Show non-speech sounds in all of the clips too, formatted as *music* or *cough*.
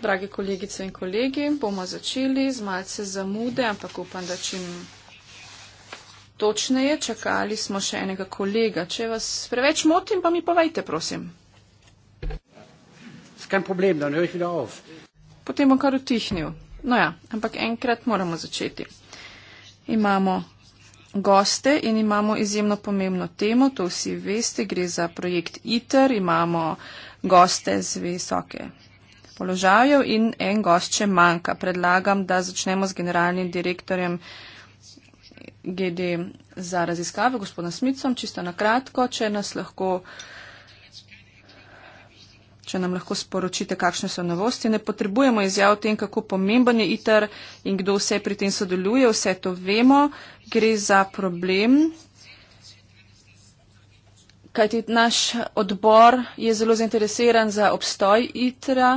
Drage kolegice in kolegi, bomo začeli z malce zamude, ampak upam, da čim točneje. Čakali smo še enega kolega. Če vas preveč motim, pa mi povejte, prosim. Problem, Potem bom kar utihnil. No ja, ampak enkrat moramo začeti. Imamo goste in imamo izjemno pomembno temo, to vsi veste, gre za projekt ITER, imamo goste z visoke položajev in en gost še manjka. Predlagam, da začnemo z generalnim direktorjem GD za raziskave, gospodom Smicom, čisto na kratko, če nas lahko če nam lahko sporočite, kakšne so novosti. Ne potrebujemo izjav o tem, kako pomemben je ITER in kdo vse pri tem sodeluje. Vse to vemo. Gre za problem. Kajti naš odbor je zelo zainteresiran za obstoj ITER-a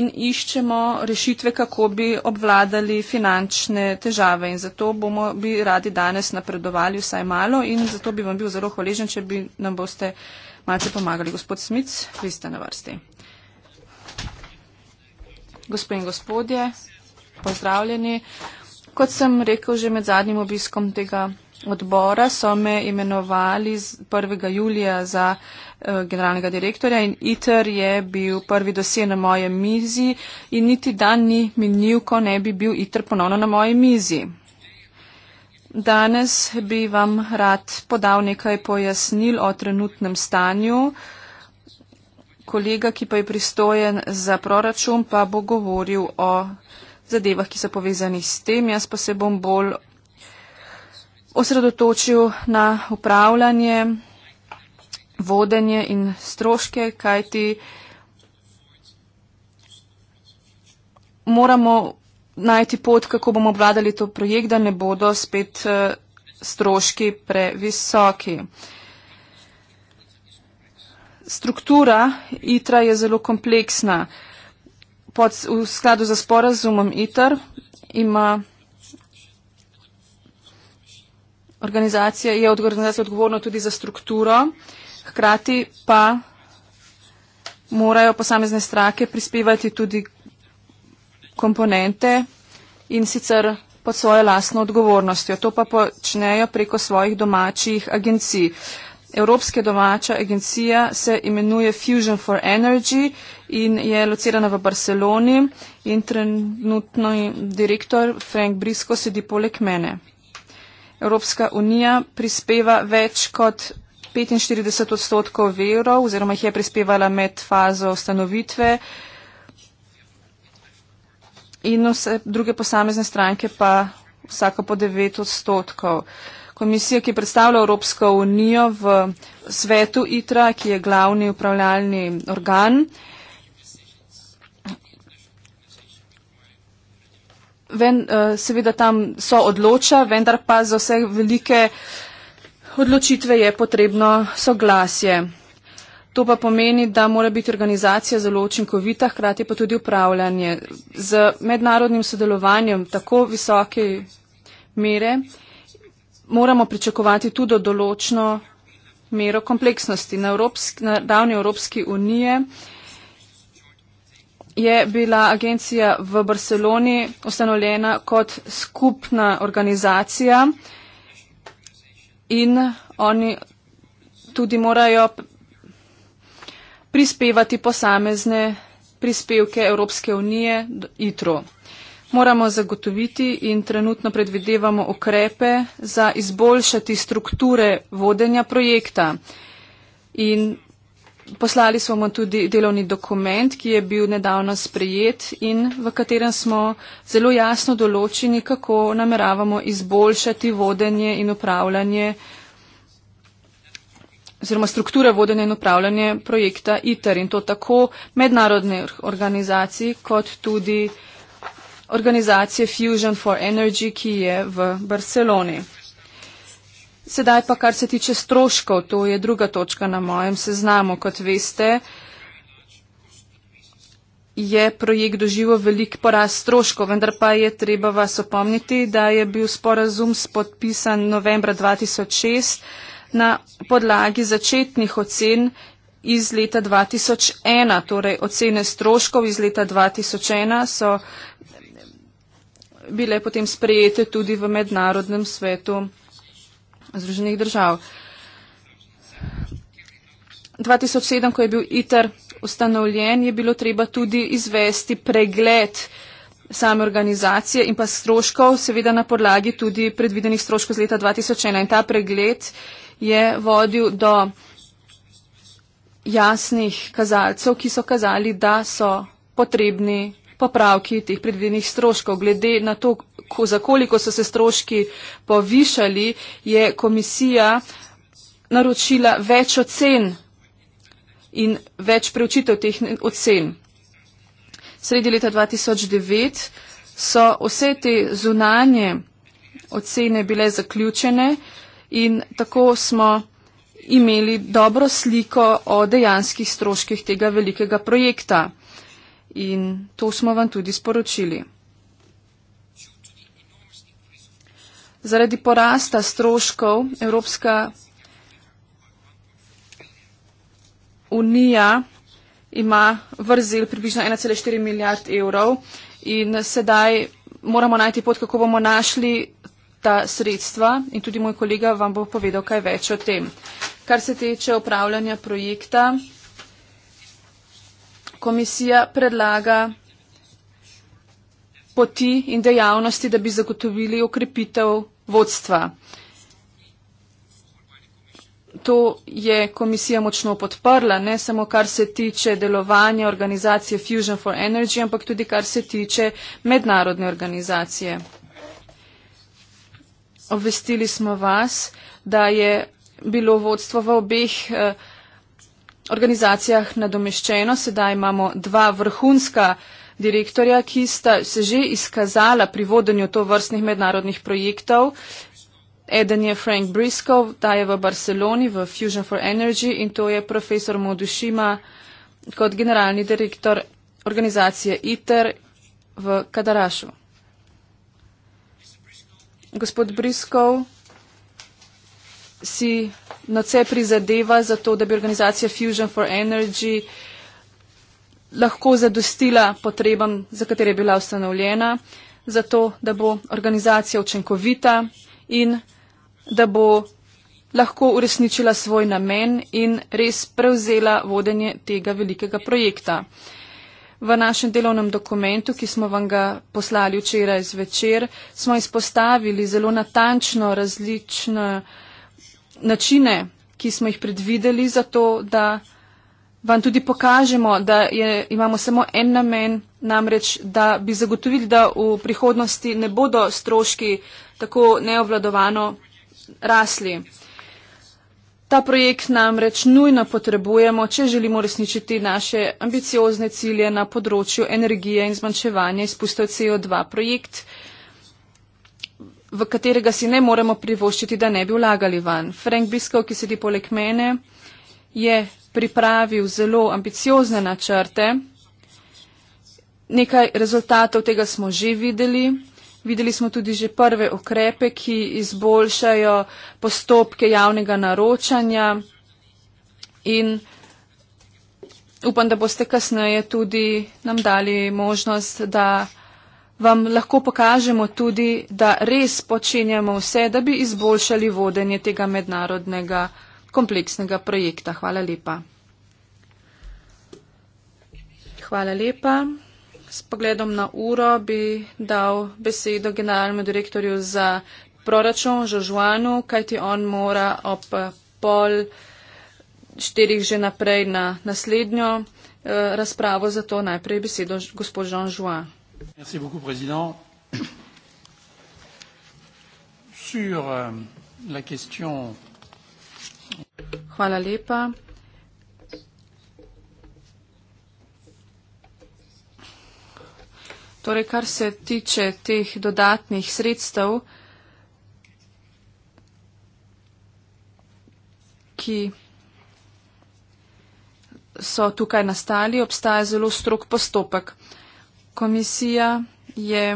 in iščemo rešitve, kako bi obvladali finančne težave. In zato bomo bi radi danes napredovali vsaj malo in zato bi vam bil zelo hvaležen, če bi nam boste malce pomagali. Gospod Smic, vi ste na vrsti. Gospod in gospodje, pozdravljeni. Kot sem rekel že med zadnjim obiskom tega odbora, so me imenovali 1. julija za eh, generalnega direktorja in ITER je bil prvi dosje na moje mizi in niti dan ni minil, ko ne bi bil ITER ponovno na moje mizi. Danes bi vam rad podal nekaj pojasnil o trenutnem stanju. Kolega, ki pa je pristojen za proračun, pa bo govoril o zadevah, ki so povezani s tem. Jaz pa se bom bolj osredotočil na upravljanje, vodenje in stroške, kajti moramo najti pot, kako bomo obvladali to projekt, da ne bodo spet eh, stroški previsoki. Struktura ITRA je zelo kompleksna. Pod, v skladu za sporazumom ITR ima organizacija, je organizacija odgovorna tudi za strukturo, hkrati pa morajo posamezne strake prispevati tudi komponente in sicer pod svojo lastno odgovornostjo. To pa počnejo preko svojih domačih agencij. Evropske domača agencija se imenuje Fusion for Energy in je locirana v Barceloni in trenutno direktor Frank Brisko sedi poleg mene. Evropska unija prispeva več kot 45 odstotkov verov oziroma jih je prispevala med fazo ustanovitve in vse druge posamezne stranke pa vsako po 9 odstotkov. Komisija, ki predstavlja Evropsko unijo v svetu ITRA, ki je glavni upravljalni organ, Ven, eh, seveda tam so odloča, vendar pa za vse velike odločitve je potrebno soglasje. To pa pomeni, da mora biti organizacija zelo učinkovita, hkrati pa tudi upravljanje. Z mednarodnim sodelovanjem tako visoke mere moramo pričakovati tudi določno mero kompleksnosti. Na, Evropsk, na ravni Evropske unije je bila agencija v Barceloni ustanovljena kot skupna organizacija in oni tudi morajo prispevati posamezne prispevke Evropske unije ITRO. Moramo zagotoviti in trenutno predvidevamo ukrepe za izboljšati strukture vodenja projekta. In poslali smo tudi delovni dokument, ki je bil nedavno sprejet in v katerem smo zelo jasno določeni, kako nameravamo izboljšati vodenje in upravljanje projekta oziroma strukture vodenja in upravljanja projekta ITER in to tako mednarodne organizacije kot tudi organizacije Fusion for Energy, ki je v Barceloni. Sedaj pa, kar se tiče stroškov, to je druga točka na mojem seznamu. Kot veste, je projekt doživel velik porast stroškov, vendar pa je treba vas opomniti, da je bil sporazum spodpisan novembra 2006 na podlagi začetnih ocen iz leta 2001. Torej ocene stroškov iz leta 2001 so bile potem sprejete tudi v mednarodnem svetu Združenih držav. 2007, ko je bil ITER ustanovljen, je bilo treba tudi izvesti pregled same organizacije in pa stroškov, seveda na podlagi tudi predvidenih stroškov z leta 2001. In ta pregled je vodil do jasnih kazalcev, ki so kazali, da so potrebni popravki teh predvidenih stroškov. Glede na to, ko, za koliko so se stroški povišali, je komisija naročila več ocen in več preučitev teh ocen. Sredi leta 2009 so vse te zunanje ocene bile zaključene in tako smo imeli dobro sliko o dejanskih stroških tega velikega projekta. In to smo vam tudi sporočili. Zaradi porasta stroškov Evropska unija ima vrzel približno 1,4 milijard evrov in sedaj moramo najti pot, kako bomo našli ta sredstva in tudi moj kolega vam bo povedal kaj več o tem. Kar se teče upravljanja projekta, komisija predlaga poti in dejavnosti, da bi zagotovili okrepitev vodstva. To je komisija močno podprla, ne samo kar se tiče delovanja organizacije Fusion for Energy, ampak tudi kar se tiče mednarodne organizacije obvestili smo vas, da je bilo vodstvo v obeh eh, organizacijah nadomeščeno. Sedaj imamo dva vrhunska direktorja, ki sta se že izkazala pri vodenju to vrstnih mednarodnih projektov. Eden je Frank Briscoe, ta je v Barceloni v Fusion for Energy in to je profesor Modušima kot generalni direktor organizacije ITER v Kadarašu gospod Briskov si noce prizadeva za to, da bi organizacija Fusion for Energy lahko zadostila potrebam, za katere je bila ustanovljena, za to, da bo organizacija učinkovita in da bo lahko uresničila svoj namen in res prevzela vodenje tega velikega projekta. Uh, V našem delovnem dokumentu, ki smo vam ga poslali včeraj zvečer, smo izpostavili zelo natančno različne načine, ki smo jih predvideli za to, da vam tudi pokažemo, da je, imamo samo en namen, namreč, da bi zagotovili, da v prihodnosti ne bodo stroški tako neobladovano rasli. Ta projekt namreč nujno potrebujemo, če želimo resničiti naše ambiciozne cilje na področju energije in zmanjševanja izpustov CO2 projekt, v katerega si ne moremo privoščiti, da ne bi vlagali van. Frank Biskov, ki sedi poleg mene, je pripravil zelo ambiciozne načrte. Nekaj rezultatov tega smo že videli. Videli smo tudi že prve ukrepe, ki izboljšajo postopke javnega naročanja in upam, da boste kasneje tudi nam dali možnost, da vam lahko pokažemo tudi, da res počenjamo vse, da bi izboljšali vodenje tega mednarodnega kompleksnega projekta. Hvala lepa. Hvala lepa s pogledom na uro bi dal besedo generalnemu direktorju za proračun Žožuanu, kajti on mora ob pol štirih že naprej na naslednjo eh, razpravo, zato najprej besedo gospod Žan Žuan. Euh, Hvala lepa. Torej, kar se tiče teh dodatnih sredstev, ki so tukaj nastali, obstaja zelo strok postopek. Komisija je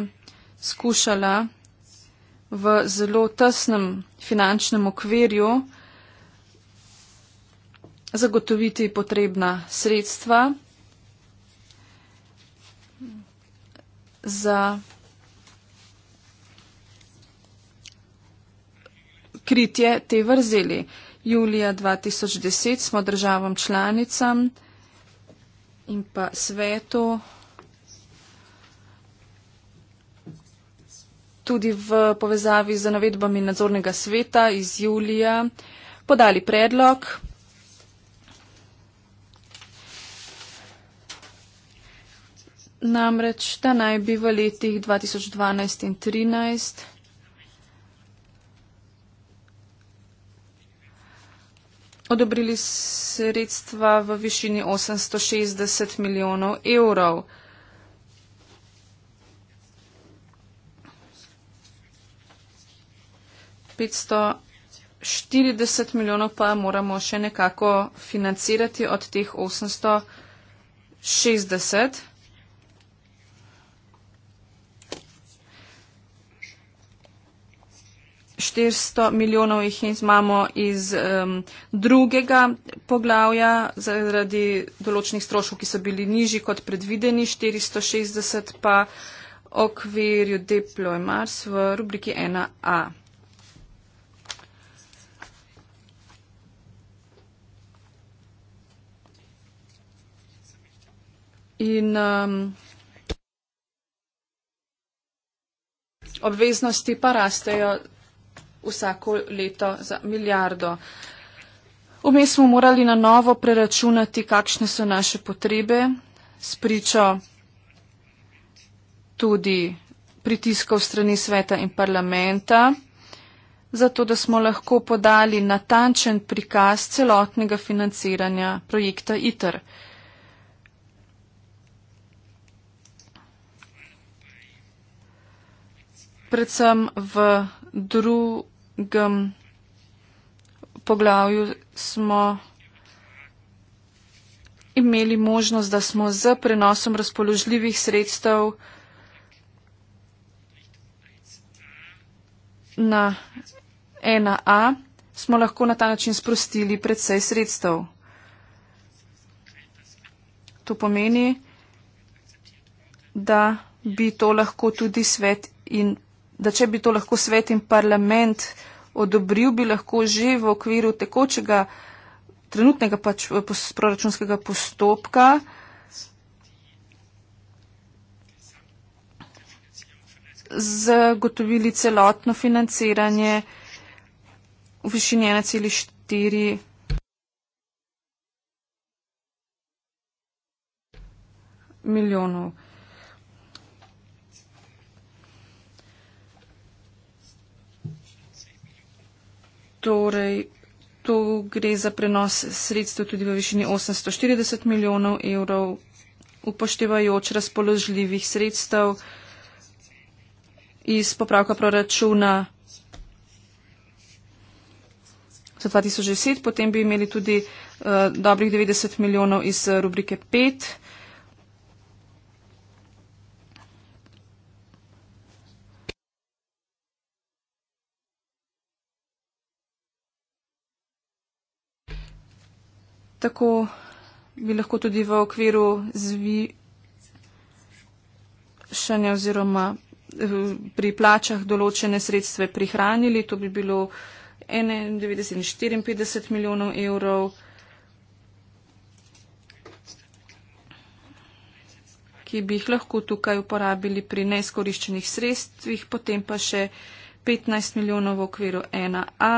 skušala v zelo tesnem finančnem okvirju zagotoviti potrebna sredstva. za kritje te vrzeli. Julija 2010 smo državam članicam in pa svetu tudi v povezavi z navedbami nadzornega sveta iz julija podali predlog, Namreč, da naj bi v letih 2012 in 2013 odobrili sredstva v višini 860 milijonov evrov. Štirideset milijonov pa moramo še nekako financirati od teh osemsto šestdeset. 400 milijonov jih imamo iz um, drugega poglavja zaradi določenih stroškov, ki so bili nižji kot predvideni, 460 pa okvirju Deploy Mars v rubriki 1a. In um, obveznosti pa rastejo vsako leto za milijardo. Vmes smo morali na novo preračunati, kakšne so naše potrebe, spričo tudi pritiskov strani sveta in parlamenta, zato da smo lahko podali natančen prikaz celotnega financiranja projekta ITER. Predvsem v drugem poglavju smo imeli možnost, da smo z prenosom razpoložljivih sredstev na 1A, smo lahko na ta način sprostili predvsej sredstev. To pomeni, da bi to lahko tudi svet in da če bi to lahko svet in parlament odobril, bi lahko že v okviru tekočega trenutnega pač proračunskega postopka zagotovili celotno financiranje v višini 1,4. milhões torej tu gre za prenos sredstev tudi v višini 840 milijonov evrov, upoštevajoč razpoložljivih sredstev iz popravka proračuna za 2010, potem bi imeli tudi uh, dobrih 90 milijonov iz rubrike 5. tako bi lahko tudi v okviru zvišanja oziroma eh, pri plačah določene sredstve prihranili. To bi bilo 94 milijonov evrov, ki bi jih lahko tukaj uporabili pri neizkoriščenih sredstvih, potem pa še 15 milijonov v okviru 1A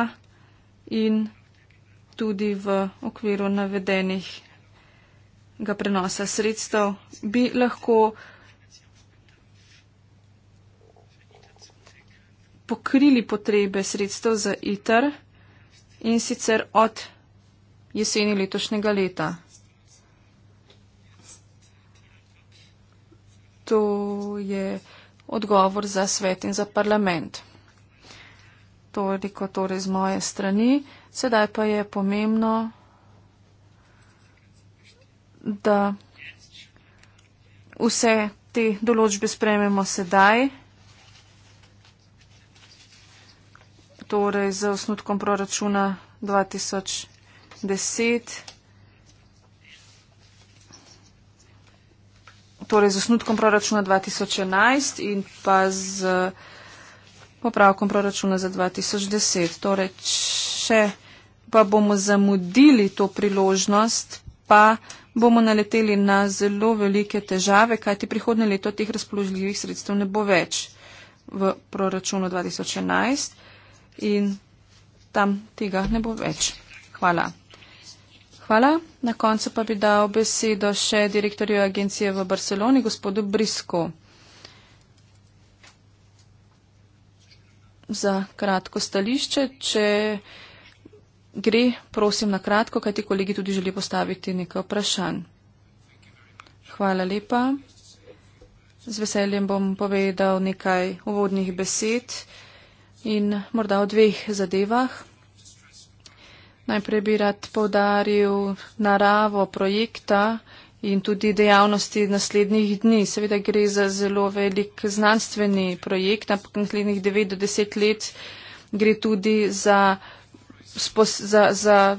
in tudi v okviru navedenih ga prenosa sredstev, bi lahko pokrili potrebe sredstev za ITER in sicer od jeseni letošnjega leta. To je odgovor za svet in za parlament toliko torej z moje strani. Sedaj pa je pomembno, da vse te določbe sprememo sedaj. Torej, z osnutkom proračuna 2010, torej z osnutkom proračuna 2011 in pa z popravkom proračuna za 2010. Torej, če pa bomo zamudili to priložnost, pa bomo naleteli na zelo velike težave, kajti prihodne leto teh razpoložljivih sredstev ne bo več v proračunu 2011 in tam tega ne bo več. Hvala. Hvala. Na koncu pa bi dal besedo še direktorju agencije v Barceloni, gospodu Brisko. za kratko stališče. Če gre, prosim na kratko, kaj ti kolegi tudi želi postaviti nekaj vprašanj. Hvala lepa. Z veseljem bom povedal nekaj uvodnih besed in morda o dveh zadevah. Najprej bi rad povdaril naravo projekta, in tudi dejavnosti naslednjih dni. Seveda gre za zelo velik znanstveni projekt, ampak naslednjih 9 do 10 let gre tudi za, spos, za, za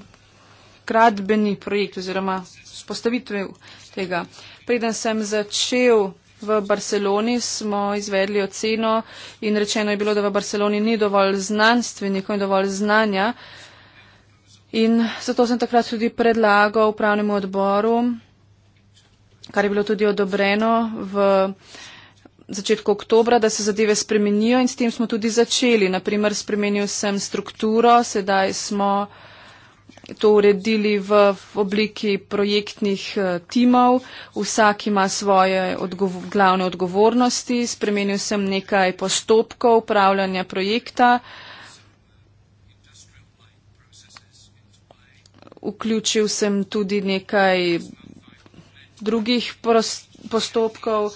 gradbeni projekt oziroma spostavitev tega. Preden sem začel v Barceloni, smo izvedli oceno in rečeno je bilo, da v Barceloni ni dovolj znanstvenikov in dovolj znanja. In zato sem takrat tudi predlagal upravnemu odboru, kar je bilo tudi odobreno v začetku oktobra, da se zadeve spremenijo in s tem smo tudi začeli. Naprimer, spremenil sem strukturo, sedaj smo to uredili v obliki projektnih eh, timov, vsak ima svoje odgov glavne odgovornosti, spremenil sem nekaj postopkov upravljanja projekta, vključil sem tudi nekaj drugih postopkov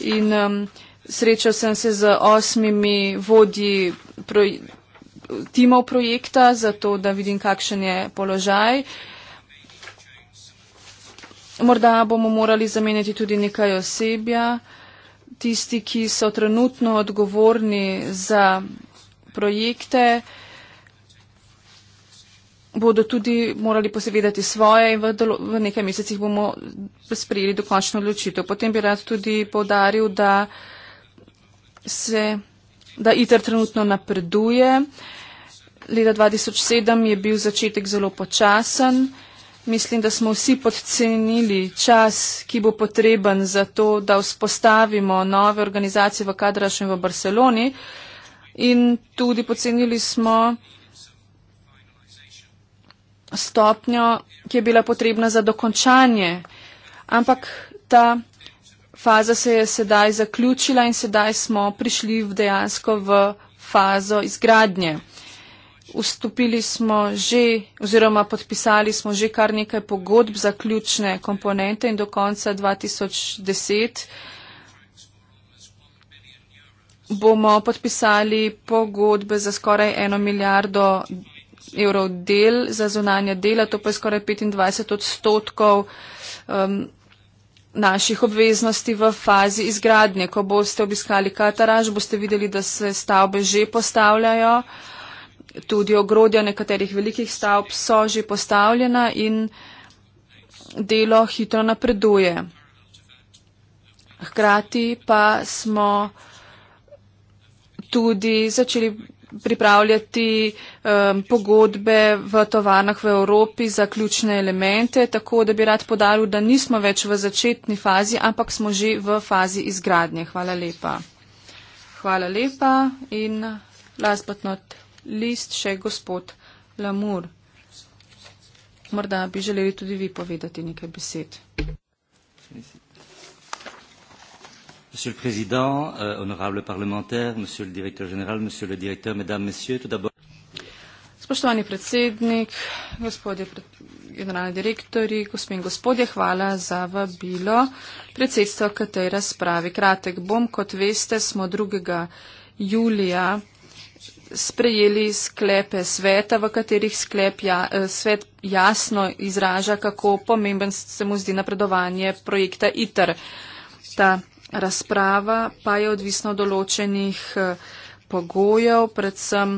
in um, srečal sem se z osmimi vodji proj timov projekta, zato da vidim, kakšen je položaj. Morda bomo morali zamenjati tudi nekaj osebja. Tisti, ki so trenutno odgovorni za projekte, bodo tudi morali posvedati svoje in v, dolo, v nekaj mesecih bomo sprejeli dokončno odločitev. Potem bi rad tudi povdaril, da, se, da ITER trenutno napreduje. Leta 2007 je bil začetek zelo počasen. Mislim, da smo vsi podcenili čas, ki bo potreben za to, da vzpostavimo nove organizacije v Kadrašu in v Barceloni. In tudi podcenili smo stopnjo, ki je bila potrebna za dokončanje. Ampak ta faza se je sedaj zaključila in sedaj smo prišli v dejansko v fazo izgradnje. Vstopili smo že oziroma podpisali smo že kar nekaj pogodb za ključne komponente in do konca 2010 bomo podpisali pogodbe za skoraj eno milijardo evrov del za zunanja dela, to pa je skoraj 25 odstotkov um, naših obveznosti v fazi izgradnje. Ko boste obiskali Kataraž, boste videli, da se stavbe že postavljajo, tudi ogrodja nekaterih velikih stavb so že postavljena in delo hitro napreduje. Hkrati pa smo tudi začeli pripravljati um, pogodbe v tovarnah v Evropi za ključne elemente, tako da bi rad podaril, da nismo več v začetni fazi, ampak smo že v fazi izgradnje. Hvala lepa. Hvala lepa in last but not least še gospod Lamur. Morda bi želeli tudi vi povedati nekaj besed. Monsieur le Président, euh, honorable parlementaire, Monsieur le Directeur général, Monsieur le Directeur, Mesdames, Messieurs, tout d'abord. Spoštovani predsednik, gospodje pred, generalni direktori, gospe in gospodje, hvala za vabilo predsedstva k tej razpravi. Kratek bom, kot veste, smo 2. julija sprejeli sklepe sveta, v katerih sklep ja, eh, svet jasno izraža, kako pomemben se mu zdi napredovanje projekta ITER. Ta Razprava pa je odvisna od določenih eh, pogojev, predvsem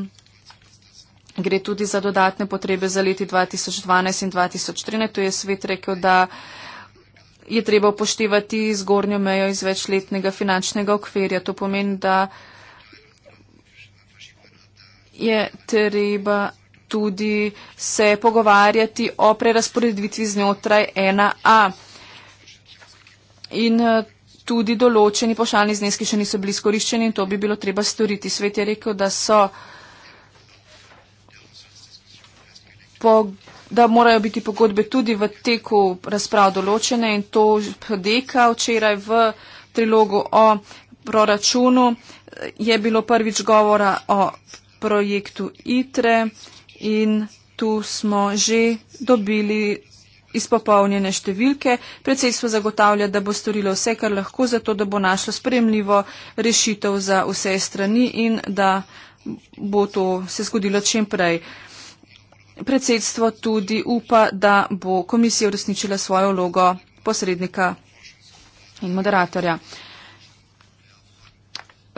gre tudi za dodatne potrebe za leti 2012 in 2013. To je svet rekel, da je treba upoštevati zgornjo mejo iz večletnega finančnega okvirja. To pomeni, da je treba tudi se pogovarjati o prerasporeditvi znotraj 1A. In eh, tudi določeni pošaljni zneski še niso bili skoriščeni in to bi bilo treba storiti. Svet je rekel, da so. Po, da morajo biti pogodbe tudi v teku razprav določene in to deka včeraj v trilogu o proračunu je bilo prvič govora o projektu ITRE in tu smo že dobili izpopolnjene številke. Predsedstvo zagotavlja, da bo storilo vse, kar lahko, zato da bo našlo spremljivo rešitev za vse strani in da bo to se zgodilo čim prej. Predsedstvo tudi upa, da bo komisija uresničila svojo vlogo posrednika in moderatorja.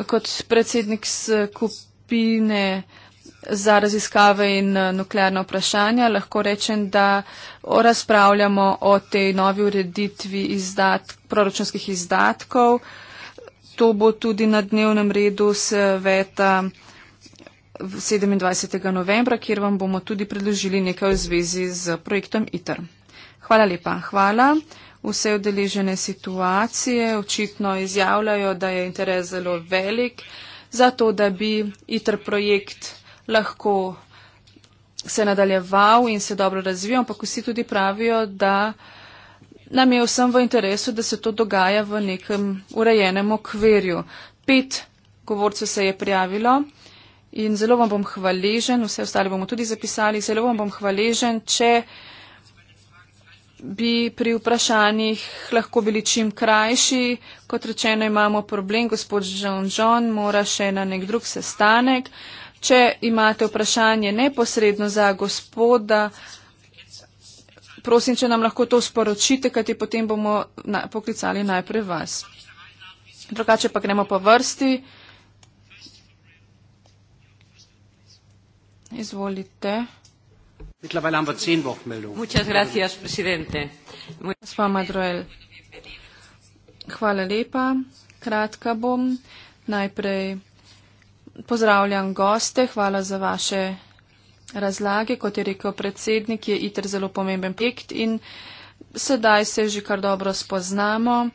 Kot predsednik skupine za raziskave in eh, nuklearna vprašanja. Lahko rečem, da razpravljamo o tej novi ureditvi izdat, proračunskih izdatkov. To bo tudi na dnevnem redu sveta 27. novembra, kjer vam bomo tudi predložili nekaj v zvezi z projektom ITER. Hvala lepa. Hvala. Vse odeležene situacije očitno izjavljajo, da je interes zelo velik za to, da bi ITER projekt lahko se nadaljeval in se dobro razvijal, ampak vsi tudi pravijo, da nam je vsem v interesu, da se to dogaja v nekem urejenem okvirju. Pet govorcev se je prijavilo in zelo vam bom hvaležen, vse ostale bomo tudi zapisali, zelo vam bom hvaležen, če bi pri vprašanjih lahko bili čim krajši. Kot rečeno, imamo problem, gospod John John mora še na nek drug sestanek. Če imate vprašanje neposredno za gospoda, prosim, če nam lahko to sporočite, kajti potem bomo na, poklicali najprej vas. Drugače pa gremo po vrsti. Izvolite. Gospa Madruel, hvala lepa. Kratka bom. Najprej pozdravljam goste, hvala za vaše razlage. Kot je rekel predsednik, je ITER zelo pomemben projekt in sedaj se že kar dobro spoznamo.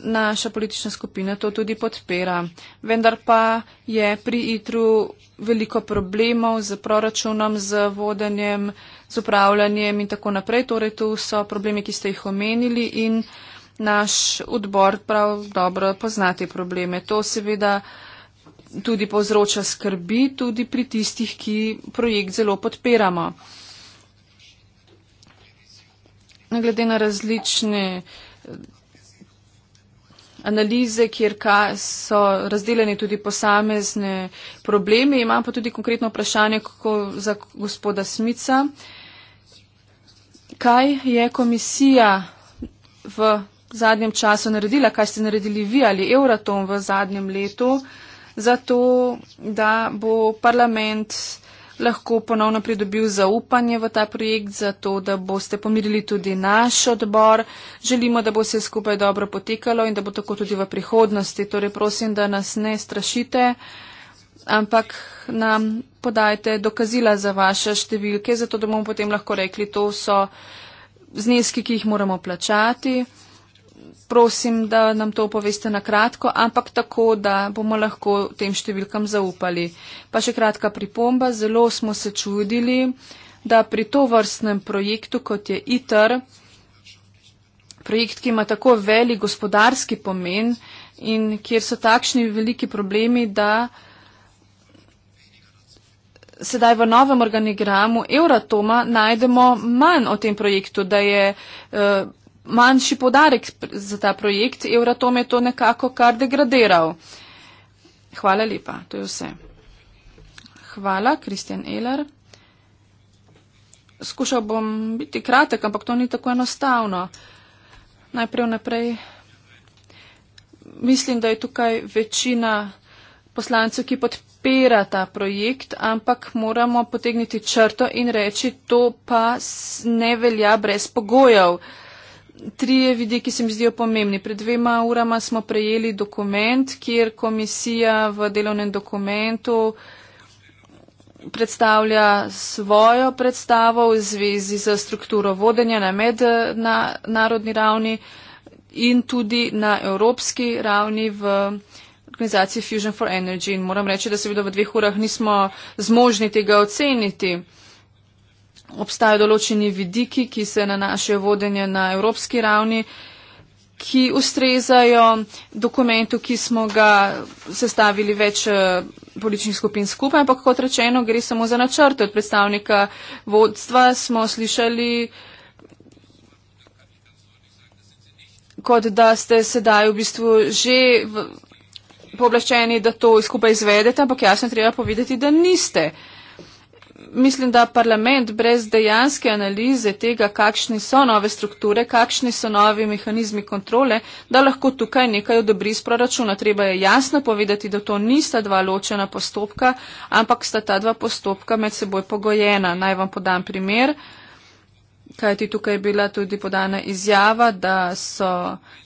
Naša politična skupina to tudi podpira. Vendar pa je pri ITRU veliko problemov z proračunom, z vodenjem, z upravljanjem in tako naprej. Torej, tu so problemi, ki ste jih omenili in naš odbor prav dobro pozna te probleme. To seveda uh, tudi povzroča skrbi tudi pri tistih, ki projekt zelo podpiramo. Glede na različne eh, analize, kjer so razdeljeni tudi posamezne probleme, imam pa tudi konkretno vprašanje kako za gospoda Smica. Kaj je komisija v zadnjem času naredila, kaj ste naredili vi ali Euratom v zadnjem letu? zato da bo parlament lahko ponovno pridobil zaupanje v ta projekt, zato da boste pomirili tudi naš odbor. Želimo, da bo se skupaj dobro potekalo in da bo tako tudi v prihodnosti. Torej prosim, da nas ne strašite, ampak nam podajte dokazila za vaše številke, zato da bomo potem lahko rekli, to so zneski, ki jih moramo plačati prosim, da nam to poveste na kratko, ampak tako, da bomo lahko tem številkam zaupali. Pa še kratka pripomba, zelo smo se čudili, da pri to vrstnem projektu, kot je ITR, projekt, ki ima tako velik gospodarski pomen in kjer so takšni veliki problemi, da. Sedaj v novem organigramu Euratoma najdemo manj o tem projektu, da je uh, manjši podarek za ta projekt, Euratom je to nekako kar degradiral. Hvala lepa, to je vse. Hvala, Kristjan Eler. Skušal bom biti kratek, ampak to ni tako enostavno. Najprej vnaprej. Mislim, da je tukaj večina poslancev, ki podpira ta projekt, ampak moramo potegniti črto in reči, to pa ne velja brez pogojev trije vidi, ki se mi zdijo pomembni. Pred dvema urama smo prejeli dokument, kjer komisija v delovnem dokumentu predstavlja svojo predstavo v zvezi z strukturo vodenja na mednarodni ravni in tudi na evropski ravni v organizaciji Fusion for Energy. In moram reči, da seveda v dveh urah nismo zmožni tega oceniti obstajajo določeni vidiki, ki se nanašajo vodenje na evropski ravni, ki ustrezajo dokumentu, ki smo ga sestavili več eh, političnih skupin skupaj, ampak kot rečeno, gre samo za načrte. Od predstavnika vodstva smo slišali, kot da ste sedaj v bistvu že pooblaščeni, da to skupaj izvedete, ampak jasno treba povedati, da niste. Uh, mislim, da parlament brez dejanske analize tega, kakšni so nove strukture, kakšni so novi mehanizmi kontrole, da lahko tukaj nekaj odobri iz proračuna. Treba je jasno povedati, da to nista dva ločena postopka, ampak sta ta dva postopka med seboj pogojena. Naj vam podam primer. Kaj ti tukaj je bila tudi podana izjava, da so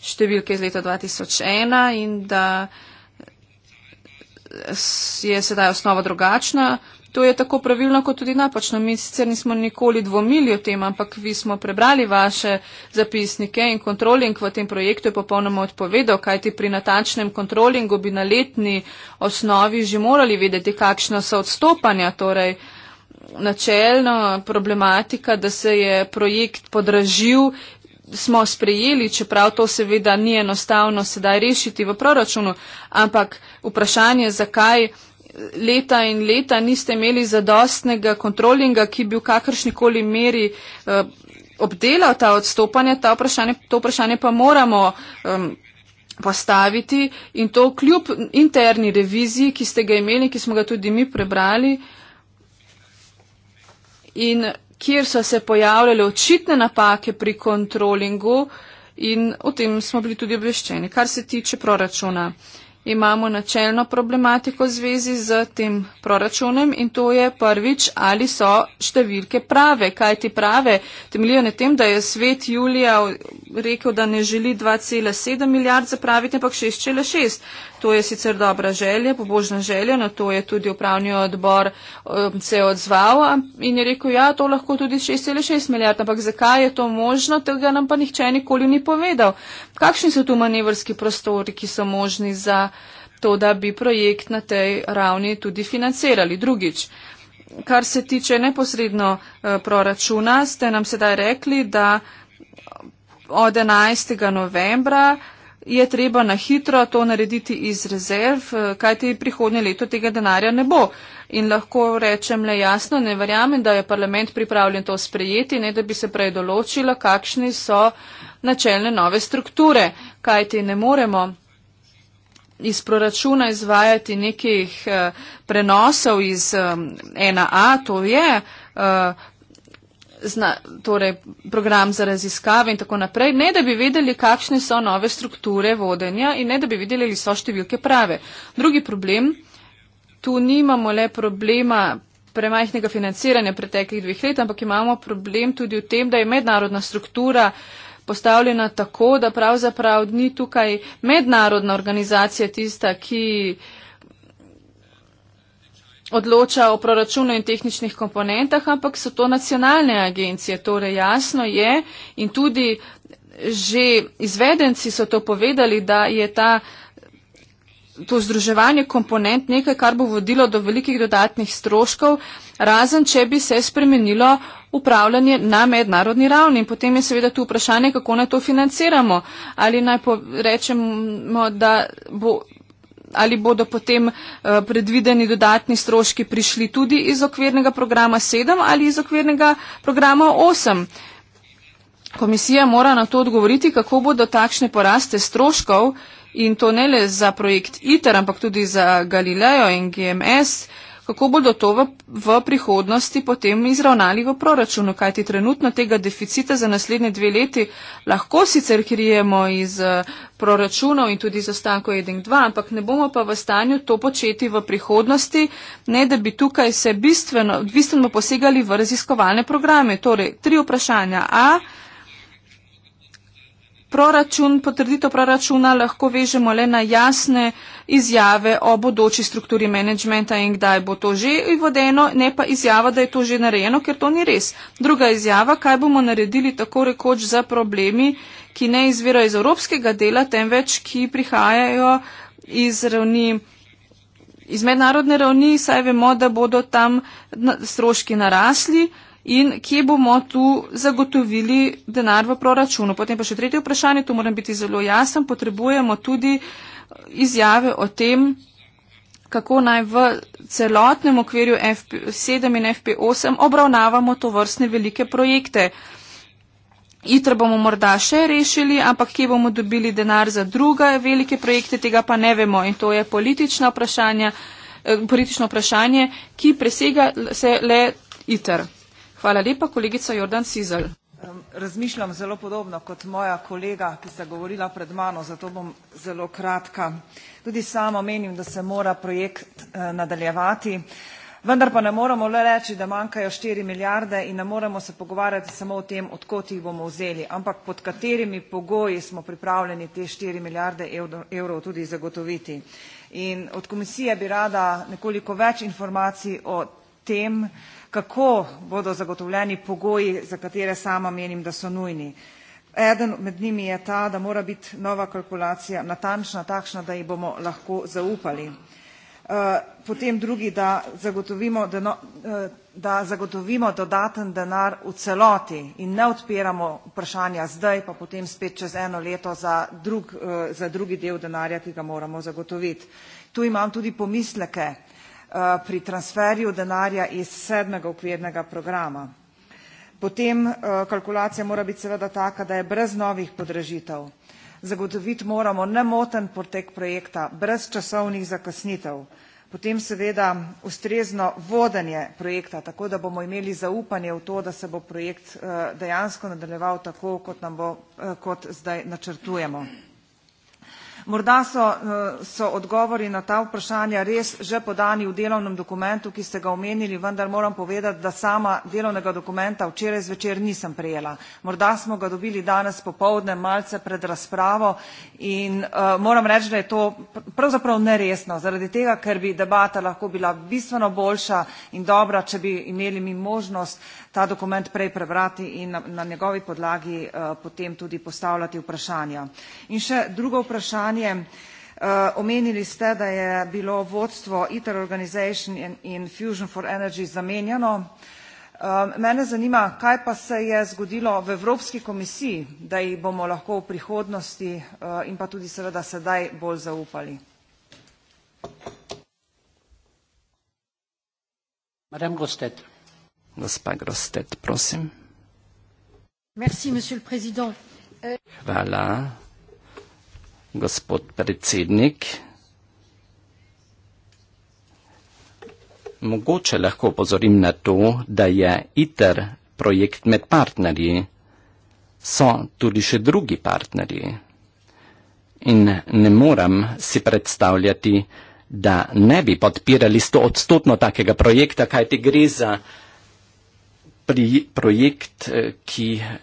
številke iz leta 2001 in da je sedaj osnova drugačna, To je tako pravilno, kot tudi napačno. Mi sicer nismo nikoli dvomili o tem, ampak vi smo prebrali vaše zapisnike in kontroling v tem projektu je popolnoma odpovedal, kajti pri natančnem kontrolingu bi na letni osnovi že morali vedeti, kakšna so odstopanja. Torej, načelno problematika, da se je projekt podražil, smo sprejeli, čeprav to seveda ni enostavno sedaj rešiti v proračunu, ampak vprašanje, zakaj leta in leta niste imeli zadostnega kontrolinga, ki bi v kakršnikoli meri eh, obdelal ta odstopanja, ta vprašanje, to vprašanje pa moramo um, postaviti in to kljub interni reviziji, ki ste ga imeli, ki smo ga tudi mi prebrali in kjer so se pojavljale očitne napake pri kontrolingu in o tem smo bili tudi obveščeni. Kar se tiče proračuna. Uh, imamo načelno problematiko v zvezi z tem proračunem in to je prvič, ali so številke prave, kaj ti prave. Temeljijo na tem, da je svet Julija rekel, da ne želi 2,7 milijard zapraviti, ampak 6,6. To je sicer dobra želja, pobožna želja, na to je tudi upravni odbor um, se odzval in je rekel, ja, to lahko tudi 6,6 milijard, ampak zakaj je to možno, tega nam pa nihče nikoli ni povedal kakšni so tu manevrski prostori, ki so možni za to, da bi projekt na tej ravni tudi financirali. Drugič, kar se tiče neposredno eh, proračuna, ste nam sedaj rekli, da od 11. novembra je treba na hitro to narediti iz rezerv, eh, kaj te prihodnje leto tega denarja ne bo. Uh, in lahko rečem le jasno, ne verjamem, da je parlament pripravljen to sprejeti, ne da bi se prej določilo, kakšni so načelne nove strukture, kajti ne moremo iz proračuna izvajati nekih uh, prenosov iz um, eh, 1A, to je uh, zna, torej program za raziskave in tako naprej, ne da bi vedeli, kakšne so nove strukture vodenja in ne da bi vedeli, ali so številke prave. Drugi problem, tu nimamo le problema premajhnega financiranja preteklih dveh let, ampak imamo problem tudi v tem, da je mednarodna struktura postavljena tako, da pravzaprav ni tukaj mednarodna organizacija tista, ki odloča o proračunu in tehničnih komponentah, ampak so to nacionalne agencije. Torej jasno je in tudi že izvedenci so to povedali, da je ta to združevanje komponent nekaj, kar bo vodilo do velikih dodatnih stroškov, razen če bi se spremenilo upravljanje na mednarodni ravni. In potem je seveda tu vprašanje, kako naj to financiramo. Ali naj rečemo, da bo. Ali bodo potem eh, predvideni dodatni stroški prišli tudi iz okvirnega programa 7 ali iz okvirnega programa 8? Komisija mora na to odgovoriti, kako bodo takšne poraste stroškov uh, in to ne le za projekt ITER, ampak tudi za Galilejo in GMS, kako bodo to v, v prihodnosti potem izravnali v proračunu, kajti trenutno tega deficita za naslednje dve leti lahko sicer krijemo iz eh, proračunov in tudi iz ostankov 1-2, ampak ne bomo pa v stanju to početi v prihodnosti, ne da bi tukaj se bistveno, bistveno posegali v raziskovalne programe. Torej, tri vprašanja. A, proračun, potrditev proračuna lahko vežemo le na jasne izjave o bodoči strukturi menedžmenta in kdaj bo to že vodeno, ne pa izjava, da je to že narejeno, ker to ni res. Druga izjava, kaj bomo naredili tako rekoč za problemi, ki ne izvirajo iz evropskega dela, temveč ki prihajajo iz ravni. Iz mednarodne ravni saj vemo, da bodo tam stroški narasli, in kje bomo tu zagotovili denar v proračunu. Potem pa še tretje vprašanje, tu moram biti zelo jasen, potrebujemo tudi eh, izjave o tem, kako naj v celotnem okvirju FP7 in FP8 obravnavamo to vrstne velike projekte. ITR bomo morda še rešili, ampak kje bomo dobili denar za druge velike projekte, tega pa ne vemo. In to je politično vprašanje, eh, politično vprašanje ki presega se le ITR. Hvala lepa. Kolegica Jordan Cizelj. Razmišljam zelo podobno kot moja kolega, ki sta govorila pred mano, zato bom zelo kratka. Tudi sama menim, da se mora projekt eh, nadaljevati. Vendar pa ne moremo le reči, da manjkajo 4 milijarde in ne moremo se pogovarjati samo o tem, odkot jih bomo vzeli, ampak pod katerimi pogoji smo pripravljeni te 4 milijarde evrov tudi zagotoviti. In od komisije bi rada nekoliko več informacij o tem, kako bodo zagotovljeni pogoji, za katere sama menim, da so nujni. Eden med njimi je ta, da mora biti nova kalkulacija natančna, takšna, da ji bomo lahko zaupali. Eh, potem drugi, da zagotovimo, da, no, eh, da zagotovimo dodaten denar v celoti in ne odpiramo vprašanja zdaj, pa potem spet čez eno leto za, drug, eh, za drugi del denarja, ki ga moramo zagotoviti. Tu imam tudi pomisleke. Eh, pri transferju denarja iz sedmega okvirnega programa. Potem eh, kalkulacija mora biti seveda taka, da je brez novih podražitev. Zagotoviti moramo nemoten potek projekta brez časovnih zakasnitev. Potem seveda ustrezno vodenje projekta, tako da bomo imeli zaupanje v to, da se bo projekt eh, dejansko nadaljeval tako, kot, nam bo, kot zdaj načrtujemo. Morda so, eh, so odgovori na ta vprašanja res že podani v delovnem dokumentu, ki ste ga omenili, vendar moram povedati, da sama delovnega dokumenta včeraj zvečer nisem prejela. Morda smo ga dobili danes popovdne, malce pred razpravo in uh, moram reči, da je to pravzaprav neresno, zaradi tega, ker bi debata lahko bila bistveno boljša in dobra, če bi imeli mi možnost ta dokument prej prebrati in na, na njegovi podlagi eh, potem tudi postavljati vprašanja. In še drugo vprašanje. Eh, omenili ste, da je bilo vodstvo ITER Organization in Fusion for Energy zamenjano. Eh, mene zanima, kaj pa se je zgodilo v Evropski komisiji, da jih bomo lahko v prihodnosti eh, in pa tudi seveda sedaj bolj zaupali. Madame Gostet. Gospa Grostet, prosim. Euh, Hvala, gospod predsednik. Mogoče lahko opozorim na to, da je ITER projekt med partnerji, so tudi še drugi partnerji. In ne moram si predstavljati, da ne bi podpirali sto odstotno takega projekta, kaj ti gre za projekt, eh, ki eh,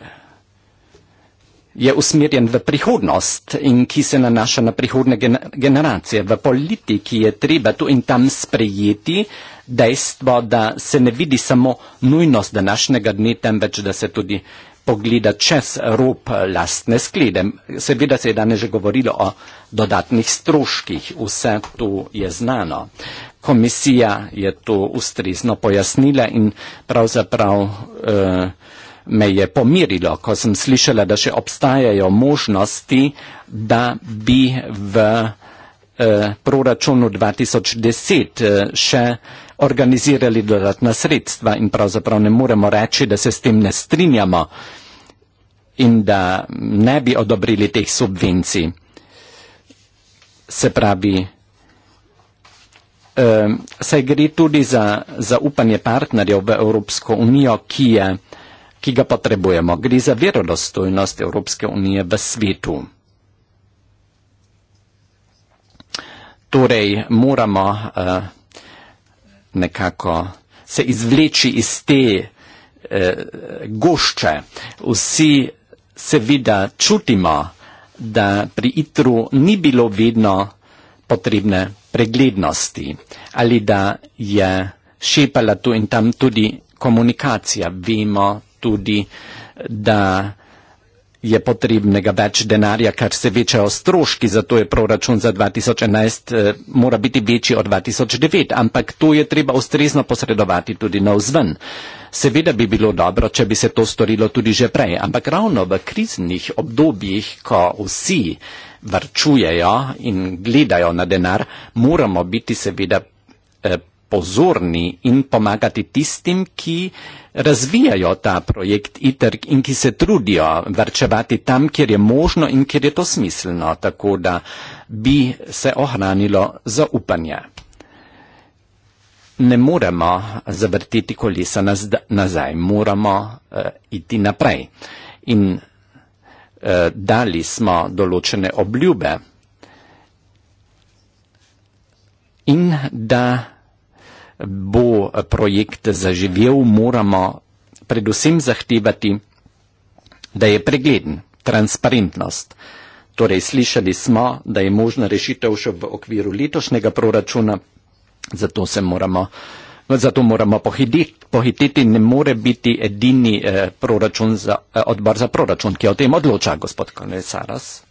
je usmerjen v prihodnost in ki se nanaša na prihodne generacije. V politiki je treba tu in tam sprejeti dejstvo, da se ne vidi samo nujnost današnjega dne, temveč da se tudi pogleda čez rob eh, lastne sklede. Seveda se je danes že govorilo o dodatnih stroških, vse to je znano komisija je to ustrezno pojasnila in pravzaprav eh, me je pomirilo, ko sem slišala, da še obstajajo možnosti, da bi v eh, proračunu 2010 eh, še organizirali dodatna sredstva in pravzaprav ne moremo reči, da se s tem ne strinjamo in da ne bi odobrili teh subvencij. Se pravi, eh, saj gre tudi za zaupanje partnerjev v Evropsko unijo, ki, je, ki ga potrebujemo. Gre za verodostojnost Evropske unije v svetu. Torej moramo eh, nekako se izvleči iz te eh, gošče. Vsi seveda čutimo, da pri ITRU ni bilo vedno potrebne preglednosti ali da je šepala tu in tam tudi komunikacija. Vemo tudi, da je potrebnega več denarja, kar se večajo stroški, zato je proračun za 2011 eh, mora biti večji od 2009, ampak to je treba ustrezno posredovati tudi na vzven. Seveda bi bilo dobro, če bi se to storilo tudi že prej, ampak ravno v kriznih obdobjih, ko vsi vrčujejo in gledajo na denar, moramo biti seveda eh, pozorni in pomagati tistim, ki razvijajo ta projekt ITER in ki se trudijo vrčevati tam, kjer je možno in kjer je to smiselno, tako da bi se ohranilo zaupanje. Ne moremo zavrteti kolesa nazaj, moramo uh, iti naprej. In Eh, dali smo določene obljube in da bo projekt zaživel, moramo predvsem zahtevati, da je pregleden, transparentnost. Torej, slišali smo, da je možna rešitev še v okviru letošnjega proračuna, zato se moramo uh, No, zato moramo pohititi, pohititi ne more biti edini eh, proračun za, eh, odbor za proračun, ki o tem odloča, gospod Konesaras.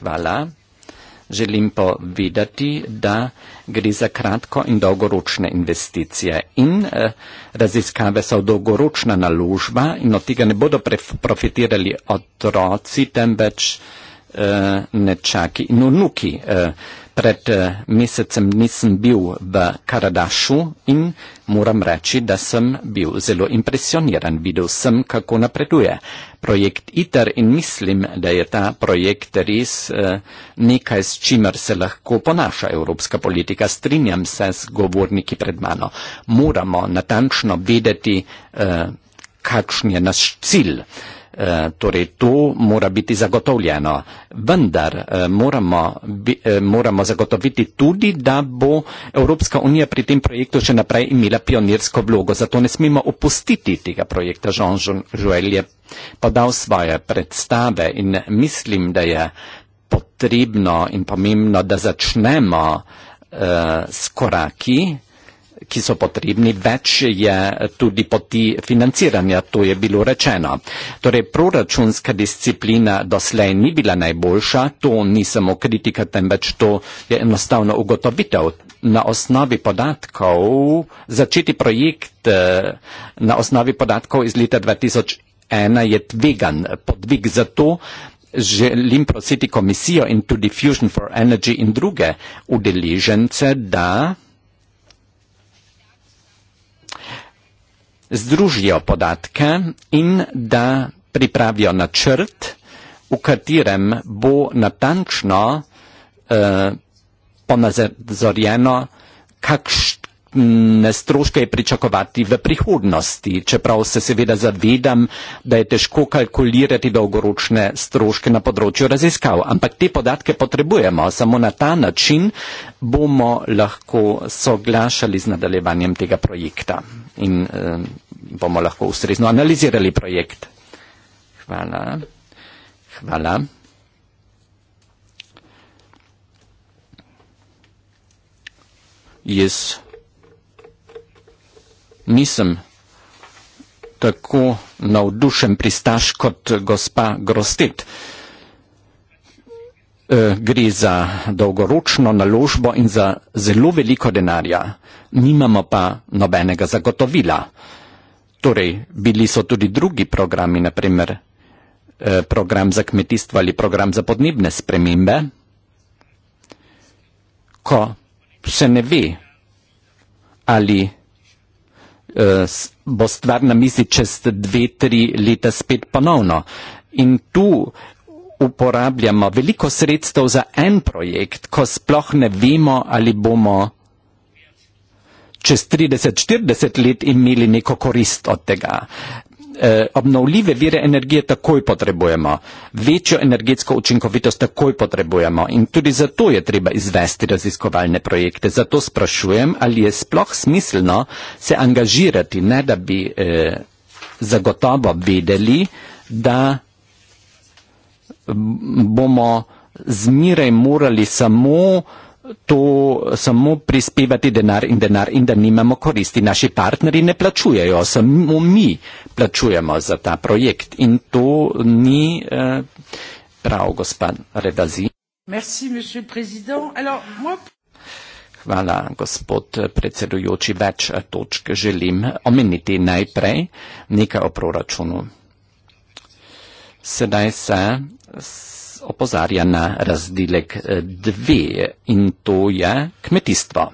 Hvala. Želim povedati, da gre za kratko in dolgoročne investicije in eh, raziskave so dolgoročna naložba in od tega ne bodo profitirali otroci, temveč eh, nečaki in unuki. Eh, pred eh, mesecem nisem bil v Karadašu in moram reči, da sem bil zelo impresioniran. Videl sem, kako napreduje projekt ITER in mislim, da je ta projekt res eh, nekaj, s čimer se lahko ponaša evropska politika. Strinjam se z govorniki pred mano. Moramo natančno vedeti, eh, kakšen je naš cilj. Eh, torej to mora biti zagotovljeno. Vendar eh, moramo, eh, moramo zagotoviti tudi, da bo Evropska unija pri tem projektu še naprej imela pionirsko vlogo. Zato ne smemo opustiti tega projekta. Jean Joël je podal svoje predstave in mislim, da je potrebno in pomembno, da začnemo uh, s koraki ki so potrebni, več je tudi poti financiranja, to je bilo rečeno. Torej, proračunska disciplina doslej ni bila najboljša, to ni samo kritika, temveč to je enostavno ugotovitev. Na osnovi podatkov, začeti projekt eh, na osnovi podatkov iz leta 2001 je tvegan podvig za to, Želim prositi komisijo in tudi Fusion for Energy in druge udeležence, da združijo podatke in da pripravijo načrt, v katerem bo natančno eh, ponazorjeno, kakšno stroške pričakovati v prihodnosti, čeprav se seveda zavedam, da je težko kalkulirati dolgoročne stroške na področju raziskav. Ampak te podatke potrebujemo, samo na ta način bomo lahko soglašali z nadaljevanjem tega projekta in eh, bomo lahko ustrezno analizirali projekt. Hvala. Hvala. Jaz nisem tako navdušen pristaš kot gospa Grostet. E, gre za dolgoročno naložbo in za zelo veliko denarja, nimamo pa nobenega zagotovila. Torej, bili so tudi drugi programi, naprimer e, program za kmetijstvo ali program za podnebne spremembe, ko se ne ve, ali Eh, bo stvar na mizi čez dve, tri leta spet ponovno. In tu uporabljamo veliko sredstev za en projekt, ko sploh ne vemo, ali bomo čez 30-40 let imeli neko korist od tega. Eh, obnovljive vire energije takoj potrebujemo, večjo energetsko učinkovitost takoj potrebujemo in tudi zato je treba izvesti raziskovalne projekte. Zato sprašujem, ali je sploh smiselno se angažirati, ne da bi eh, zagotovo vedeli, da bomo zmeraj morali samo eh, to samo prispevati denar in denar in da nimamo koristi. Naši partneri ne plačujejo, samo mi plačujemo za ta projekt in to ni eh, prav, gospod Redazi. Merci, Alors, moi... Hvala, gospod eh, predsedujoči. Več eh, točk želim omeniti najprej nekaj o proračunu. Sedaj se opozarja na razdelek eh, dve in to je kmetijstvo.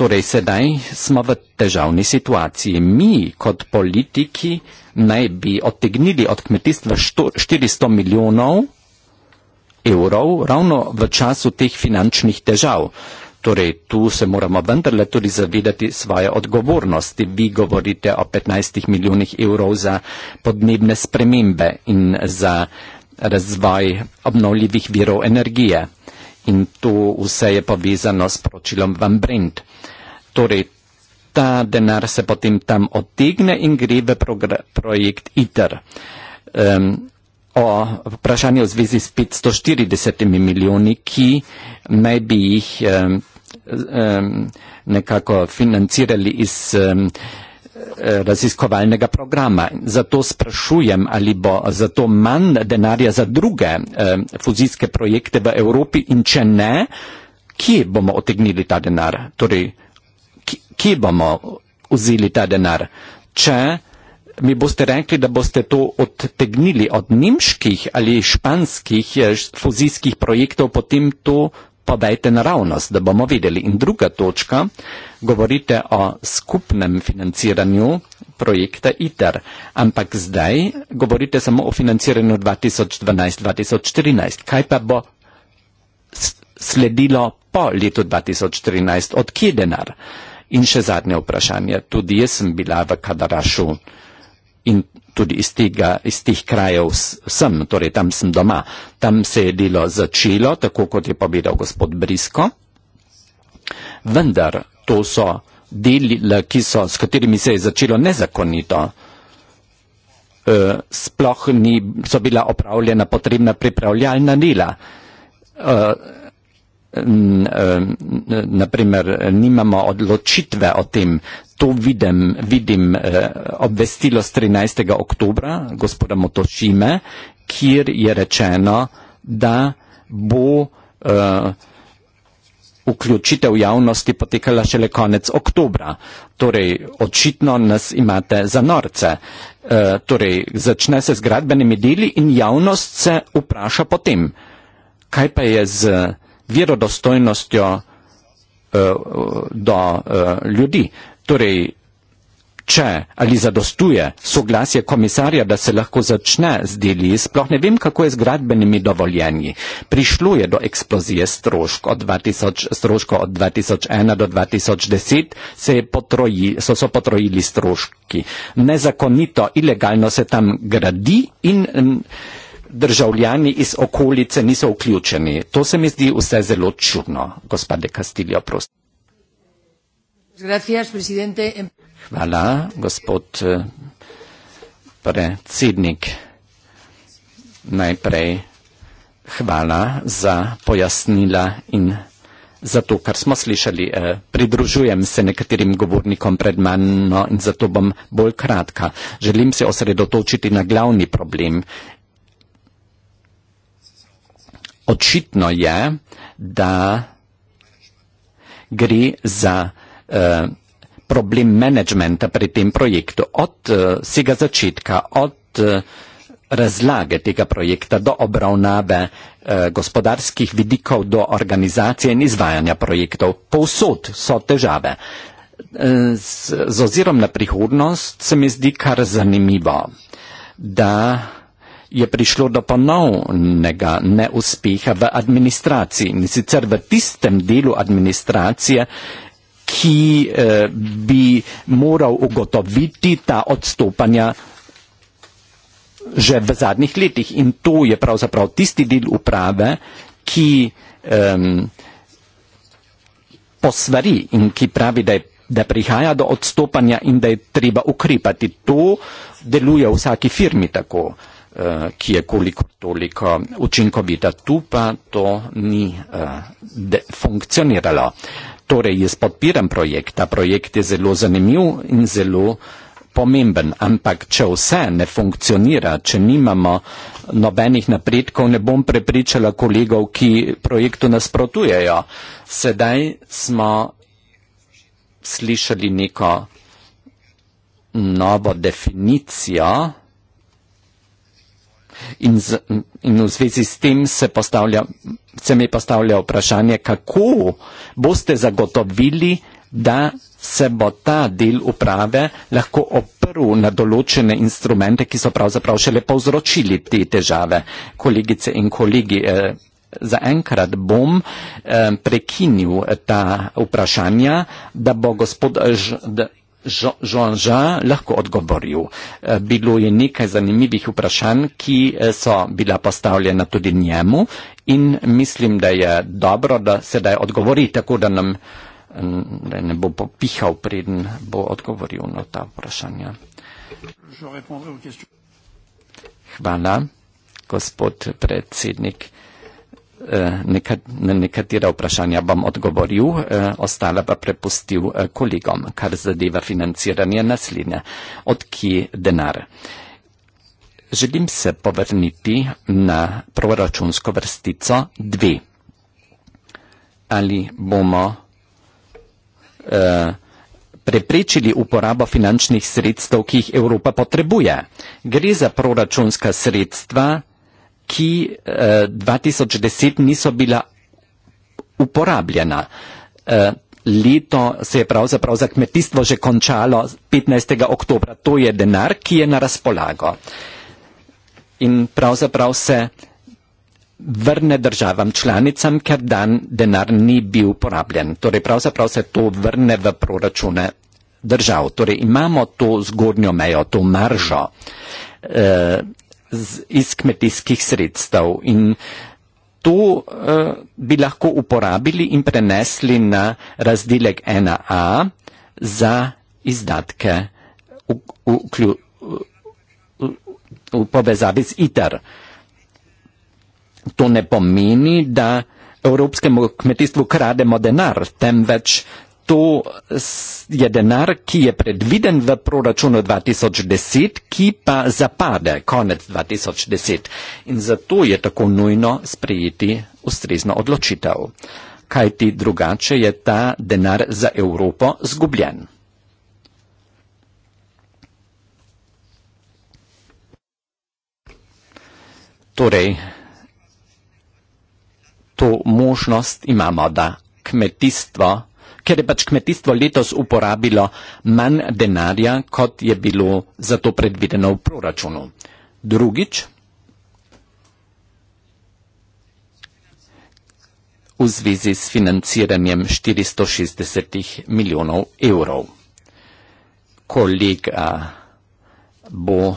Torej sedaj smo v težavni situaciji. Mi kot politiki naj bi otegnili od kmetijstva 400 milijonov evrov ravno v času teh finančnih težav. Torej, tu se moramo vendarle tudi zavedati svoje odgovornosti. Vi govorite o 15 milijonih evrov za podnebne spremembe in za razvoj obnovljivih virov energije. In to vse je povezano s poročilom Van Brent. Torej, ta denar se potem tam otegne in gre v projekt ITER. Um, o vprašanju v zvezi s 540 milijoni, ki naj bi jih. Um, nekako financirali iz raziskovalnega programa. Zato sprašujem, ali bo zato manj denarja za druge fuzijske projekte v Evropi in če ne, kje bomo otegnili ta denar? Torej, kje bomo vzeli ta denar? Če mi boste rekli, da boste to otegnili od nemških ali španskih eh, fuzijskih projektov, potem to pa dajte naravnost, da bomo videli. In druga točka, govorite o skupnem financiranju projekta ITER, ampak zdaj govorite samo o financiranju 2012-2013. Kaj pa bo sledilo po letu 2014? Od kje denar? In še zadnje vprašanje. Tudi jaz sem bila v Kadarašu in tudi iz, tega, iz tih krajev sem, torej tam sem doma. Tam se je delo začelo, tako kot je povedal gospod Brisko. Vendar to so deli, ki so, s katerimi se je začelo nezakonito. E, sploh ni, so bila opravljena potrebna pripravljalna dela. E, naprimer, nimamo odločitve o tem. To vidim, vidim eh, obvestilo z 13. oktober gospoda Motošime, kjer je rečeno, da bo eh, vključitev javnosti potekala šele konec oktobra. Torej, očitno nas imate za norce. E, torej, začne se z gradbenimi deli in javnost se vpraša potem. Kaj pa je z verodostojnostjo eh, do eh, ljudi. Torej, če ali zadostuje soglasje komisarja, da se lahko začne z deli, sploh ne vem, kako je z gradbenimi dovoljenji. Prišlo je do eksplozije strošk od, 2000, strošk od 2001 do 2010, se potroji, so se potrojili stroški. Nezakonito, ilegalno se tam gradi in. in državljani iz okolice niso vključeni. To se mi zdi vse zelo čudno, gospode Kastiljo, prosim. Hvala, gospod eh, predsednik. Najprej hvala za pojasnila in za to, kar smo slišali. Eh, pridružujem se nekaterim govornikom pred mano in zato bom bolj kratka. Želim se osredotočiti na glavni problem očitno je, da gre za uh, problem menedžmenta pri tem projektu. Od uh, eh, vsega začetka, od uh, razlage tega projekta do obravnave eh, gospodarskih vidikov, do organizacije in izvajanja projektov. Povsod so težave. Z, z ozirom na prihodnost se mi zdi kar zanimivo, da eh, je prišlo do ponovnega neuspeha v administraciji in sicer v tistem delu administracije, ki eh, bi moral ugotoviti ta odstopanja že v zadnjih letih. In to je pravzaprav tisti del uprave, ki um, posvari in ki pravi, da, je, da prihaja do odstopanja in da je treba ukrepati. To deluje v vsaki firmi tako. Uh, Eh, ki je koliko toliko učinkovita. Tu pa to ni uh, funkcioniralo. Torej, jaz podpiram projekt, ta projekt je zelo zanimiv in zelo pomemben, ampak če vse ne funkcionira, če nimamo nobenih napredkov, ne bom prepričala kolegov, ki projektu nasprotujejo. Sedaj smo slišali neko novo definicijo, in, z, in v zvezi s tem se, postavlja, se mi postavlja vprašanje, kako boste zagotovili, da se bo ta del uprave lahko oprl na določene instrumente, ki so pravzaprav šele povzročili te težave. Kolegice in kolegi, eh, zaenkrat bom eh, prekinil eh, ta vprašanja, da bo gospod Jean-Jean lahko odgovoril. Eh, bilo je nekaj zanimivih vprašanj, ki eh, so bila postavljena tudi njemu in mislim, da je dobro, da sedaj odgovori, tako da nam mm, da ne bo popihal preden bo odgovoril na ta vprašanja. Hvala, gospod predsednik. Eh, na nekatera vprašanja bom odgovoril, eh, ostala pa prepustil eh, kolegom, kar zadeva financiranje naslednje. Odki denar? Želim se povrniti na proračunsko vrstico dve. Ali bomo preprečili uporabo finančnih sredstev, ki jih Evropa potrebuje. Gre za proračunska sredstva, ki eh, 2010 niso bila uporabljena. Eh, leto se je pravzaprav za kmetijstvo že končalo 15. oktober. To je denar, ki je na razpolago. In pravzaprav se vrne državam članicam, ker dan denar ni bil uporabljen. Torej pravzaprav se to vrne v proračune držav. Torej imamo to zgornjo mejo, to maržo. Eh, z, iz kmetijskih sredstev. In to uh, bi lahko uporabili in prenesli na razdelek 1a za izdatke v, v, v, v povezavi z ITER. To ne pomeni, da evropskemu kmetijstvu krademo denar, temveč to je denar, ki je predviden v proračunu 2010, ki pa zapade konec 2010. In zato je tako nujno sprejeti ustrezno odločitev. Kaj ti drugače je ta denar za Evropo zgubljen? Torej, to možnost imamo, da kmetijstvo ker je pač kmetijstvo letos uporabilo manj denarja, kot je bilo za to predvideno v proračunu. Drugič, v zvezi s financiranjem 460 milijonov evrov. Kolega bo eh,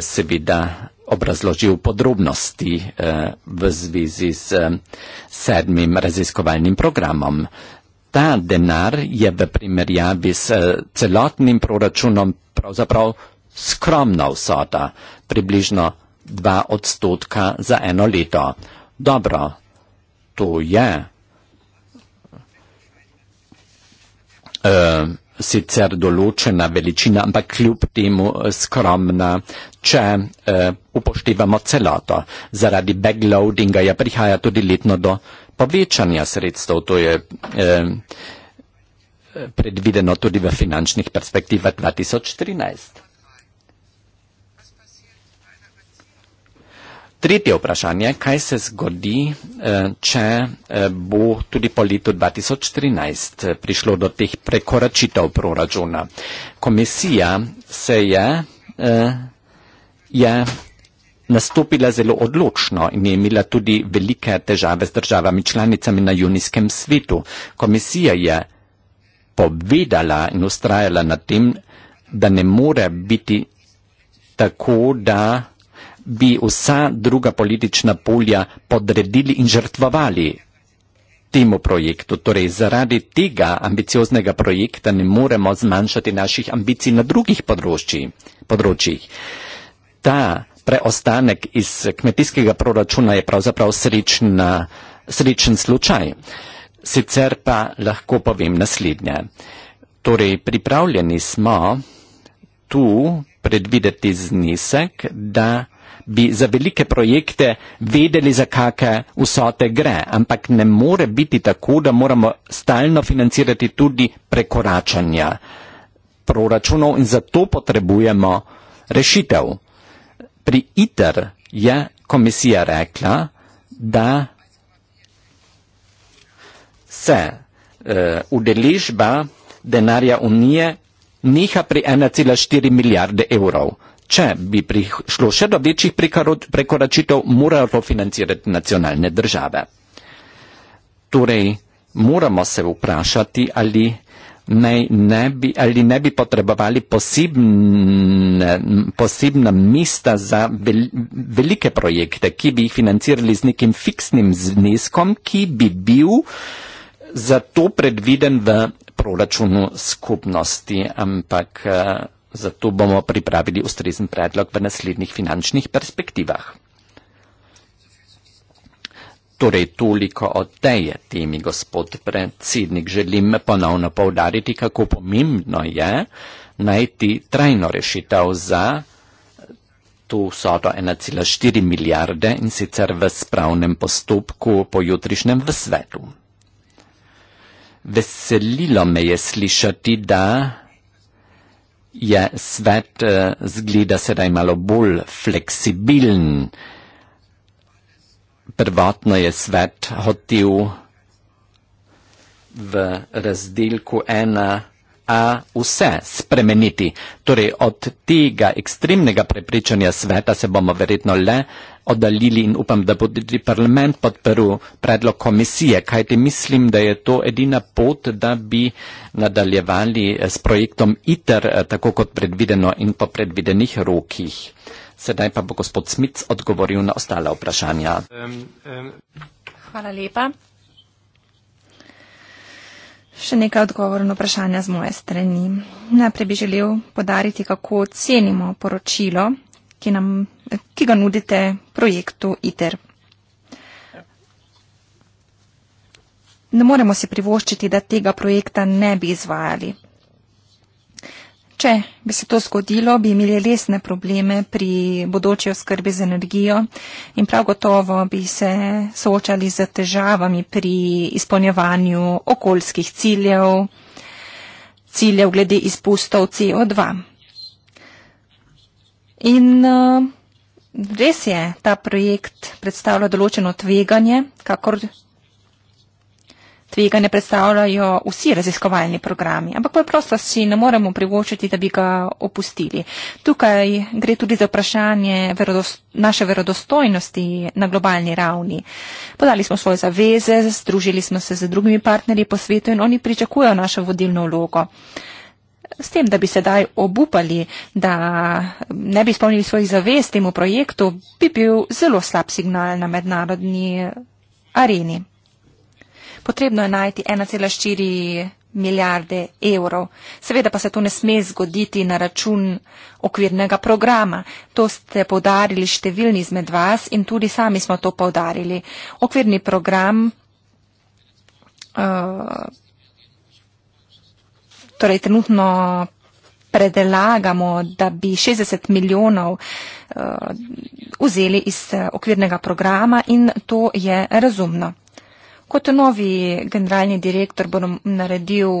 seveda obrazložil podrobnosti eh, v zvezi z eh, sedmim raziskovalnim programom. Ta denar je v primerjavi s eh, celotnim proračunom pravzaprav skromna vsota, približno dva odstotka za eno leto. Dobro, to je. Uh, sicer določena veličina, ampak kljub temu eh, skromna, če eh, upoštevamo celoto. Zaradi backloadinga je ja prihaja tudi letno do povečanja sredstev. To je eh, predvideno tudi v finančnih perspektivah 2013. Tretje vprašanje, kaj se zgodi, eh, če eh, bo tudi po letu 2013 eh, prišlo do teh prekoračitev proračuna. Komisija se je, je nastopila zelo odločno in je imela tudi velike težave z državami članicami na junijskem svetu. Komisija je povedala in ustrajala na tem, da ne more biti tako, da bi vsa druga politična polja podredili in žrtvovali temu projektu. Torej, zaradi tega ambicioznega projekta ne moremo zmanjšati naših ambicij na drugih področjih. Ta preostanek iz kmetijskega proračuna je pravzaprav srečna, srečen slučaj. Sicer pa lahko povem naslednje. Torej, pripravljeni smo tu predvideti znesek, da bi za velike projekte vedeli, za kakšne vsote gre, ampak ne more biti tako, da moramo stalno financirati tudi prekoračanja proračunov in zato potrebujemo rešitev. Pri ITER je komisija rekla, da se uh, udeležba denarja Unije neha pri 1,4 milijarde evrov. Če bi prišlo še do večjih prekoračitev, morajo to financirati nacionalne države. Torej, moramo se vprašati, ali ne, ne, bi, ali ne bi potrebovali posebne, posebna mesta za vel, velike projekte, ki bi jih financirali z nekim fiksnim zneskom, ki bi bil zato predviden v proračunu skupnosti, ampak. Uh, Zato bomo pripravili ustrezen predlog v naslednjih finančnih perspektivah. Torej, toliko o tej temi, gospod predsednik. Želim ponovno povdariti, kako pomembno je najti trajno rešitev za to soto 1,4 milijarde in sicer v spravnem postopku po jutrišnjem v svetu. Veselilo me je slišati, da je svet, eh, zgleda sedaj malo bolj fleksibilen. Prvotno je svet hotel v razdelku 1a vse spremeniti. Torej od tega ekstremnega prepričanja sveta se bomo verjetno le oddaljili in upam, da bo tudi parlament podprl predlog komisije, kajti mislim, da je to edina pot, da bi nadaljevali s projektom ITER, eh, tako kot predvideno in po predvidenih rokih. Sedaj pa bo gospod Smic odgovoril na ostale vprašanja. Hvala lepa. Še nekaj odgovorov na vprašanja z moje strani. Najprej bi želel podariti, kako cenimo poročilo ki, nam, ki ga nudite projektu ITER. Ne moremo si privoščiti, da tega projekta ne bi izvajali. Če bi se to zgodilo, bi imeli resne probleme pri bodočjo skrbi z energijo in prav gotovo bi se soočali z težavami pri izpolnjevanju okoljskih ciljev, ciljev glede izpustov CO2. In uh, res je, ta projekt predstavlja določeno tveganje, kakor tveganje predstavljajo vsi raziskovalni programi, ampak preprosto si ne moremo privočiti, da bi ga opustili. Tukaj gre tudi za vprašanje verodost, naše verodostojnosti na globalni ravni. Podali smo svoje zaveze, združili smo se z drugimi partnerji po svetu in oni pričakujejo našo vodilno vlogo. Uh, s tem, da bi sedaj obupali, da ne bi spomnili svojih zavez temu projektu, bi bil zelo slab signal na mednarodni areni. Potrebno je najti 1,4 milijarde evrov. Seveda pa se to ne sme zgoditi na račun okvirnega programa. To ste povdarili številni izmed vas in tudi sami smo to povdarili. Okvirni program. Uh, torej trenutno predelagamo, da bi 60 milijonov eh, vzeli iz eh, okvirnega programa in to je razumno. Kot novi generalni direktor bom naredil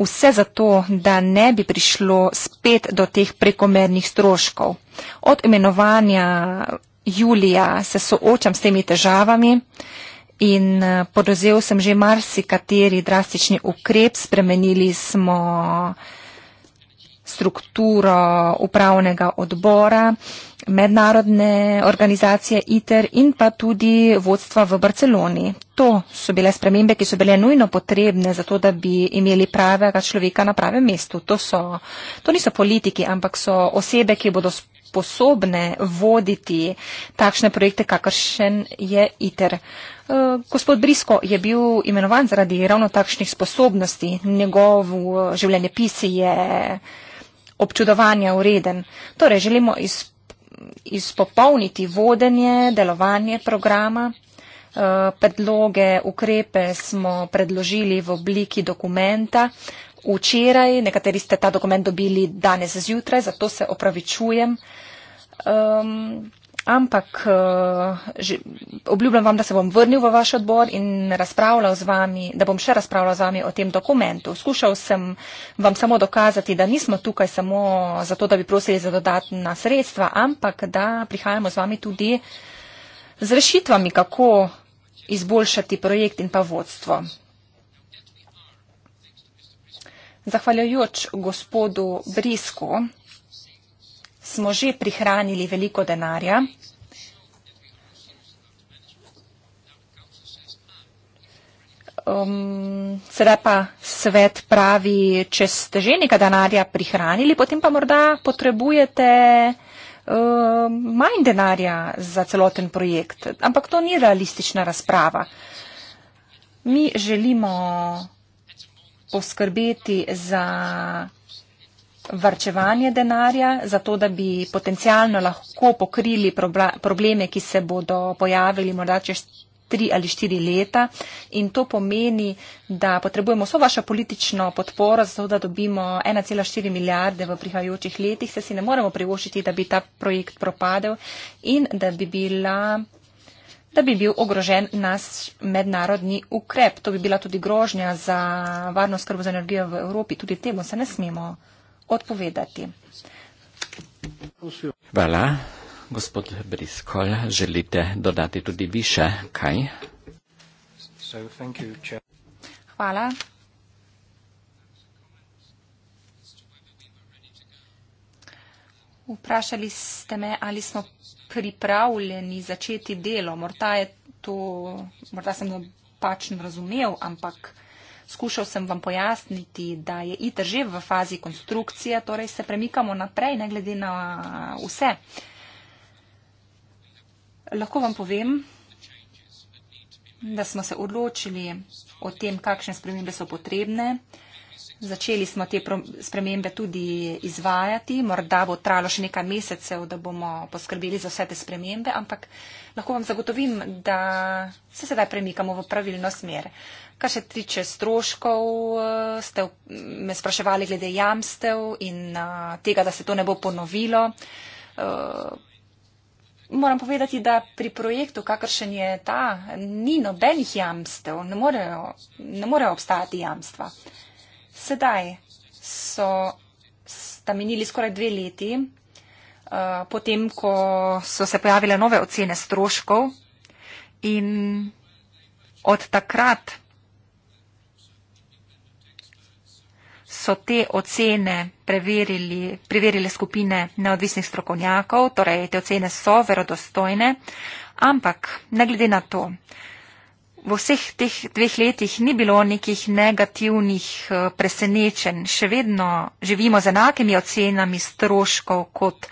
vse za to, da ne bi prišlo spet do teh prekomernih stroškov. Od imenovanja julija se soočam s temi težavami in eh, podozel sem že marsikateri drastični ukrep, spremenili smo strukturo upravnega odbora, mednarodne organizacije ITER in pa tudi vodstva v Barceloni. To so bile spremembe, ki so bile nujno potrebne za to, da bi imeli pravega človeka na pravem mestu. To, so, to niso politiki, ampak so osebe, ki bodo sposobne voditi takšne projekte, kakršen je ITER. Eh, gospod Brisko je bil imenovan zaradi ravno takšnih sposobnosti. Njegov eh, življenjepis je občudovanja ureden. Torej, želimo izpopolniti vodenje, delovanje programa. Eh, predloge, ukrepe smo predložili v obliki dokumenta. Včeraj, nekateri ste ta dokument dobili danes zjutraj, zato se opravičujem. Uh, Um, ampak uh, že, obljubljam vam, da se bom vrnil v vaš odbor in razpravljal z vami, da bom še razpravljal z vami o tem dokumentu. Skušal sem vam samo dokazati, da nismo tukaj samo zato, da bi prosili za dodatna sredstva, ampak da prihajamo z vami tudi z rešitvami, kako izboljšati projekt in pa vodstvo. Zahvaljujoč gospodu Brisko, smo že prihranili veliko denarja. Um, sedaj pa svet pravi, če ste že nekaj denarja prihranili, potem pa morda potrebujete um, manj denarja za celoten projekt. Ampak to ni realistična razprava. Mi želimo poskrbeti za varčevanje denarja, zato da bi potencialno lahko pokrili probleme, ki se bodo pojavili morda čez tri ali štiri leta. In to pomeni, da potrebujemo vso vašo politično podporo, zato da dobimo 1,4 milijarde v prihajajočih letih. Se si ne moremo privošiti, da bi ta projekt propadel in da bi bila da bi bil ogrožen nas mednarodni ukrep. To bi bila tudi grožnja za varno skrbo za energijo v Evropi. Tudi temu se ne smemo odpovedati. Hvala. Gospod Briskol, želite dodati tudi vi še kaj? Hvala. Vprašali ste me, ali smo pripravljeni začeti delo. Morda, to, morda sem napačno razumel, ampak uh, Skušal sem vam pojasniti, da je ITER že v fazi konstrukcije, torej se premikamo naprej, ne glede na vse. Lahko vam povem, da smo se odločili o tem, kakšne spremembe so potrebne. Začeli smo te spremembe tudi izvajati, morda bo tralo še nekaj mesecev, da bomo poskrbeli za vse te spremembe, ampak lahko vam zagotovim, da se sedaj premikamo v pravilno smer. Kar še tiče stroškov, eh, ste me spraševali glede jamstev in eh, tega, da se to ne bo ponovilo. Eh, moram povedati, da pri projektu, kakršen je ta, ni nobenih jamstev, ne morejo, ne morejo obstajati jamstva. Sedaj so, sta menili skoraj dve leti, uh, potem, ko so se pojavile nove ocene stroškov in od takrat so te ocene preverili, preverili skupine neodvisnih strokovnjakov, torej te ocene so verodostojne, ampak ne glede na to, uh, v vseh teh dveh letih ni bilo nekih negativnih eh, presenečenj. Še vedno živimo z enakimi ocenami stroškov, kot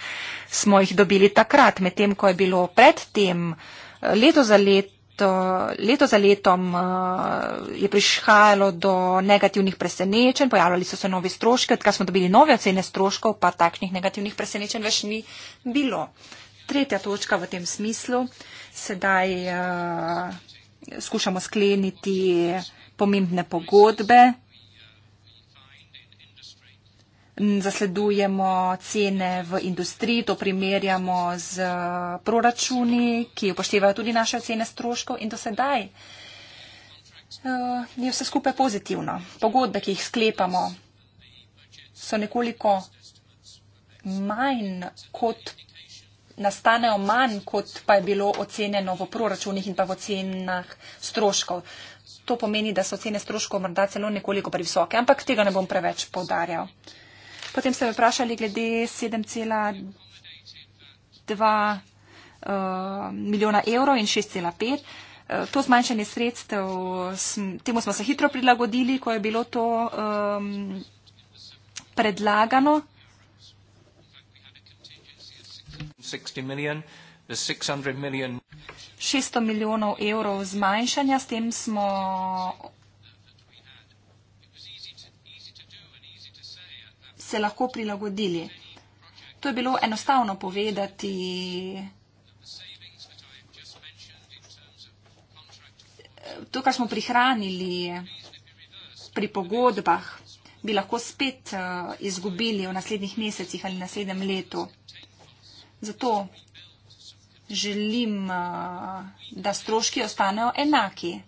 smo jih dobili takrat, medtem ko je bilo predtem eh, leto za leto. Leto za letom eh, je prišhajalo do negativnih presenečenj, pojavljali so se novi stroški, odkar smo dobili nove ocene stroškov, pa takšnih negativnih presenečenj več ni bilo. Tretja točka v tem smislu. Sedaj skušamo skleniti pomembne pogodbe, zasledujemo cene v industriji, to primerjamo z eh, proračuni, ki upoštevajo tudi naše cene stroškov in do sedaj eh, je vse skupaj pozitivno. Pogodbe, ki jih sklepamo, so nekoliko manj kot nastanejo manj, kot pa je bilo ocenjeno v proračunih in pa v ocenah stroškov. To pomeni, da so cene stroškov morda celo nekoliko previsoke, ampak tega ne bom preveč povdarjal. Potem ste me vprašali glede 7,2 eh, milijona evrov in 6,5. Eh, to zmanjšanje sredstev, temu smo se hitro prilagodili, ko je bilo to ehm, predlagano. 600 milijonov evrov zmanjšanja, s tem smo se lahko prilagodili. To je bilo enostavno povedati. To, kar smo prihranili pri pogodbah, bi lahko spet eh, izgubili v naslednjih mesecih ali naslednjem letu. Zato želim, da stroški ostanejo enaki.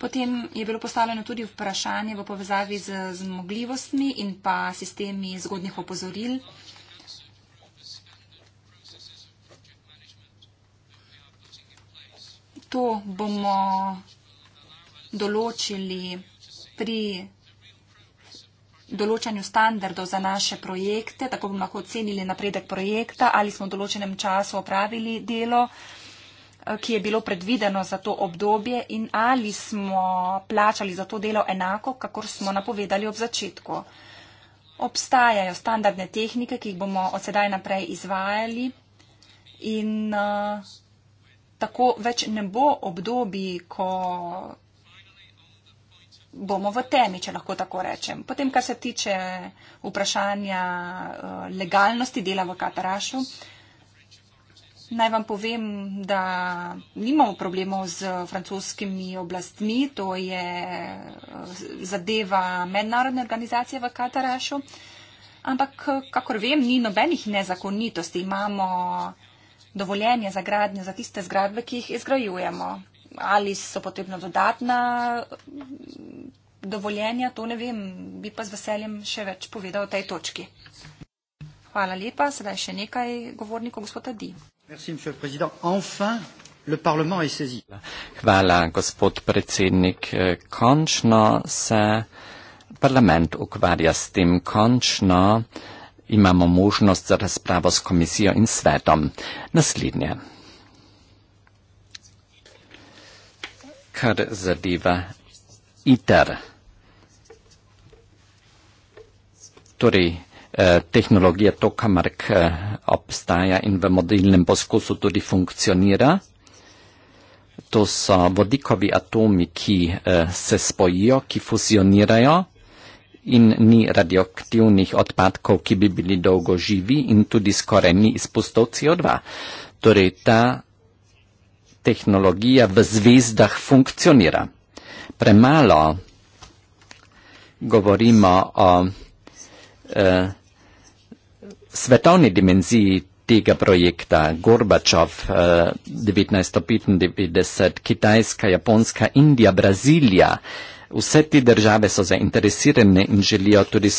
Potem je bilo postavljeno tudi vprašanje v povezavi z zmogljivostmi in pa sistemi zgodnih opozoril. to bomo določili pri določanju standardov za naše projekte, tako bomo lahko ocenili napredek projekta, ali smo v določenem času opravili delo, eh, ki je bilo predvideno za to obdobje in ali smo plačali za to delo enako, kakor smo napovedali ob začetku. Obstajajo standardne tehnike, ki jih bomo od sedaj naprej izvajali in uh, tako več ne bo obdobji, ko bomo v temi, če lahko tako rečem. Potem, kar se tiče vprašanja eh, legalnosti dela v Katarašu, naj vam povem, da nimamo problemov z francoskimi oblastmi, to je eh, zadeva mednarodne organizacije v Katarašu, ampak, eh, kakor vem, ni nobenih nezakonitosti. Imamo dovoljenje za gradnje za tiste zgradbe, ki jih izgrajujemo. Ali so potrebna dodatna mm, dovoljenja, to ne vem, bi pa z veseljem še več povedal o tej točki. Hvala lepa, sedaj še nekaj govornikov, gospod Adi. Hvala, gospod predsednik. E, končno se parlament ukvarja s tem, končno imamo možnost za razpravo s komisijo in svetom. Naslednje. Kar zadeva ITER, torej eh, tehnologija Tokamark eh, obstaja in v modelnem poskusu tudi funkcionira. To so vodikovi atomi, ki eh, se spojijo, ki fuzionirajo in ni radioaktivnih odpadkov, ki bi bili dolgo živi in tudi skoraj ni izpustov CO2. Torej ta tehnologija v zvezdah funkcionira. Premalo govorimo o eh, svetovni dimenziji tega projekta Gorbačov eh, 1995, Kitajska, Japonska, Indija, Brazilija. Eh, vse te države so zainteresirane in želijo tudi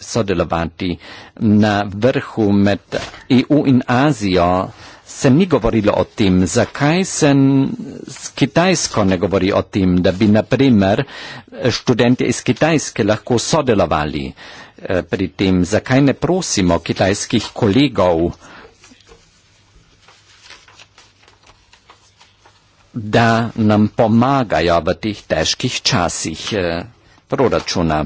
sodelovati. Na vrhu med EU in Azijo se ni govorilo o tem, zakaj se Kitajsko ne govori o tem, da bi naprimer študenti iz Kitajske lahko sodelovali eh, pri tem, zakaj ne prosimo kitajskih kolegov, da nam pomagajo v teh težkih časih eh, proračuna.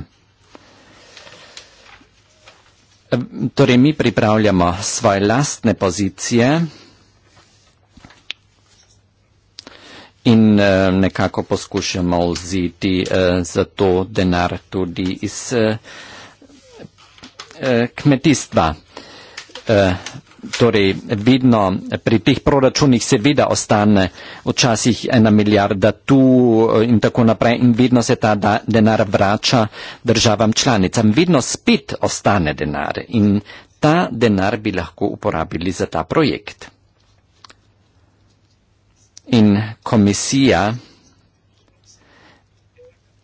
Torej, mi pripravljamo svoje lastne pozicije in eh, nekako poskušamo vzeti eh, za to denar tudi iz kmetijstva torej vidno pri teh proračunih seveda ostane včasih ena milijarda tu eh, in tako naprej in vidno se ta denar vrača državam članicam. Vidno spet ostane denar in ta denar bi lahko uporabili za ta projekt. In komisija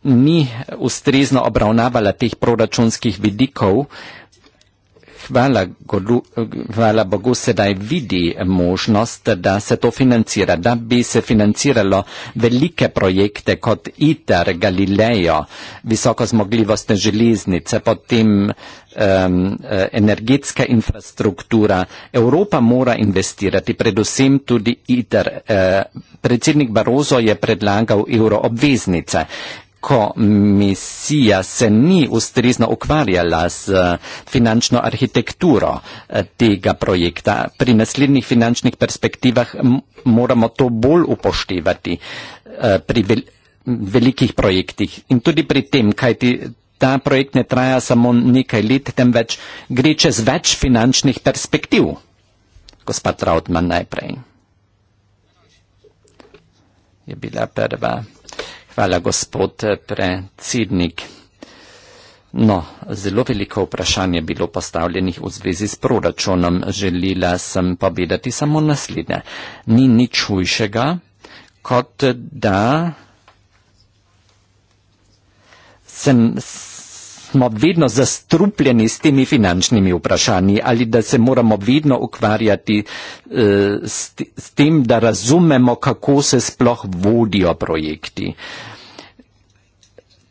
ni ustrezno obravnavala teh proračunskih vidikov, hvala, godu, hvala Bogu, sedaj vidi možnost, da se to financira, da bi se financiralo velike projekte kot ITER, Galileo, visokozmogljivostne železnice, potem um, energetska infrastruktura. Evropa mora investirati, predvsem tudi ITER. Uh, predsednik Barozo je predlagal euroobveznice komisija se ni ustrezno ukvarjala z eh, finančno arhitekturo eh, tega projekta. Pri naslednjih finančnih perspektivah moramo to bolj upoštevati eh, pri velikih projektih in tudi pri tem, kaj ti. Ta projekt ne traja samo nekaj let, temveč gre čez več finančnih perspektiv. Gospod Trautmann najprej. Je bila prva. Hvala, gospod eh, predsednik. No, zelo veliko vprašanj je bilo postavljenih v zvezi s proračunom. Želila sem povedati samo naslednje. Ni nič hujšega, kot da sem. sem smo vedno zastrupljeni s temi finančnimi vprašanji ali da se moramo vedno ukvarjati uh, s tem, da razumemo, kako se sploh vodijo projekti.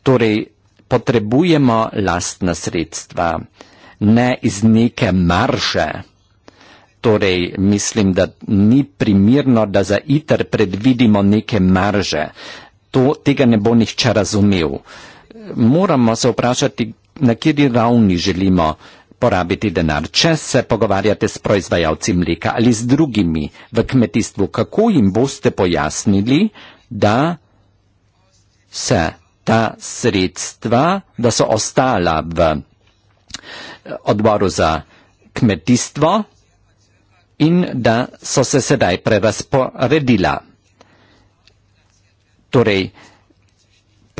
Torej, potrebujemo lastna sredstva, ne iz neke marže. Torej, mislim, da ni primirno, da za iter predvidimo neke marže. To, tega ne bo nihče razumel. Uh, moramo se vprašati, na kateri ravni želimo porabiti denar. Če se pogovarjate s proizvajalci mleka ali z drugimi v kmetijstvu, kako jim boste pojasnili, da se ta sredstva, da so ostala v eh, odboru za kmetijstvo in da so se sedaj prerasporedila. Torej,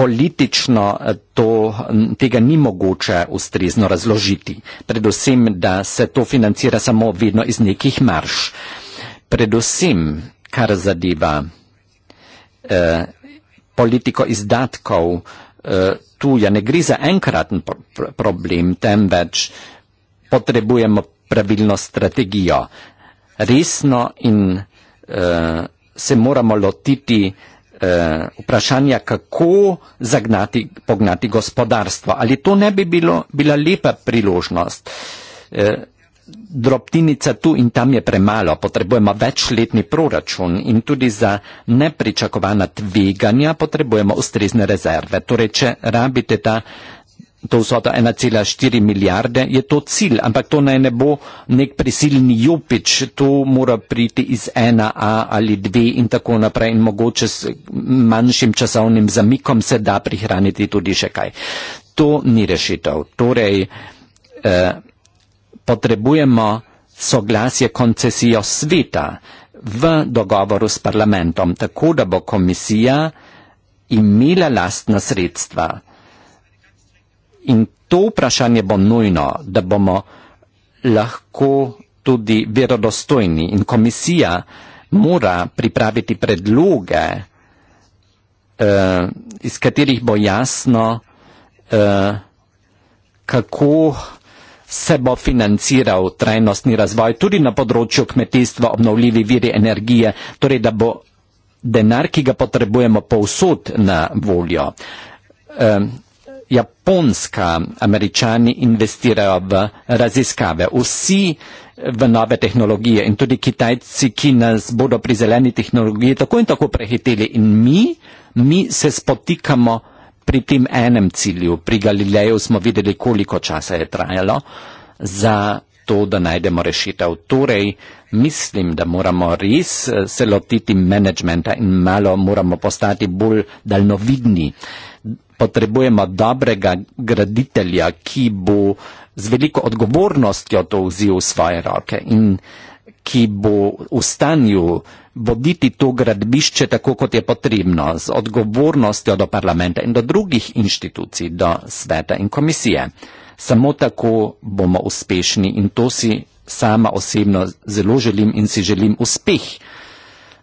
politično eh, to, tega ni mogoče ustrezno razložiti. Predvsem, da se to financira samo vedno iz nekih marš. Predvsem, kar zadeva eh, politiko izdatkov, eh, tu ja ne gre za enkraten pro problem, temveč potrebujemo pravilno strategijo. Resno in eh, se moramo lotiti Eh, vprašanja, kako zagnati, pognati gospodarstvo. Ali to ne bi bilo, bila lepa priložnost? E, drobtinica tu in tam je premalo, potrebujemo večletni proračun in tudi za nepričakovana tveganja potrebujemo ustrezne rezerve. Torej, če rabite ta to vsota 1,4 milijarde, je to cilj, ampak to naj ne bo nek prisilni jopič, to mora priti iz 1A ali 2 in tako naprej in mogoče s manjšim časovnim zamikom se da prihraniti tudi še kaj. To ni rešitev. Torej, eh, potrebujemo soglasje koncesijo sveta v dogovoru s parlamentom, tako da bo komisija imela lastna sredstva In to vprašanje bo nujno, da bomo lahko tudi verodostojni in komisija mora pripraviti predloge, eh, iz katerih bo jasno, eh, kako se bo financiral trajnostni razvoj tudi na področju kmetijstva, obnovljivi viri energije, torej da bo denar, ki ga potrebujemo, povsod na voljo. Eh, Japonska američani investirajo v raziskave. Vsi v nove tehnologije in tudi Kitajci, ki nas bodo pri zeleni tehnologiji tako in tako prehiteli. In mi, mi se spotikamo pri tem enem cilju. Pri Galileju smo videli, koliko časa je trajalo za to, da najdemo rešitev. Torej, mislim, da moramo res eh, se lotiti menedžmenta in malo moramo postati bolj daljnovidni potrebujemo dobrega graditelja, ki bo z veliko odgovornostjo to vzel v svoje roke in ki bo v stanju voditi to gradbišče tako, kot je potrebno, z odgovornostjo do parlamenta in do drugih inštitucij, do sveta in komisije. Samo tako bomo uspešni in to si sama osebno zelo želim in si želim uspeh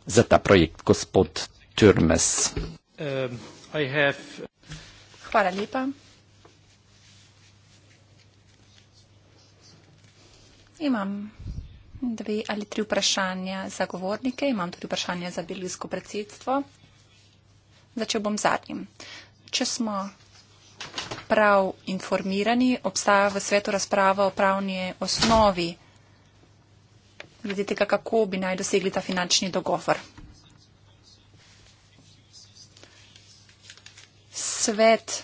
za ta projekt, gospod Turmes. Um, Hvala lepa. Imam dve ali tri vprašanja za govornike, imam tudi vprašanja za belgijsko predsedstvo. Začel bom zadnjim. Če smo prav informirani, obstaja v svetu razprava o pravni osnovi, glede tega, kako bi naj dosegli ta finančni dogovor. svet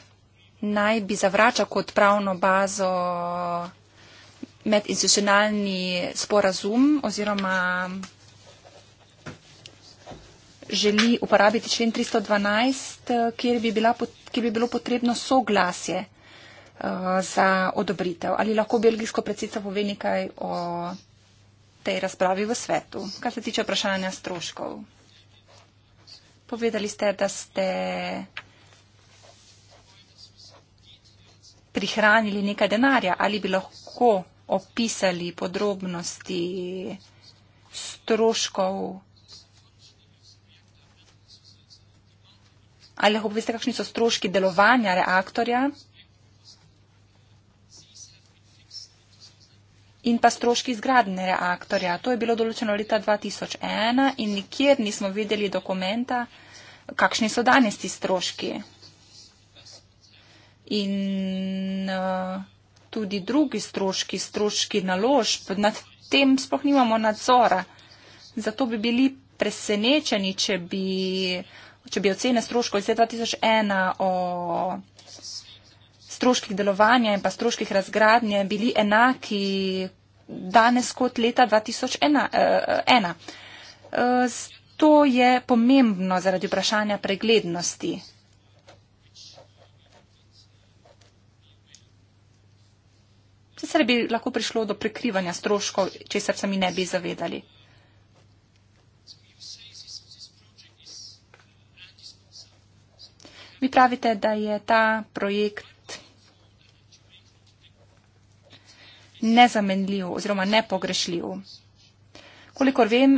naj bi zavračal kot pravno bazo medinstitucionalni sporazum oziroma želi uporabiti člen 312, kjer bi, bila, kjer bi bilo potrebno soglasje uh, za odobritev. Ali lahko belgijsko predsedstvo pove nekaj o tej razpravi v svetu, kar se tiče vprašanja stroškov? Povedali ste, da ste prihranili nekaj denarja ali bi lahko opisali podrobnosti stroškov. Ali lahko poveste, kakšni so stroški delovanja reaktorja in pa stroški izgradne reaktorja. To je bilo določeno leta 2001 in nikjer nismo videli dokumenta, kakšni so danes ti stroški in uh, tudi drugi stroški, stroški naložb, nad tem sploh nimamo nadzora. Zato bi bili presenečeni, če bi, če bi ocene stroškov iz 2001 o stroških delovanja in pa stroških razgradnje bili enaki danes kot leta 2001. Uh, uh, To je pomembno zaradi vprašanja preglednosti. sicer bi lahko prišlo do prekrivanja stroškov, česar se mi ne bi zavedali. Vi pravite, da je ta projekt nezamenljiv oziroma nepogrešljiv. Kolikor vem,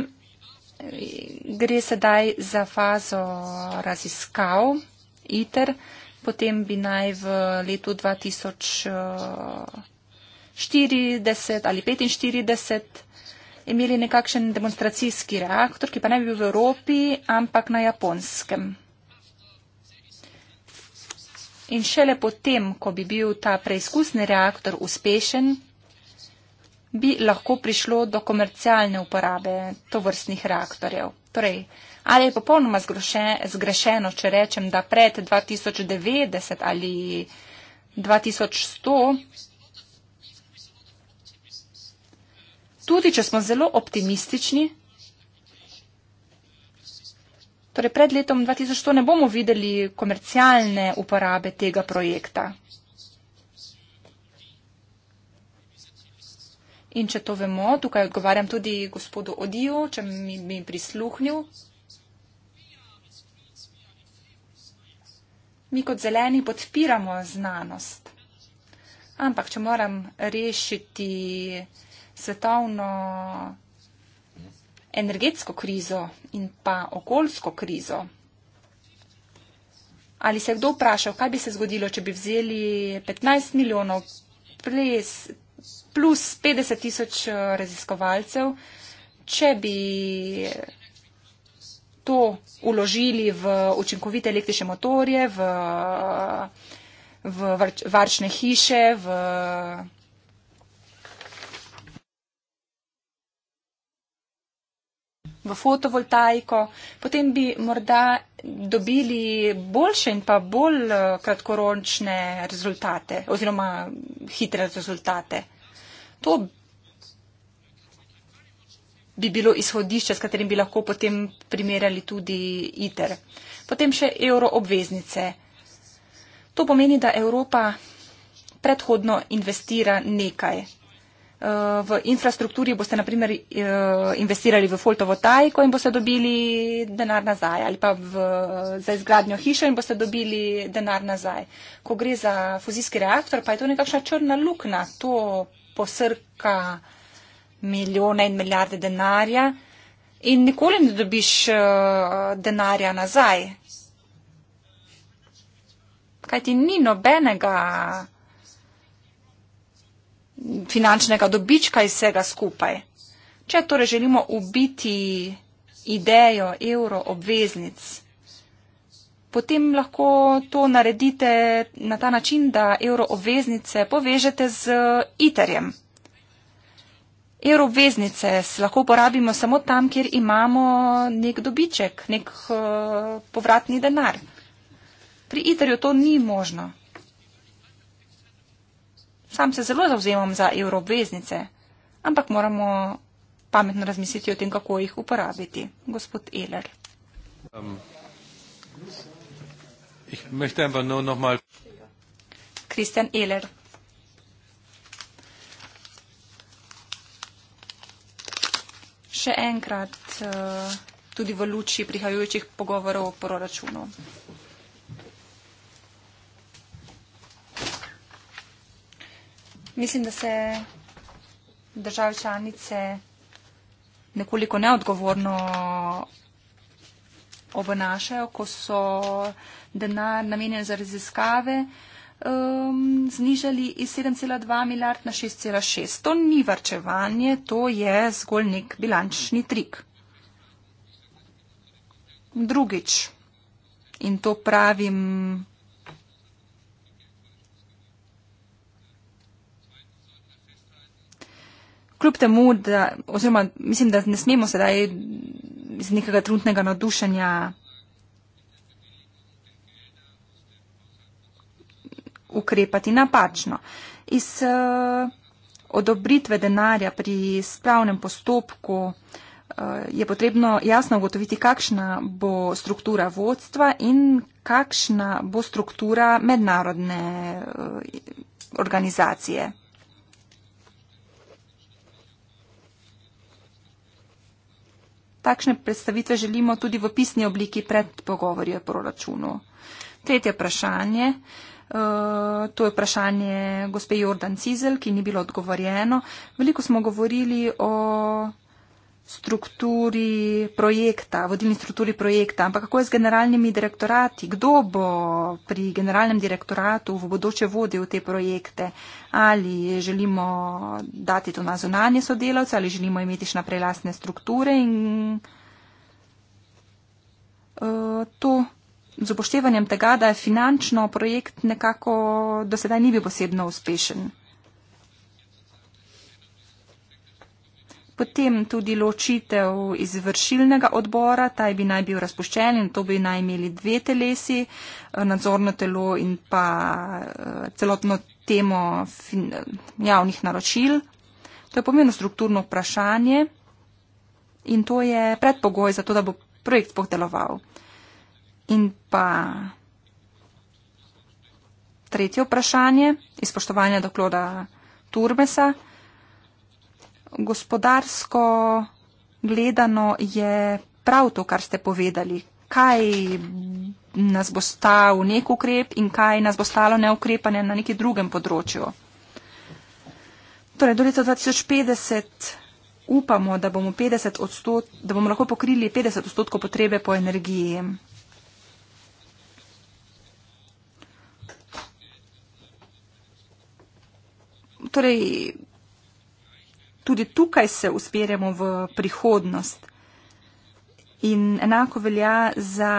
gre sedaj za fazo raziskav ITER, potem bi naj v letu 2000. 40 ali 45 imeli nekakšen demonstracijski reaktor, ki pa ne bi bil v Evropi, ampak na japonskem. In šele potem, ko bi bil ta preizkusni reaktor uspešen, bi lahko prišlo do komercialne uporabe tovrstnih reaktorjev. Torej, ali je popolnoma zgrešeno, če rečem, da pred 2090 ali 2100 Tudi, če smo zelo optimistični, torej pred letom 2100 ne bomo videli komercialne uporabe tega projekta. In če to vemo, tukaj odgovarjam tudi gospodu Odiju, če mi, mi prisluhnil. Mi kot zeleni podpiramo znanost. Ampak, če moram rešiti svetovno energetsko krizo in pa okoljsko krizo. Ali se je kdo vprašal, kaj bi se zgodilo, če bi vzeli 15 milijonov ples, plus 50 tisoč eh, raziskovalcev, če bi to uložili v učinkovite električne motorje, v, v varčne hiše, v v fotovoltaiko, potem bi morda dobili boljše in pa bolj eh, kratkoročne rezultate oziroma hitre rezultate. To bi bilo izhodišče, s katerim bi lahko potem primerjali tudi ITER. Potem še evro obveznice. To pomeni, da Evropa predhodno investira nekaj v infrastrukturi boste naprimer eh, investirali v fotovoltaiko in boste dobili denar nazaj ali pa v, za izgradnjo hiše in boste dobili denar nazaj. Ko gre za fuzijski reaktor, pa je to nekakšna črna luknja, to posrka milijone in milijarde denarja in nikoli ne dobiš eh, denarja nazaj. Kaj ti ni nobenega finančnega dobička iz vsega skupaj. Če torej želimo ubiti idejo evro obveznic, potem lahko to naredite na ta način, da evro obveznice povežete z iterjem. Evro obveznice lahko uporabimo samo tam, kjer imamo nek dobiček, nek uh, povratni denar. Pri iterju to ni možno. Sam se zelo zauzemam za evroobveznice, ampak moramo pametno razmisliti o tem, kako jih uporabiti. Gospod Eler. Um, Kristjan Eler. Še enkrat uh, tudi v luči prihajajočih pogovorov o proračunu. Mislim, da se države članice nekoliko neodgovorno obnašajo, ko so denar namenjen za raziskave um, znižali iz 7,2 milijard na 6,6. To ni vrčevanje, to je zgolj nek bilančni trik. Drugič, in to pravim kljub temu, da, oziroma mislim, da ne smemo sedaj iz nekega trenutnega nadušanja ukrepati napačno. Iz uh, odobritve denarja pri spravnem postopku uh, je potrebno jasno ugotoviti, kakšna bo struktura vodstva in kakšna bo struktura mednarodne uh, organizacije. takšne predstavitve želimo tudi v pisni obliki pred pogovori o proračunu. Tretje vprašanje, eh, to je vprašanje gospe Jordan Cizel, ki ni bilo odgovorjeno. Veliko smo govorili o strukturi projekta, vodilni strukturi projekta, ampak kako je z generalnimi direktorati, kdo bo pri generalnem direktoratu v bodoče vodil te projekte, ali želimo dati to na zunanje sodelavce, ali želimo imeti še naprej lastne strukture in uh, to z upoštevanjem tega, da je finančno projekt nekako do sedaj ni bil posebno uspešen. Potem tudi ločitev izvršilnega odbora, taj bi naj bil razpuščen in to bi naj imeli dve telesi, eh, nadzorno telo in pa eh, celotno temo javnih naročil. To je pomembno strukturno vprašanje in to je predpogoj za to, da bo projekt sploh deloval. In pa tretje vprašanje, izpoštovanje dokloda Turmesa gospodarsko gledano je prav to, kar ste povedali. Kaj nas bo stal nek ukrep in kaj nas bo stalo neukrepanje na neki drugem področju. Torej, do leta 2050 upamo, da bomo, odstot, da bomo lahko pokrili 50 odstotkov potrebe po energiji. Torej, tudi tukaj se usmerjamo v prihodnost. In enako velja za,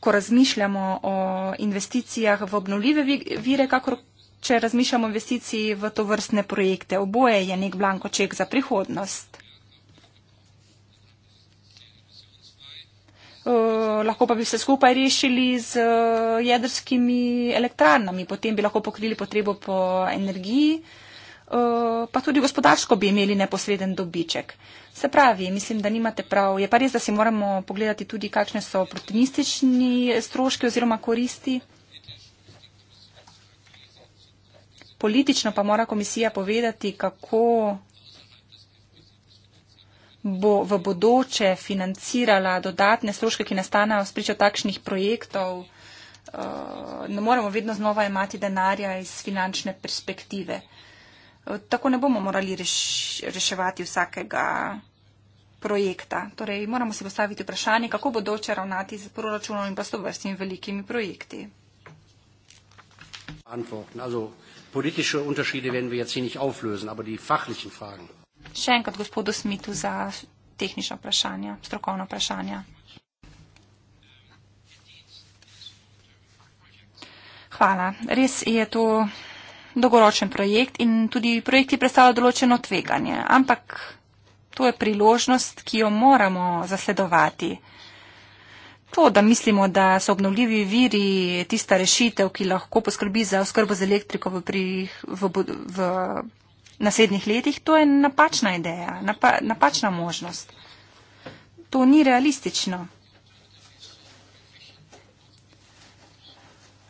ko razmišljamo o investicijah v obnovljive vire, kakor če razmišljamo o investiciji v to vrstne projekte. Oboje je nek blanko ček za prihodnost. Uh, lahko pa bi se skupaj rešili z uh, jedrskimi elektrarnami, potem bi lahko pokrili potrebo po energiji, uh, Eh, pa tudi gospodarsko bi imeli neposreden dobiček. Se pravi, mislim, da nimate prav. Je pa res, da si moramo pogledati tudi, kakšne so protinistični stroški oziroma koristi. Politično pa mora komisija povedati, kako bo v bodoče financirala dodatne stroške, ki nastanejo spričo takšnih projektov. Eh, ne moremo vedno znova imati denarja iz finančne perspektive tako ne bomo morali reš, reševati vsakega projekta. Torej, moramo se postaviti vprašanje, kako bo doče ravnati z proračunom in pa s tovrstnimi velikimi projekti. Še enkrat gospodu Smitu za tehnična vprašanja, strokovna vprašanja. Hvala. Res je to dolgoročen projekt in tudi projekti predstavljajo določeno tveganje, ampak to je priložnost, ki jo moramo zasledovati. To, da mislimo, da so obnovljivi viri tista rešitev, ki lahko poskrbi za oskrbo z elektriko v, pri, v, v naslednjih letih, to je napačna ideja, napa, napačna možnost. To ni realistično.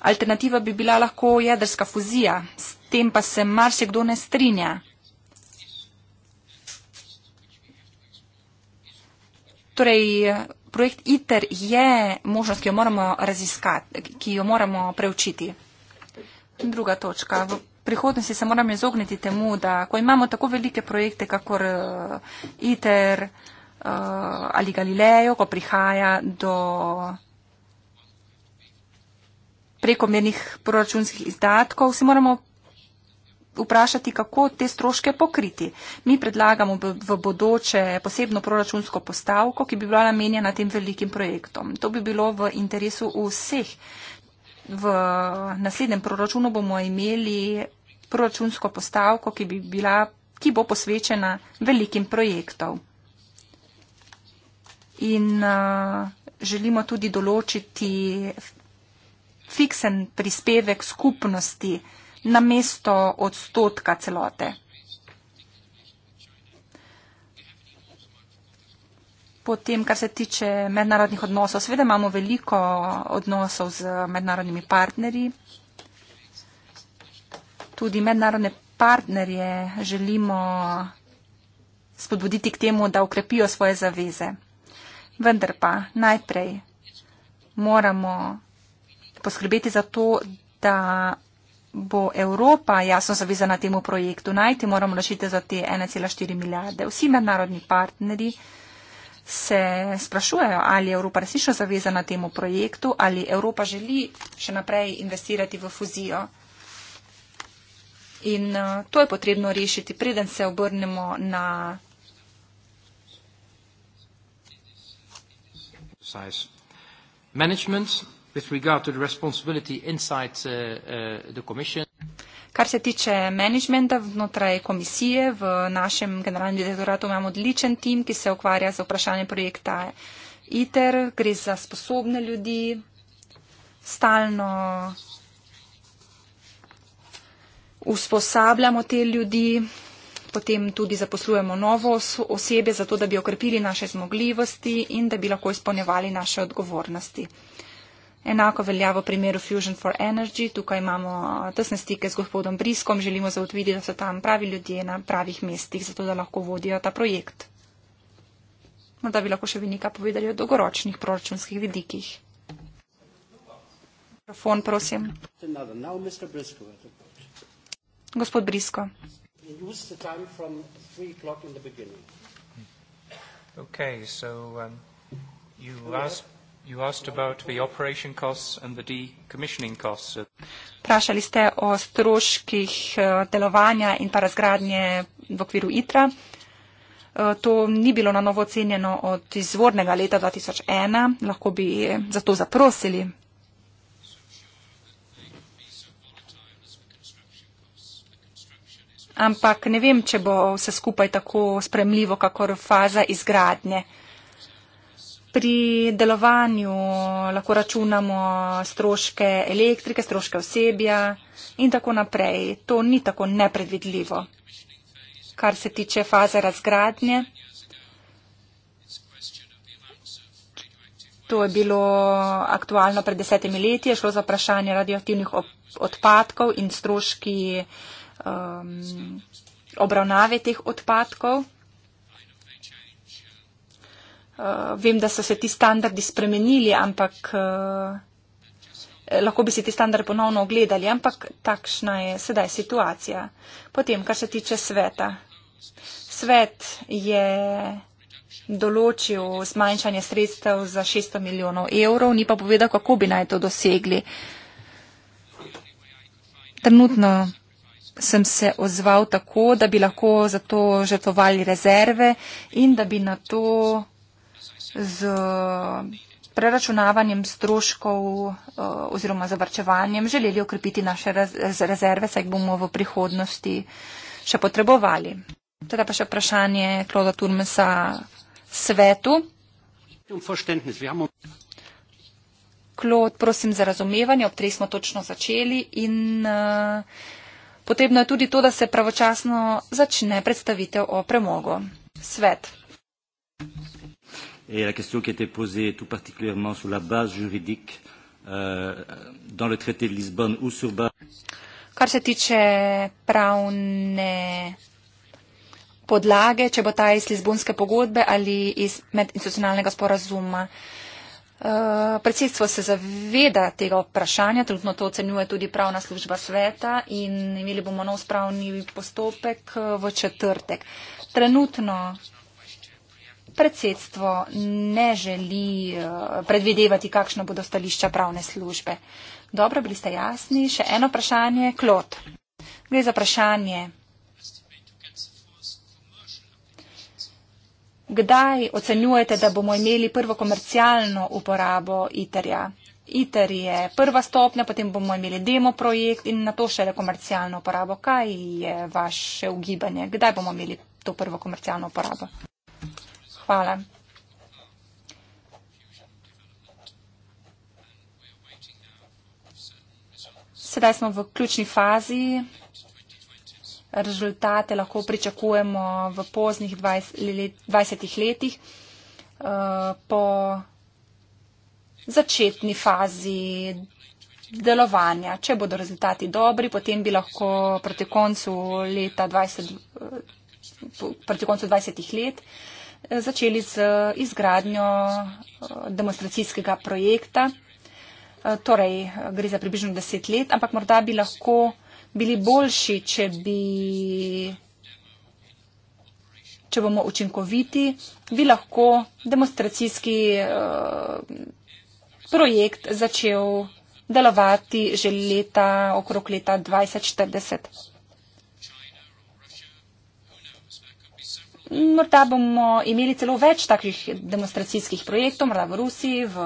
Alternativa bi bila lahko jedrska fuzija, s tem pa se marsikdo ne strinja. Torej, projekt ITER je možnost, ki jo moramo raziskati, ki jo moramo preučiti. Druga točka. V prihodnosti se moramo izogniti temu, da ko imamo tako velike projekte, kakor eh, ITER eh, ali Galilejo, ko prihaja do prekomernih proračunskih izdatkov, se moramo vprašati, kako te stroške pokriti. Mi predlagamo v bodoče posebno proračunsko postavko, ki bi bila namenjena tem velikim projektom. To bi bilo v interesu vseh. V naslednjem proračunu bomo imeli proračunsko postavko, ki, bi bila, ki bo posvečena velikim projektom. In uh, želimo tudi določiti fiksen prispevek skupnosti na mesto odstotka celote. Potem, kar se tiče mednarodnih odnosov, seveda imamo veliko odnosov z mednarodnimi partnerji. Tudi mednarodne partnerje želimo spodbuditi k temu, da ukrepijo svoje zaveze. Vendar pa najprej moramo poskrbeti za to, da bo Evropa jasno zavezana temu projektu. Najti moramo rešiti za te 1,4 milijarde. Vsi mednarodni partnerji se sprašujejo, ali je Evropa resnično zavezana temu projektu, ali Evropa želi še naprej investirati v fuzijo. In eh, to je potrebno rešiti, preden se obrnemo na. Management with regard to the responsibility inside uh, uh, the Commission. Kar se tiče menedžmenta vnotraj komisije, v našem generalnem direktoratu imamo odličen tim, ki se ukvarja z vprašanjem projekta ITER. Gre za sposobne ljudi, stalno usposabljamo te ljudi, potem tudi zaposlujemo novo osebe, zato da bi okrepili naše zmogljivosti in da bi lahko izpolnjevali naše odgovornosti. Enako velja v primeru Fusion for Energy. Tukaj imamo eh, tesne stike z gospodom Briskom. Želimo zautviti, da so tam pravi ljudje na pravih mestih, zato da lahko vodijo ta projekt. No, da bi lahko še vinika povedali o dolgoročnih proračunskih vidikih. Mikrofon, prosim. Gospod Brisko. Okay, so, um, You asked about the operation costs and the decommissioning costs. Vprašali ste o stroških eh, delovanja in pa razgradnje v okviru ITRA. Eh, to ni bilo na novo ocenjeno od izvornega leta 2001. Lahko bi za to zaprosili. Ampak ne vem, če bo vse skupaj tako spremljivo, kakor faza izgradnje. Pri delovanju lahko računamo stroške elektrike, stroške osebja in tako naprej. To ni tako nepredvidljivo. Kar se tiče faze razgradnje, to je bilo aktualno pred desetimi leti, je šlo za vprašanje radioaktivnih odpadkov in stroški um, obravnave teh odpadkov uh, vem, da so se ti standardi spremenili, ampak uh, lahko bi si ti standardi ponovno ogledali, ampak takšna je sedaj situacija. Potem, kar se tiče sveta. Svet je določil zmanjšanje sredstev za 600 milijonov evrov, ni pa povedal, kako bi naj to dosegli. Trenutno sem se ozval tako, da bi lahko za to žrtovali rezerve in da bi na to z preračunavanjem stroškov eh, oziroma zavrčevanjem želeli okrepiti naše rezerve, saj jih bomo v prihodnosti še potrebovali. Teda pa še vprašanje Kloda Turmesa svetu. Klod, prosim za razumevanje, ob treh smo točno začeli in uh, potrebno je tudi to, da se pravočasno začne predstavitev o premogu. Svet. Et la question qui a été posée tout particulièrement sur la base juridique euh, dans le traité de Lisbonne ou sur base. Kar se tiče pravne podlage, če bo ta iz Lizbonske pogodbe ali iz medinstitucionalnega sporazuma. Eh, predsedstvo se zaveda tega vprašanja, trenutno to ocenjuje tudi pravna služba sveta in imeli bomo nov spravni postopek eh, v četrtek. Trenutno predsedstvo ne želi eh, predvidevati, kakšno bodo stališča pravne službe. Dobro, bili ste jasni. Še eno vprašanje, Klot. Gre za vprašanje, kdaj ocenjujete, da bomo imeli prvo komercialno uporabo ITER-ja? ITER je prva stopnja, potem bomo imeli demo projekt in na to šele komercialno uporabo. Kaj je vaše ugibanje? Kdaj bomo imeli to prvo komercialno uporabo? Hvala. Sedaj smo v ključni fazi. Rezultate lahko pričakujemo v poznih 20 letih eh, po začetni fazi delovanja. Če bodo rezultati dobri, potem bi lahko proti koncu, 20, eh, proti koncu 20 let začeli z izgradnjo eh, demonstracijskega projekta. Eh, torej, gre za približno deset let, ampak morda bi lahko bili boljši, če, bi, če bomo učinkoviti, bi lahko demonstracijski eh, projekt začel delovati že leta, okrog leta 2040. Morda bomo imeli celo več takih demonstracijskih projektov, morda v Rusiji, v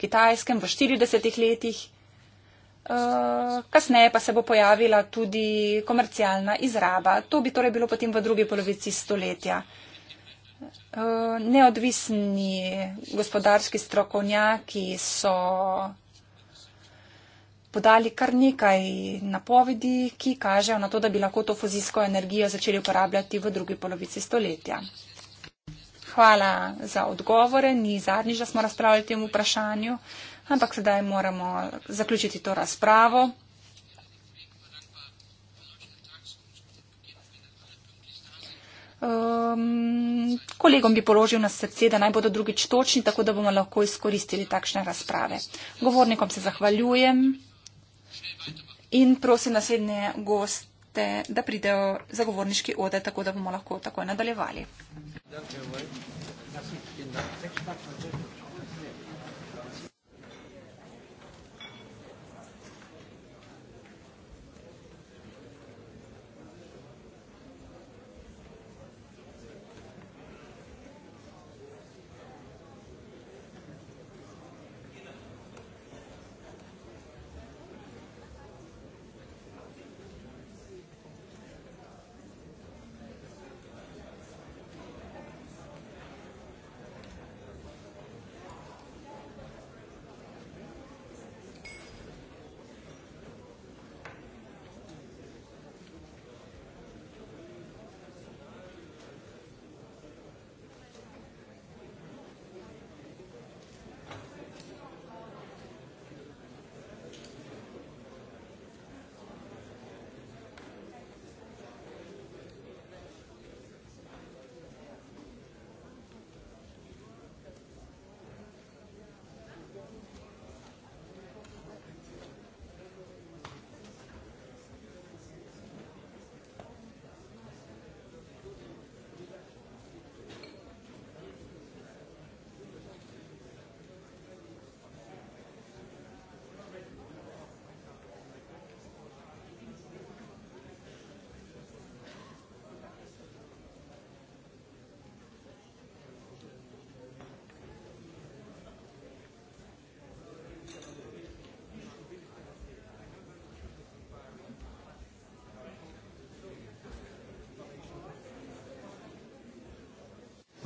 Kitajskem, v 40 letih. Eh, kasneje pa se bo pojavila tudi komercialna izraba. To bi torej bilo potem v drugi polovici stoletja. Eh, neodvisni gospodarski strokovnjaki so podali kar nekaj napovedi, ki kažejo na to, da bi lahko to fuzijsko energijo začeli uporabljati v drugi polovici stoletja. Hvala za odgovore. Ni zadnjič, da smo razpravljali o tem vprašanju, ampak sedaj moramo zaključiti to razpravo. Um, kolegom bi položil na srce, da naj bodo drugič točni, tako da bomo lahko izkoristili takšne razprave. Govornikom se zahvaljujem in prosim naslednje goste, da pridejo zagovorniški ode, tako da bomo lahko takoj nadaljevali. Thank you.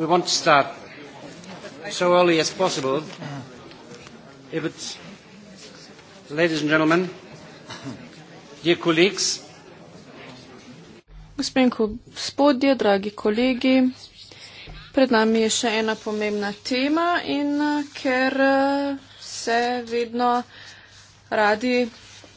We want to start so early as possible. If it's, ladies and gentlemen, dear colleagues. Gospod in gospodje, dragi kolegi, pred nami je še ena pomembna tema in eh, ker eh, se vedno radi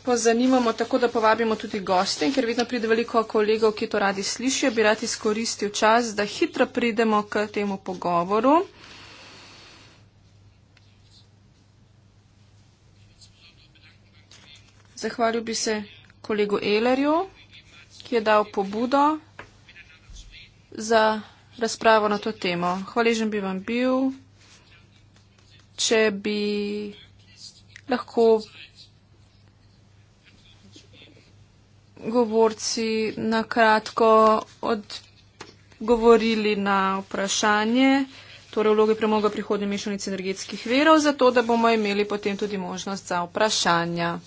pozanimamo, tako da povabimo tudi goste, ker vedno pride veliko kolegov, ki to radi slišijo, bi radi izkoristil čas, da hitro pridemo k temu pogovoru. Zahvalil bi se kolegu Elerju, ki je dal pobudo za razpravo na to temo. Hvaležen bi vam bil, če bi lahko govorci na kratko odgovorili na vprašanje, torej vloge premoga prihodnje mešanice energetskih verov, zato da bomo imeli potem tudi možnost za vprašanja.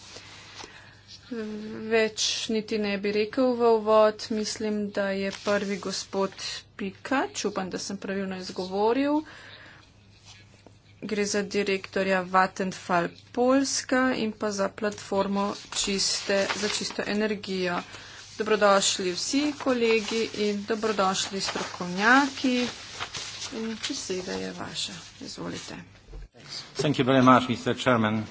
Več niti ne bi rekel v uvod, mislim, da je prvi gospod Pika, čupam, da sem pravilno izgovoril gre za direktorja Vattenfall Polska in pa za platformo čiste, za čisto energijo. Dobrodošli vsi kolegi in dobrodošli strokovnjaki. In beseda je vaša. Izvolite. Thank you very much, Mr. Chairman.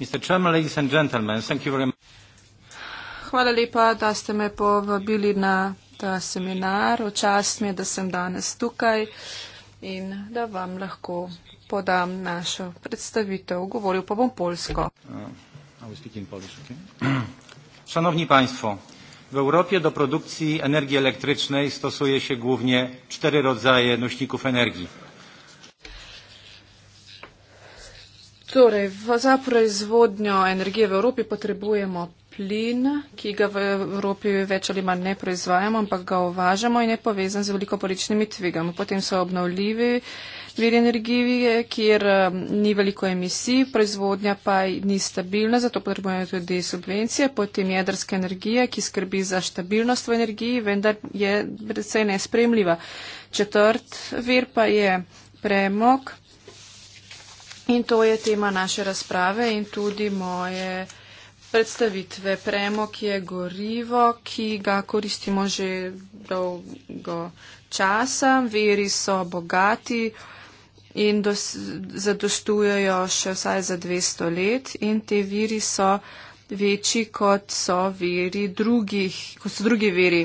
Mr. Chairman, ladies and gentlemen, thank you very much. Hvala lepa, da ste me povabili na ta seminar. Včast mi je, da sem danes tukaj. Uh, in da vam lahko podam našo predstavitev. Govoril pa bom polsko. Uh, *clears throat* Szanowni Państwo, w Europie do produkcji energii elektrycznej stosuje się głównie cztery rodzaje nośników energii. Torej, za proizvodnjo energije v Evropi potrebujemo plin, ki ga v Evropi več ali manj ne proizvajamo, ampak ga uvažamo in je povezan z veliko poričnimi tvegami. Potem so obnovljivi viri energije, kjer um, ni veliko emisij, proizvodnja pa ni stabilna, zato potrebujemo tudi subvencije. Potem jedrska energija, ki skrbi za stabilnost v energiji, vendar je precej nespremljiva. Četrt vir pa je premog. In to je tema naše razprave in tudi moje predstavitve. Premog je gorivo, ki ga koristimo že dolgo časa. Veri so bogati in dos, zadostujejo še vsaj za 200 let in te viri so večji, kot so veri drugih, kot so drugi veri.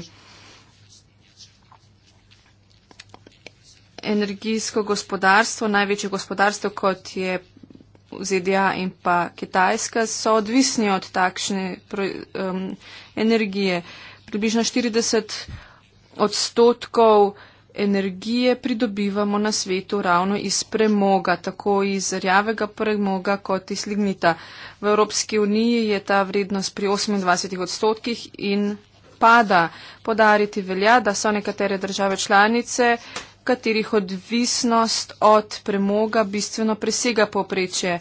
Energijsko gospodarstvo, največje gospodarstvo, kot je ZDA in pa Kitajska, so odvisni od takšne um, energije. Približno 40 odstotkov energije pridobivamo na svetu ravno iz premoga, tako iz rjavega premoga kot iz lignita. V Evropski uniji je ta vrednost pri 28 odstotkih in pada. Podariti velja, da so nekatere države članice katerih odvisnost od premoga bistveno presega poprečje.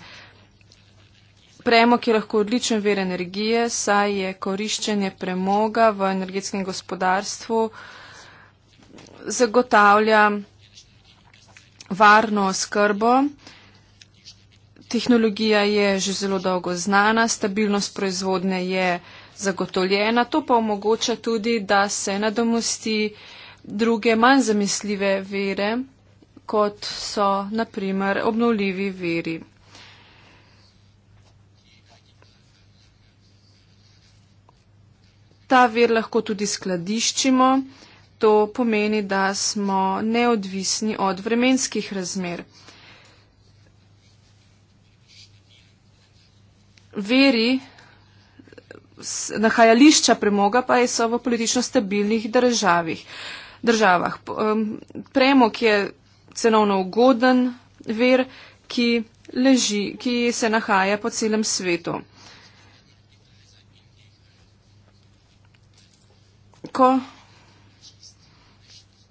Premog je lahko odličen ver energije, saj je koriščenje premoga v energetskem gospodarstvu zagotavlja varno oskrbo. Tehnologija je že zelo dolgo znana, stabilnost proizvodnje je zagotovljena, to pa omogoča tudi, da se nadomosti druge manj zamisljive vere, kot so naprimer obnovljivi veri. Ta ver lahko tudi skladiščimo, to pomeni, da smo neodvisni od vremenskih razmer. Veri, nahajališča premoga pa so v politično stabilnih državah državah. Premog je cenovno ugoden ver, ki, leži, ki se nahaja po celem svetu. Ko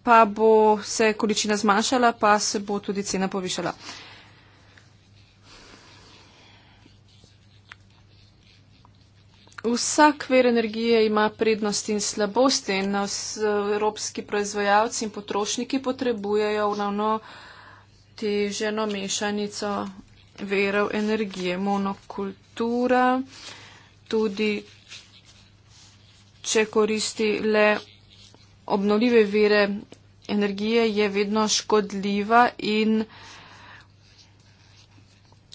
pa bo se količina zmanjšala, pa se bo tudi cena povišala. Vsak vir energije ima prednosti in slabosti in nas evropski proizvajalci in potrošniki potrebujejo ravno teženo mešanico verov energije. Monokultura tudi, če koristi le obnovljive vire energije, je vedno škodljiva in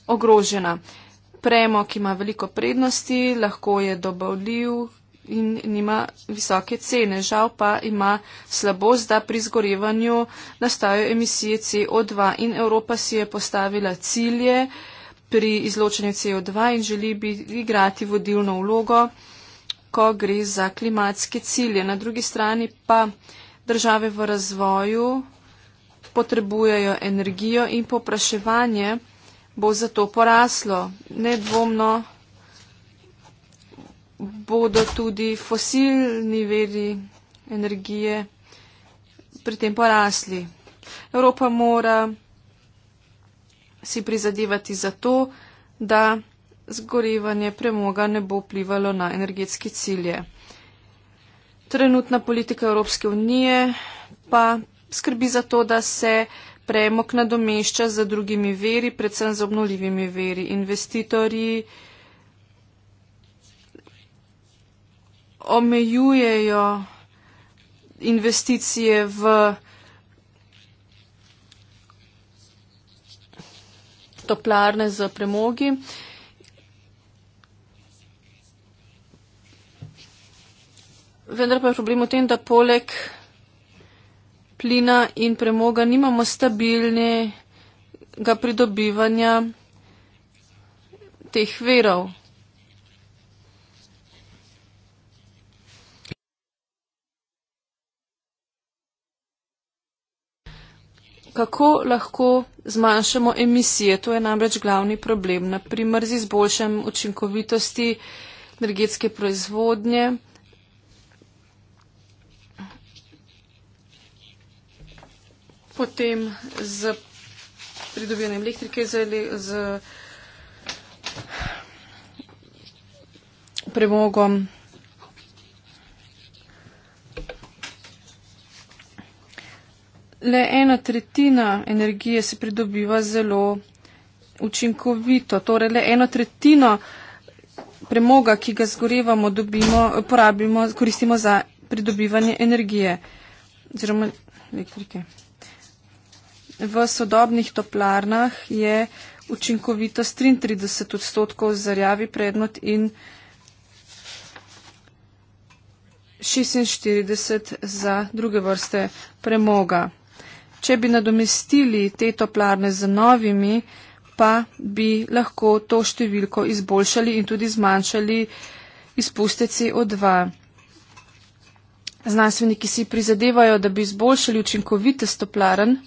ogrožena premog ima veliko prednosti, lahko je dobavljiv in nima visoke cene. Žal pa ima slabost, da pri zgorevanju nastajajo emisije CO2 in Evropa si je postavila cilje pri izločanju CO2 in želi bi igrati vodilno vlogo, ko gre za klimatske cilje. Na drugi strani pa države v razvoju potrebujejo energijo in popraševanje bo zato poraslo. Nedvomno bodo tudi fosilni veri energije pri tem porasli. Evropa mora si prizadevati za to, da zgorevanje premoga ne bo vplivalo na energetske cilje. Trenutna politika Evropske unije pa skrbi za to, da se premog nadomešča z drugimi veri, predvsem z obnoljivimi veri. Investitorji omejujejo investicije v toplarne z premogi. Vendar pa je problem v tem, da poleg plina in premoga nimamo stabilnega pridobivanja teh verov. Kako lahko zmanjšamo emisije? To je namreč glavni problem. Naprimer, z izboljšanjem učinkovitosti energetske proizvodnje. potem z pridobljenjem elektrike, z, z premogom. Le ena tretjina energije se pridobiva zelo učinkovito, torej le eno tretjino premoga, ki ga zgorevamo, dobimo, porabimo, koristimo za pridobivanje energije oziroma elektrike v sodobnih toplarnah je učinkovitost 33 odstotkov za rjavi predmet in 46 za druge vrste premoga. Če bi nadomestili te toplarne z novimi, pa bi lahko to številko izboljšali in tudi zmanjšali izpuste CO2. Znanstveniki si prizadevajo, da bi izboljšali učinkovitost toplaren.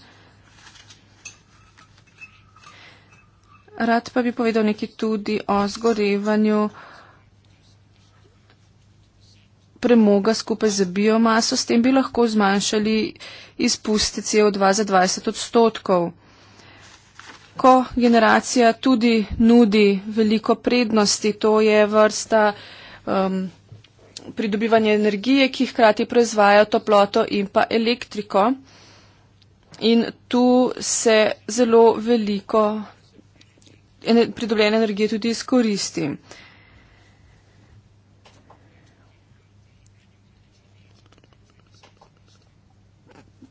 rad pa bi povedal nekaj tudi o zgorevanju premoga skupaj z biomaso. S tem bi lahko zmanjšali izpuste CO2 za 20 odstotkov. Ko generacija tudi nudi veliko prednosti, to je vrsta um, pridobivanja energije, ki hkrati proizvaja toploto in pa elektriko. In tu se zelo veliko pridobljene energije tudi izkoristi.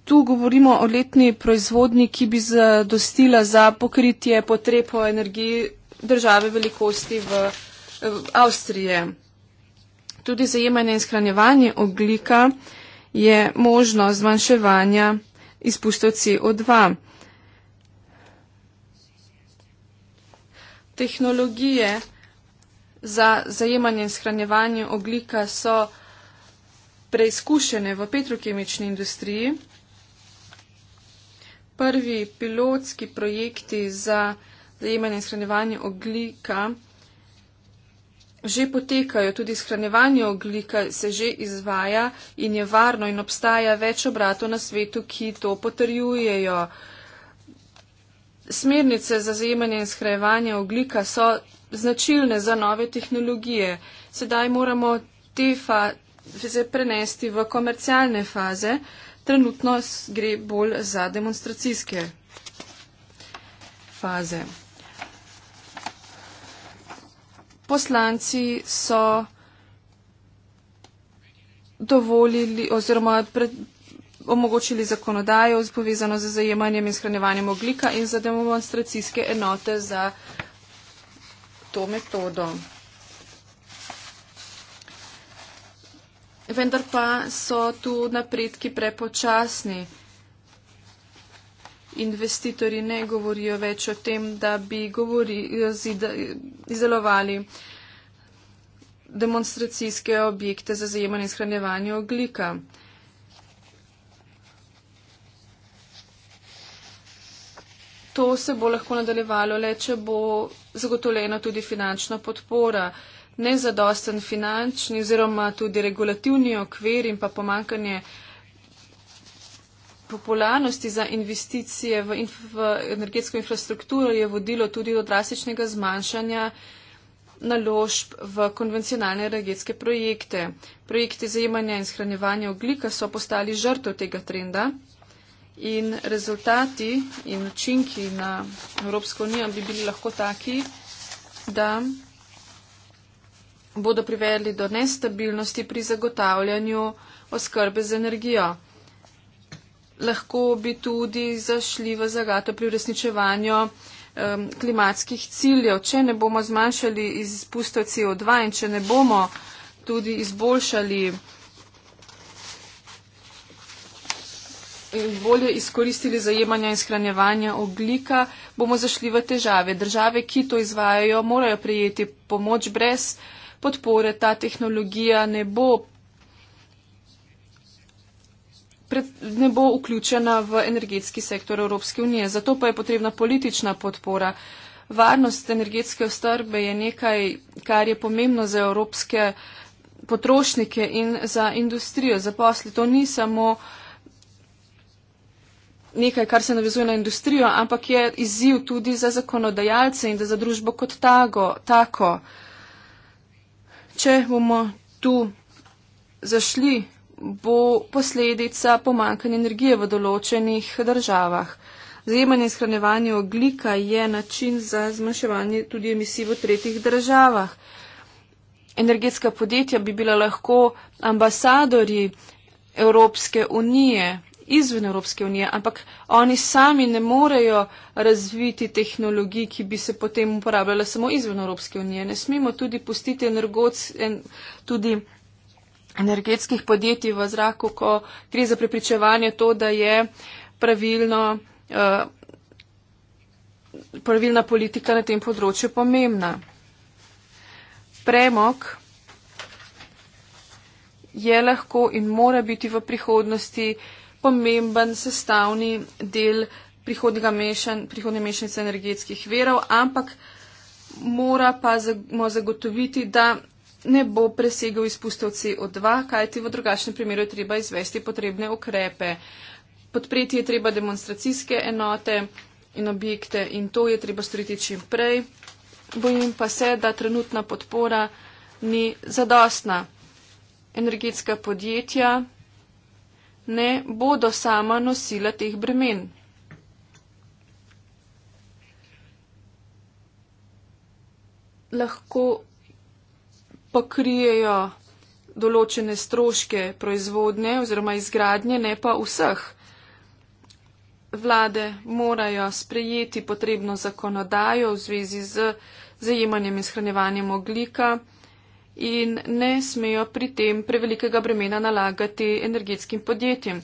Tu govorimo o letni proizvodnji, ki bi zadostila za pokritje potreb po energiji države velikosti v, v Avstriji. Tudi zajemanje in shranjevanje oglika je možnost zmanjševanja izpustov CO2. tehnologije za zajemanje in shranjevanje oglika so preizkušene v petrokemični industriji. Prvi pilotski projekti za zajemanje in shranjevanje oglika že potekajo, tudi shranjevanje oglika se že izvaja in je varno in obstaja več obratov na svetu, ki to potrjujejo. Uh, smernice za zajemanje in skrajevanje oglika so značilne za nove tehnologije. Sedaj moramo te faze prenesti v komercialne faze. Trenutno gre bolj za demonstracijske faze. Poslanci so dovolili oziroma pred omogočili zakonodajo povezano z zajemanjem in shranjevanjem oglika in za demonstracijske enote za to metodo. Vendar pa so tu napredki prepočasni. Investitori ne govorijo več o tem, da bi govori, izdelovali demonstracijske objekte za zajemanje in shranjevanje oglika. to se bo lahko nadaljevalo le, če bo zagotovljena tudi finančna podpora. Nezadosten finančni oziroma tudi regulativni okvir in pa pomankanje popularnosti za investicije v, inf v energetsko infrastrukturo je vodilo tudi do drastičnega zmanjšanja naložb v konvencionalne energetske projekte. Projekte zajemanja in shranjevanja oglika so postali žrtev tega trenda. In rezultati in učinki na Evropsko unijo bi bili lahko taki, da bodo privedli do nestabilnosti pri zagotavljanju oskrbe z energijo. Lahko bi tudi zašli v zagato pri uresničevanju um, klimatskih ciljev, če ne bomo zmanjšali izpustov CO2 in če ne bomo tudi izboljšali bolje izkoristili zajemanja in skranjevanja oglika, bomo zašli v težave. Države, ki to izvajajo, morajo prejeti pomoč brez podpore. Ta tehnologija ne bo, pred, ne bo vključena v energetski sektor Evropske unije. Zato pa je potrebna politična podpora. Varnost energetske ostarbe je nekaj, kar je pomembno za evropske potrošnike in za industrijo. Zaposli to ni samo nekaj, kar se navezuje na industrijo, ampak je izziv tudi za zakonodajalce in za družbo kot tago, tako. Če bomo tu zašli, bo posledica pomankanje energije v določenih državah. Zajemanje in shranjevanje oglika je način za zmanjševanje tudi emisij v tretjih državah. Energetska podjetja bi bila lahko ambasadori Evropske unije izven Evropske unije, ampak oni sami ne morejo razviti tehnologij, ki bi se potem uporabljala samo izven Evropske unije. Ne smemo tudi pustiti energoc, en, tudi energetskih podjetij v zraku, ko gre za prepričevanje to, da je pravilno. Uh, Pravilna politika na tem področju je pomembna. Premok je lahko in mora biti v prihodnosti uh, pomemben sestavni del mešan, prihodne mešanice energetskih verov, ampak mora pa zagotoviti, da ne bo presegel izpustov CO2, kajti v drugačnem primeru je treba izvesti potrebne ukrepe. Podpreti je treba demonstracijske enote in objekte in to je treba storiti čim prej. Bojim pa se, da trenutna podpora ni zadostna. Energetska podjetja ne bodo sama nosila teh bremen. Lahko pokrijejo določene stroške proizvodnje oziroma izgradnje, ne pa vseh. Vlade morajo sprejeti potrebno zakonodajo v zvezi z zajemanjem in shranjevanjem oglika in ne smejo pri tem prevelikega bremena nalagati energetskim podjetjem.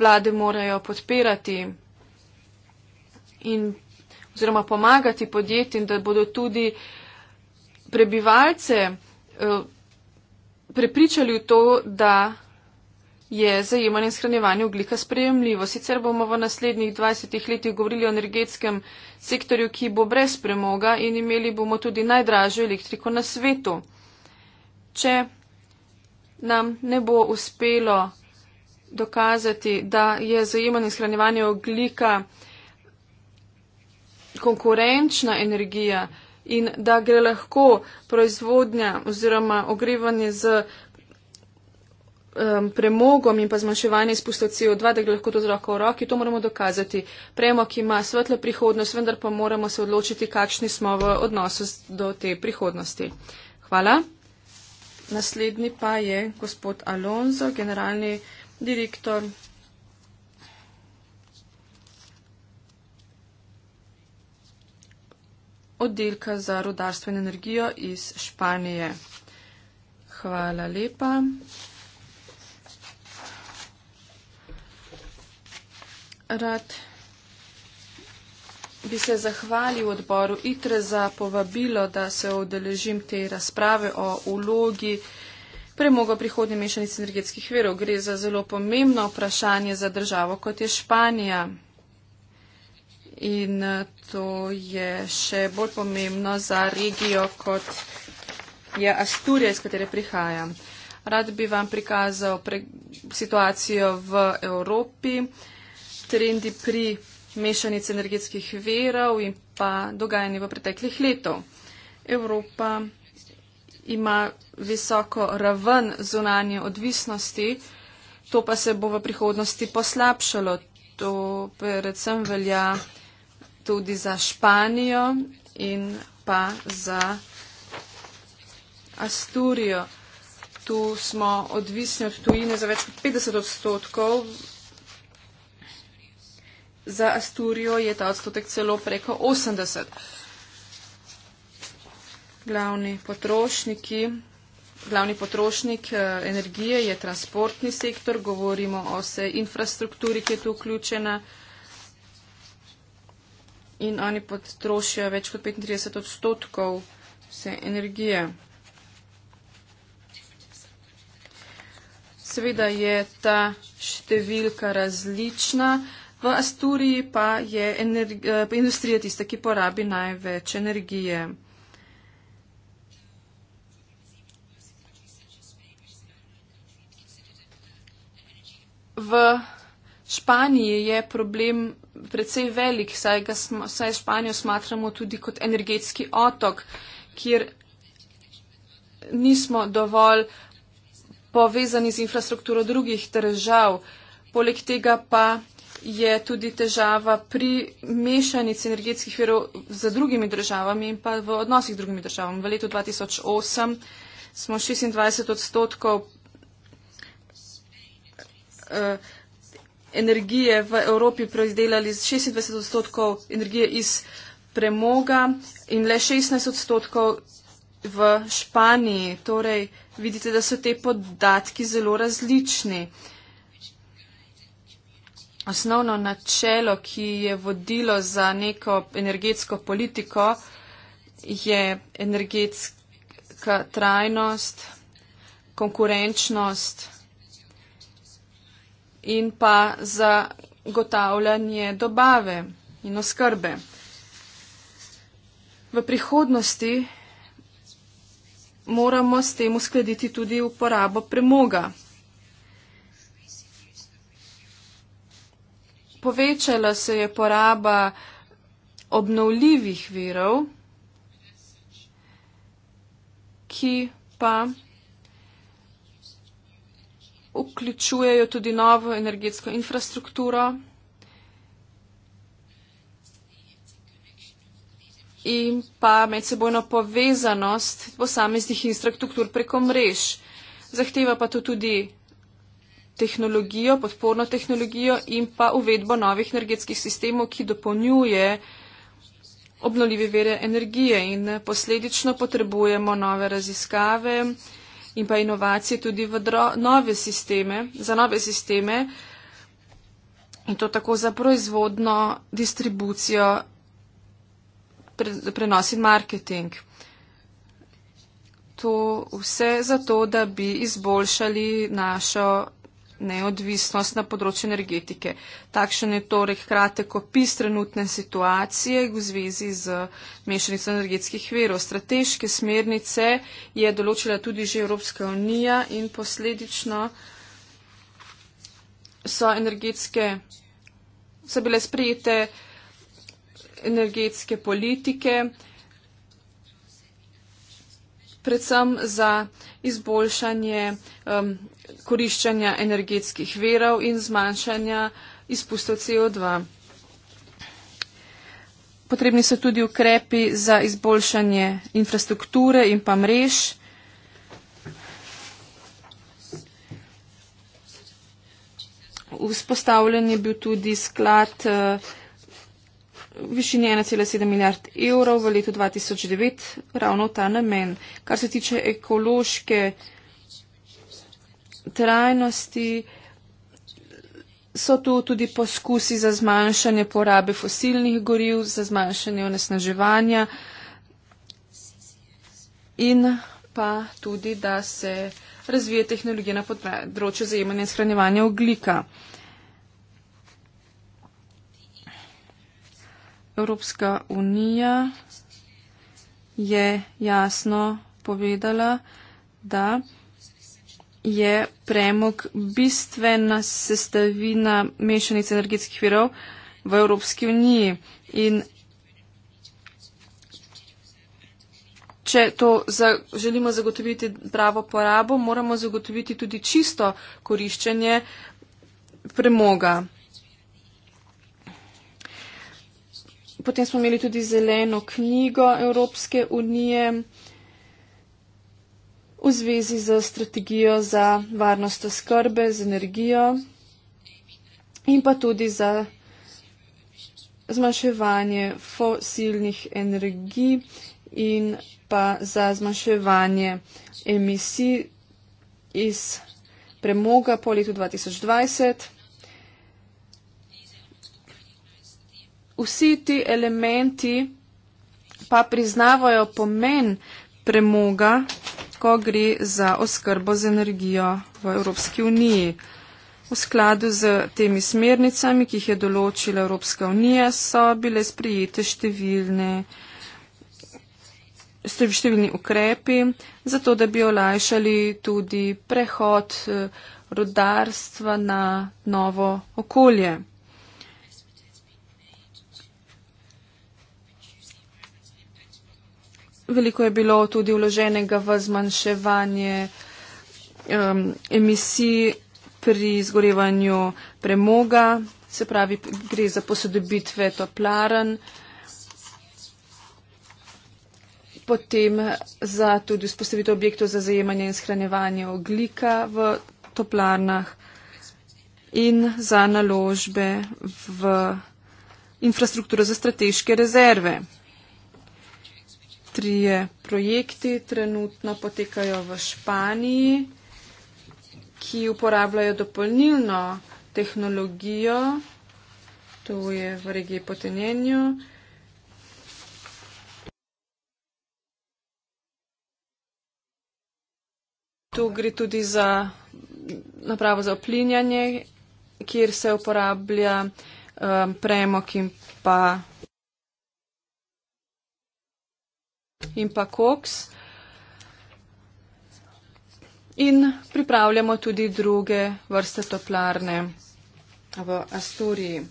Vlade morajo podpirati in oziroma pomagati podjetjem, da bodo tudi prebivalce eh, prepričali v to, da je zajemanje in shranjevanje oglika sprejemljivo. Sicer bomo v naslednjih 20 letih govorili o energetskem sektorju, ki bo brez premoga in imeli bomo tudi najdražjo elektriko na svetu če nam ne bo uspelo dokazati, da je zajemanje in shranjevanje oglika konkurenčna energija in da gre lahko proizvodnja oziroma ogrevanje z um, premogom in pa zmanjševanje izpustov CO2, da gre lahko to z roko v roki, to moramo dokazati. Premog ima svetlo prihodnost, vendar pa moramo se odločiti, kakšni smo v odnosu do te prihodnosti. Hvala. Naslednji pa je gospod Alonso, generalni direktor. oddelka za rodarstvo in energijo iz Španije. Hvala lepa. Rad bi se zahvalil odboru ITRE za povabilo, da se odeležim te razprave o vlogi premoga prihodnje mešanic energetskih verov. Gre za zelo pomembno vprašanje za državo, kot je Španija. In eh, to je še bolj pomembno za regijo, kot je Asturija, iz katere prihajam. Rad bi vam prikazal pre situacijo v Evropi. Trendi pri mešanic energetskih verov in pa dogajanje v preteklih letov. Evropa ima visoko raven zunanje odvisnosti, to pa se bo v prihodnosti poslabšalo. To predvsem velja tudi za Španijo in pa za Asturijo. Tu smo odvisni od tujine za več kot 50 odstotkov za Asturijo je ta odstotek celo preko 80. Glavni potrošniki. Glavni potrošnik eh, energije je transportni sektor, govorimo o vsej infrastrukturi, ki je tu vključena in oni potrošijo več kot 35 odstotkov vse energije. Seveda je ta številka različna. V Asturiji pa je energi, eh, industrija tista, ki porabi največ energije. V Španiji je problem precej velik, saj, sm saj Španijo smatramo tudi kot energetski otok, kjer nismo dovolj povezani z infrastrukturo drugih držav. Poleg tega pa je tudi težava pri mešanici energetskih verov z drugimi državami in pa v odnosih z drugimi državami. V letu 2008 smo 26 odstotkov eh, energije v Evropi proizdelali, 26 odstotkov energije iz premoga in le 16 odstotkov v Španiji. Torej, vidite, da so te podatki zelo različni. Uh, osnovno načelo, ki je vodilo za neko energetsko politiko, je energetska trajnost, konkurenčnost in pa zagotavljanje dobave in oskrbe. V prihodnosti moramo s tem uskladiti tudi uporabo premoga. povečala se je poraba obnovljivih virov, ki pa vključujejo tudi novo energetsko infrastrukturo in pa medsebojno povezanost posameznih infrastruktur preko mrež. Zahteva pa to tudi tehnologijo, podporno tehnologijo in pa uvedbo novih energetskih sistemov, ki dopolnjuje obnovljive vere energije in posledično potrebujemo nove raziskave in pa inovacije tudi v nove sisteme, za nove sisteme in to tako za proizvodno distribucijo, pre prenos in marketing. To vse zato, da bi izboljšali našo neodvisnost na področju energetike. Takšen je torej kratek opis trenutne situacije v zvezi z mešanico energetskih verov. Strateške smernice je določila tudi že Evropska unija in posledično so energetske, so bile sprejete energetske politike, predvsem za izboljšanje um, koriščenja energetskih verov in zmanjšanja izpustov CO2. Potrebni so tudi ukrepi za izboljšanje infrastrukture in pa mrež. Vzpostavljen je bil tudi sklad eh, v višini 1,7 milijard evrov v letu 2009 ravno v ta namen. Kar se tiče ekološke trajnosti so tu tudi poskusi za zmanjšanje porabe fosilnih goriv, za zmanjšanje onesnaževanja in pa tudi, da se razvije tehnologija na področju zajemanja in shranjevanja oglika. Evropska unija je jasno povedala, da je premog bistvena sestavina mešanic energetskih virov v Evropski uniji. In če to za, želimo zagotoviti pravo porabo, moramo zagotoviti tudi čisto koriščenje premoga. Potem smo imeli tudi zeleno knjigo Evropske unije v zvezi z strategijo za varnost oskrbe z energijo in pa tudi za zmanjševanje fosilnih energij in pa za zmanjševanje emisij iz premoga po letu 2020. Vsi ti elementi pa priznavajo pomen premoga ko gre za oskrbo z energijo v Evropski uniji. V skladu z temi smernicami, ki jih je določila Evropska unija, so bile sprijete številne številni ukrepi, zato da bi olajšali tudi prehod eh, rodarstva na novo okolje. veliko je bilo tudi vloženega v zmanjševanje um, emisij pri izgorevanju premoga, se pravi, gre za posodobitve toplaren, potem za tudi vzpostavitev objektov za zajemanje in shranjevanje oglika v toplarnah in za naložbe v infrastrukturo za strateške rezerve trije projekti trenutno potekajo v Španiji, ki uporabljajo dopolnilno tehnologijo, to je v regiji Potenjenju. Tu gre tudi za napravo za oplinjanje, kjer se uporablja um, eh, premok in pa in pa koks. In pripravljamo tudi druge vrste toplarne v Asturiji.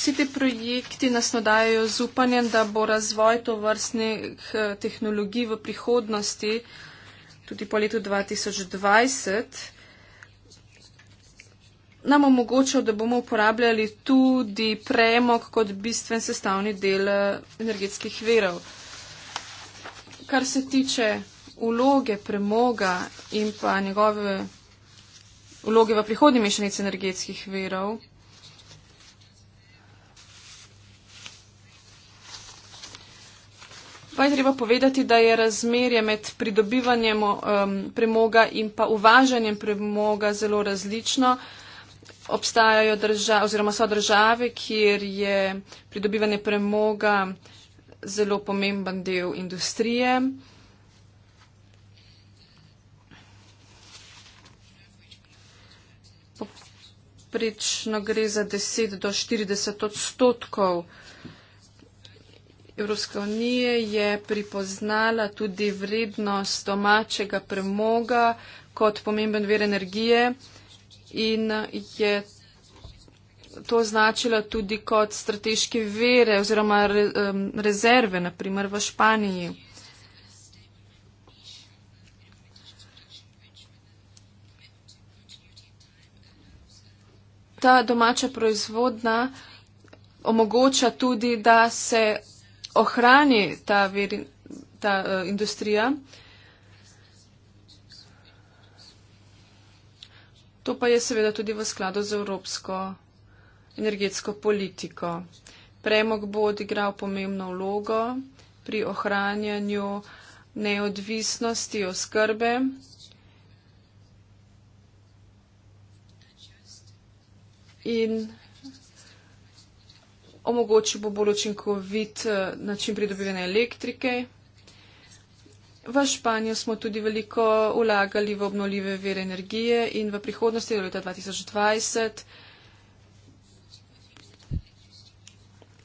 Vsi ti projekti nas nadajajo z upanjem, da bo razvoj to vrstnih eh, tehnologij v prihodnosti, tudi po letu 2020, nam omogočal, da bomo uporabljali tudi premog kot bistven sestavni del eh, energetskih verov. Kar se tiče uloge premoga in pa njegove uloge v prihodnji mešanici energetskih verov, pa je treba povedati, da je razmerje med pridobivanjem um, premoga in pa uvažanjem premoga zelo različno obstajajo držav, oziroma so države, kjer je pridobivanje premoga zelo pomemben del industrije. Prično gre za 10 do 40 odstotkov. Evropska unija je pripoznala tudi vrednost domačega premoga kot pomemben ver energije in eh, je to značila tudi kot strateške vere oziroma rezerve, naprimer v Španiji. Ta domača proizvodna omogoča tudi, da se ohrani ta, veri, ta uh, industrija. Uh, To pa je seveda tudi v skladu z evropsko energetsko politiko. Premog bo odigral pomembno vlogo pri ohranjanju neodvisnosti oskrbe. In omogočil bo bolj učinkovit eh, način pridobivanja elektrike V Španijo smo tudi veliko vlagali v obnoljive vere energije in v prihodnosti do leta 2020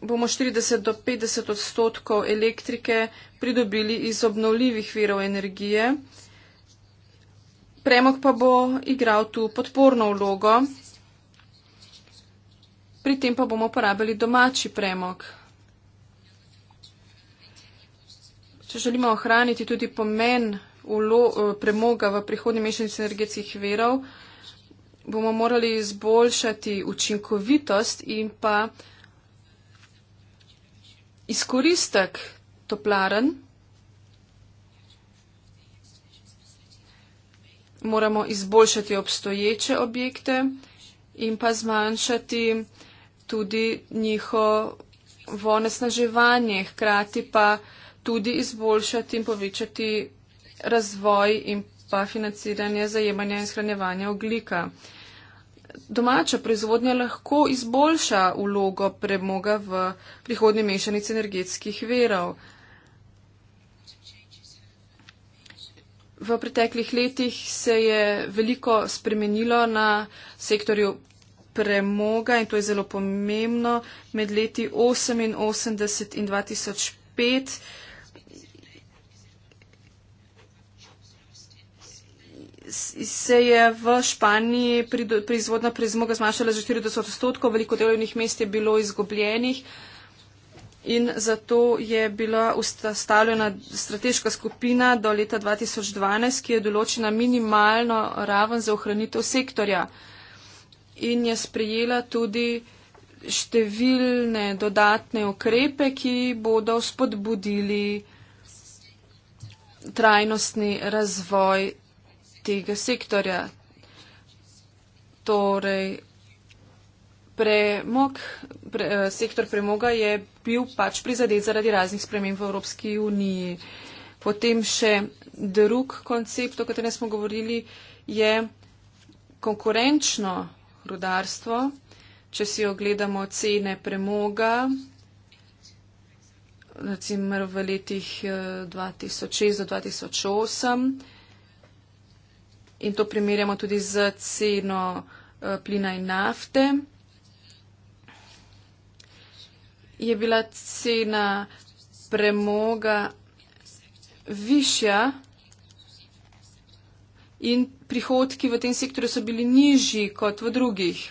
bomo 40 do 50 odstotkov elektrike pridobili iz obnoljivih verov energije. Premog pa bo igral tu podporno vlogo. Pri tem pa bomo uporabili domači premog. Če želimo ohraniti tudi pomen ulo, eh, premoga v prihodnji mešanici energetskih verov, bomo morali izboljšati učinkovitost in pa izkoristek toplaren. Moramo izboljšati obstoječe objekte in pa zmanjšati tudi njihovo nesnaževanje, hkrati pa tudi izboljšati in povečati razvoj in pa financiranje zajemanja in shranjevanja oglika. Domača proizvodnja lahko izboljša ulogo premoga v prihodnji mešanici energetskih verov. V preteklih letih se je veliko spremenilo na sektorju premoga in to je zelo pomembno. Med leti 88 in 2005 se je v Španiji proizvodna prezmoga zmanjšala za 40 odstotkov, veliko delovnih mest je bilo izgubljenih in zato je bila ustavljena strateška skupina do leta 2012, ki je določila minimalno raven za ohranitev sektorja in je sprejela tudi številne dodatne ukrepe, ki bodo spodbudili trajnostni razvoj tega sektorja. Torej, premog, pre, eh, sektor premoga je bil pač prizadet zaradi raznih sprememb v Evropski uniji. Potem še drug koncept, o katerem smo govorili, je konkurenčno rudarstvo. Če si ogledamo cene premoga, recimo v letih 2006 eh, do 2008, in to primerjamo tudi z ceno eh, plina in nafte. Je bila cena premoga višja in prihodki v tem sektorju so bili nižji kot v drugih.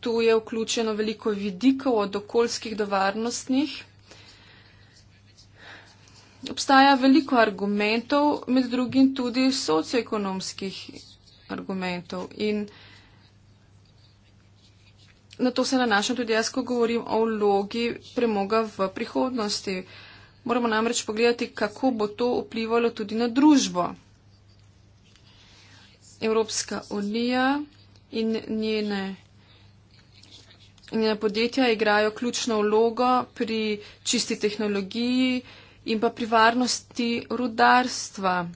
tu je vključeno veliko vidikov od okoljskih do varnostnih. Obstaja veliko argumentov, med drugim tudi socioekonomskih argumentov. In na to se nanašam tudi jaz, ko govorim o vlogi premoga v prihodnosti. Moramo namreč pogledati, kako bo to vplivalo tudi na družbo. Evropska unija in njene Eh, podjetja igrajo ključno vlogo pri čisti tehnologiji in pa pri varnosti rudarstva.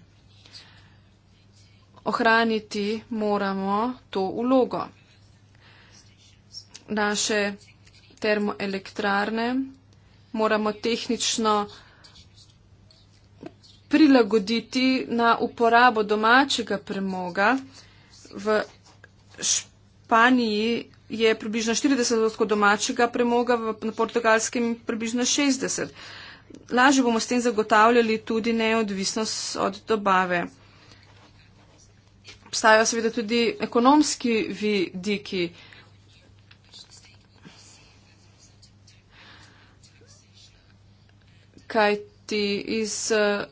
Ohraniti moramo to vlogo. Naše termoelektrarne moramo tehnično prilagoditi na uporabo domačega premoga. V Španiji je približno 40 odstotkov domačega premoga, na portugalskem približno 60. Lažje bomo s tem zagotavljali tudi neodvisnost od dobave. Obstajajo seveda tudi ekonomski vidiki. Kaj ti iz eh,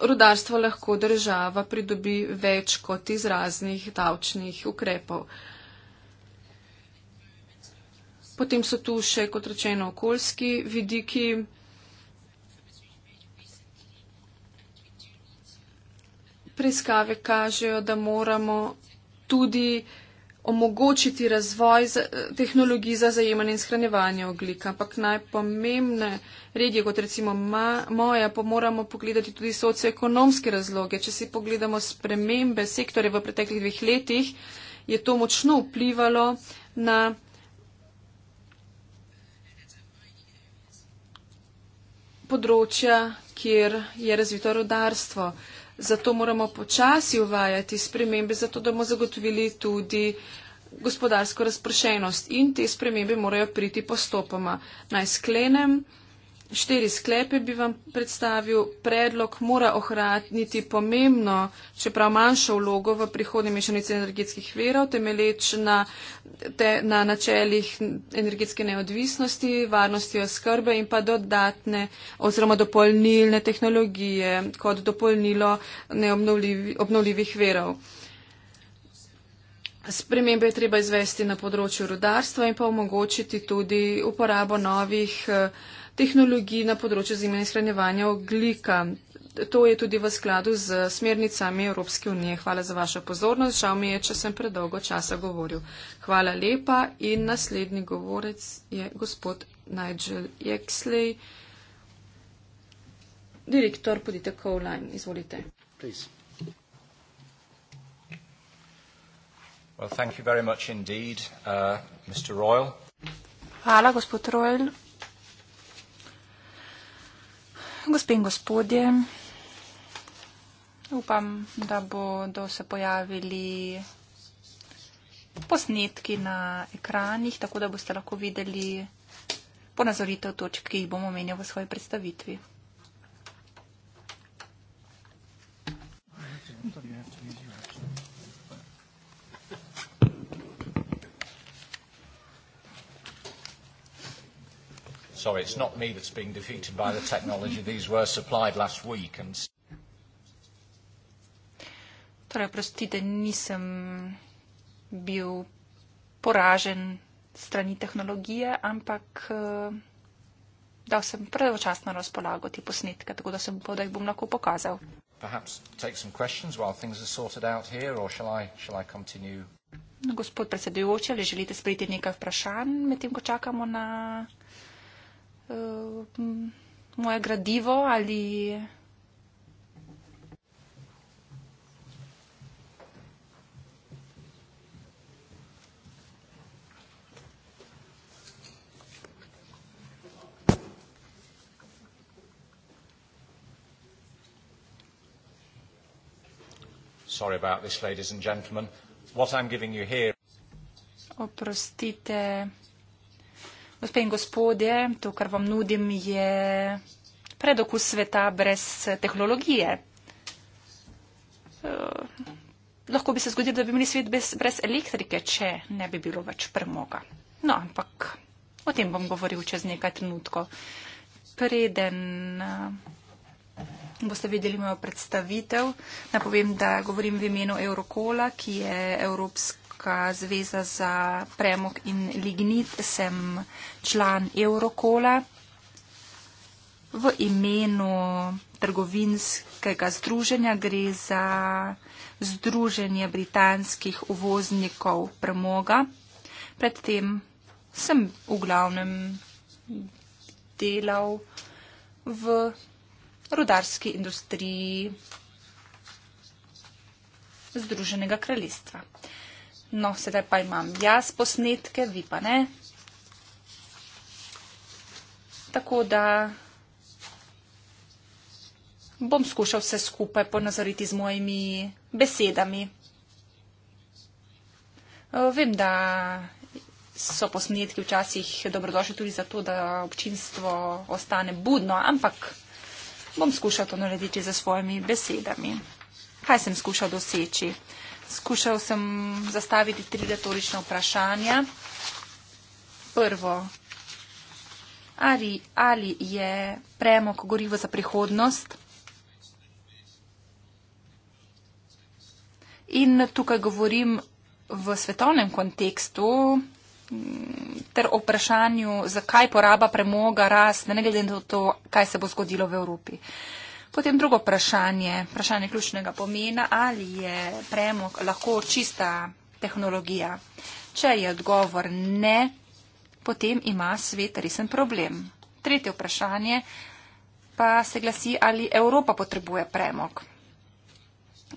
rudarstva lahko država pridobi več kot iz raznih davčnih ukrepov? Potem so tu še, kot rečeno, okoljski vidiki. Preiskave kažejo, da moramo tudi omogočiti razvoj za, tehnologij za zajemanje in shranjevanje oglika, ampak najpomembne regije, kot recimo ma, moja, pa moramo pogledati tudi socioekonomske razloge. Če si pogledamo spremembe sektorja v preteklih dveh letih, je to močno vplivalo na. področja, kjer je razvito rodarstvo. Zato moramo počasi uvajati spremembe, zato da bomo zagotovili tudi gospodarsko razpršenost in te spremembe morajo priti postopoma. Naj sklenem. Štiri sklepe bi vam predstavil. Predlog mora ohraniti pomembno, čeprav manjšo vlogo v prihodnji mešanici energetskih verov, temeleč na, te, na načeljih energetske neodvisnosti, varnosti oskrbe in pa dodatne oziroma dopolnilne tehnologije kot dopolnilo obnovljivih verov. Spremembe je treba izvesti na področju rudarstva in pa omogočiti tudi uporabo novih eh, tehnologij na področju zimanja in shranjevanja oglika. To je tudi v skladu z smernicami Evropske unije. Hvala za vašo pozornost. Žal mi je, če sem predolgo časa govoril. Hvala lepa in naslednji govorec je gospod Nigel Jeksley, direktor podjetja Coline. Izvolite. Please. Well, thank you very much indeed, uh, Mr. Royal. Hvala, gospod Royal. Gospe in gospodje, upam, da bodo se pojavili posnetki na ekranih, tako da boste lahko videli ponazoritev točk, ki jih bom omenjal v svoji predstavitvi. Sorry, it's not me that's being defeated by the technology. These were supplied last week and... Torej, oprostite, nisem bil poražen strani tehnologije, ampak uh, dal sem pravočasno razpolago te posnetke, tako da sem pa, da jih bom lahko pokazal. Gospod predsedujoči, ali želite sprejeti nekaj vprašanj, medtem ko čakamo na... Eh, moje gradivo ali. Sorry about this, ladies and gentlemen. What I'm giving you here... Oprostite, Gospe in gospodje, to, kar vam nudim, je predokus sveta brez tehnologije. Uh, lahko bi se zgodilo, da bi imeli svet brez, brez elektrike, če ne bi bilo več premoga. No, ampak o tem bom govoril čez nekaj trenutkov. Preden uh, boste videli mojo predstavitev, napovem, da govorim v imenu Eurokola, ki je Evropska Evropska zveza za premog in lignit, sem član Eurokola. V imenu trgovinskega združenja gre za združenje britanskih uvoznikov premoga. Predtem sem v glavnem delal v rudarski industriji Združenega kraljestva. No, sedaj pa imam jaz posnetke, vi pa ne. Tako da bom skušal vse skupaj ponazoriti z mojimi besedami. Vem, da so posnetki včasih dobrodošli tudi zato, da občinstvo ostane budno, ampak bom skušal to narediti za svojimi besedami. Kaj sem skušal doseči? Uh, Skušal sem zastaviti tri retorična vprašanja. Prvo, ali, ali je premog gorivo za prihodnost? In tukaj govorim v svetovnem kontekstu mm, ter o vprašanju, zakaj poraba premoga raste, ne glede na to, kaj se bo zgodilo v Evropi. Uh, Potem drugo vprašanje, vprašanje ključnega pomena, ali je premog lahko čista tehnologija. Če je odgovor ne, potem ima svet resen problem. Tretje vprašanje pa se glasi, ali Evropa potrebuje premog.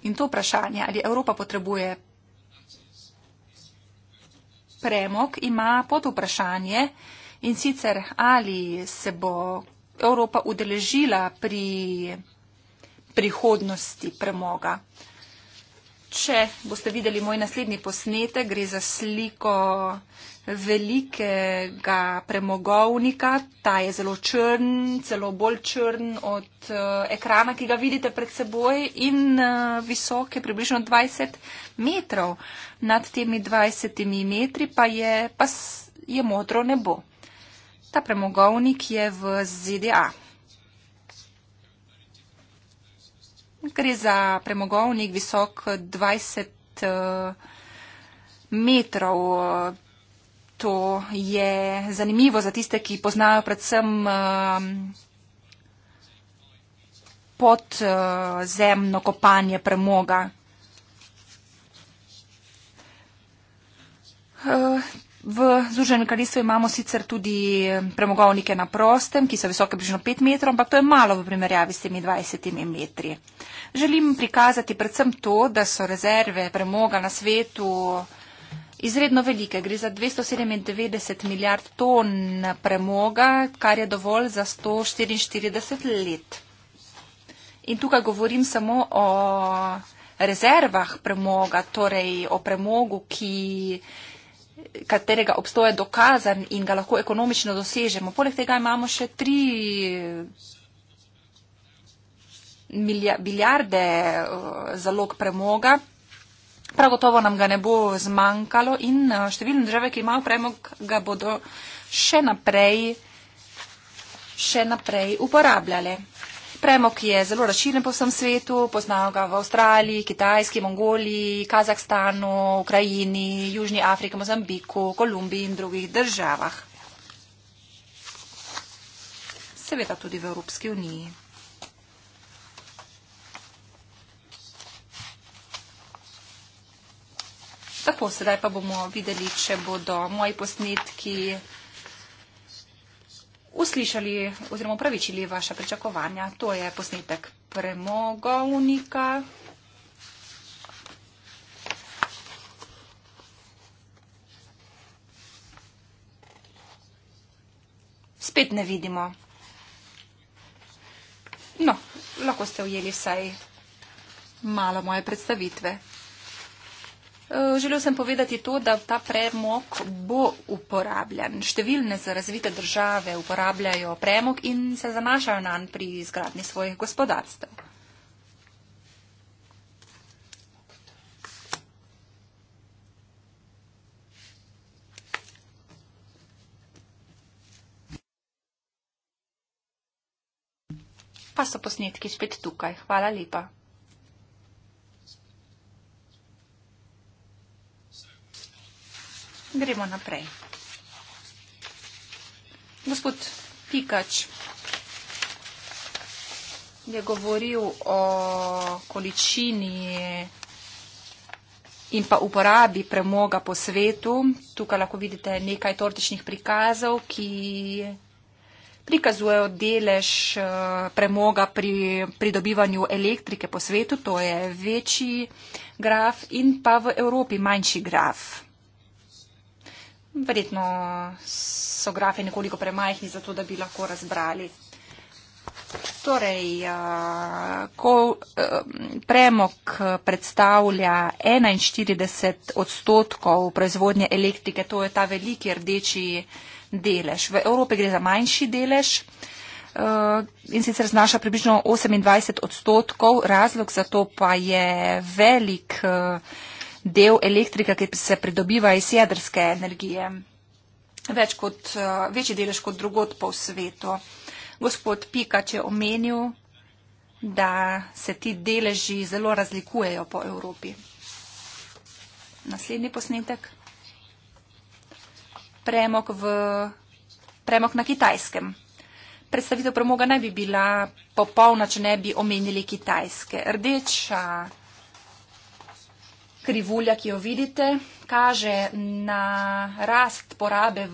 In to vprašanje, ali Evropa potrebuje premog, ima pod vprašanje in sicer, ali se bo Evropa udeležila pri prihodnosti premoga. Če boste videli moj naslednji posnetek, gre za sliko velikega premogovnika. Ta je zelo črn, celo bolj črn od uh, ekrana, ki ga vidite pred seboj in uh, visok je približno 20 metrov. Nad temi 20 metri pa je, pa je modro nebo. Ta premogovnik je v ZDA. Gre za premogovnik visok 20 eh, metrov. To je zanimivo za tiste, ki poznajo predvsem eh, podzemno eh, kopanje premoga. V Združenem kraljestvu imamo sicer tudi eh, premogovnike na prostem, ki so visoke približno 5 metrov, ampak to je malo v primerjavi s temi 20 metri. Želim prikazati predvsem to, da so rezerve premoga na svetu izredno velike. Gre za 297 milijard ton premoga, kar je dovolj za 144 let. In tukaj govorim samo o rezervah premoga, torej o premogu, ki katerega obstoja dokazan in ga lahko ekonomično dosežemo. Poleg tega imamo še tri milijarde eh, zalog premoga. Prav gotovo nam ga ne bo zmanjkalo in eh, številne države, ki imajo premog, ga bodo še naprej, še naprej uporabljale premog je zelo raširjen po vsem svetu, poznajo ga v Avstraliji, Kitajski, Mongoliji, Kazahstanu, Ukrajini, Južni Afriki, Mozambiku, Kolumbiji in drugih državah. Seveda tudi v Evropski uniji. Tako, sedaj pa bomo videli, če bodo moji posnetki uslišali oziroma upravičili vaše pričakovanja. To je posnetek premogovnika. Spet ne vidimo. No, lahko ste ujeli vsaj malo moje predstavitve. Eh, želel sem povedati to, da ta premog bo uporabljen. Številne za razvite države uporabljajo premog in se zanašajo na nj pri izgradni svojih gospodarstv. Pa so posnetki spet tukaj. Hvala lepa. Gremo naprej. Gospod Pikač je govoril o količini in pa uporabi premoga po svetu. Tukaj lahko vidite nekaj tortičnih prikazov, ki prikazujejo delež eh, premoga pri pridobivanju elektrike po svetu. To je večji graf in pa v Evropi manjši graf. Verjetno so grafe nekoliko premajhni, zato da bi lahko razbrali. Torej, eh, ko eh, premok predstavlja 41 odstotkov proizvodnje elektrike, to je ta veliki rdeči delež. V Evropi gre za manjši delež eh, in sicer znaša približno 28 odstotkov. Razlog za to pa je velik del elektrike, ki se pridobiva iz jedrske energije. Več kot, eh, večji delež kot drugot po svetu. Gospod Pikač je omenil, da se ti deleži zelo razlikujejo po Evropi. Naslednji posnetek. Premok, v, premok na kitajskem. Predstavitev premoga ne bi bila popolna, če ne bi omenili kitajske. Rdeča krivulja, ki jo vidite, kaže na rast porabe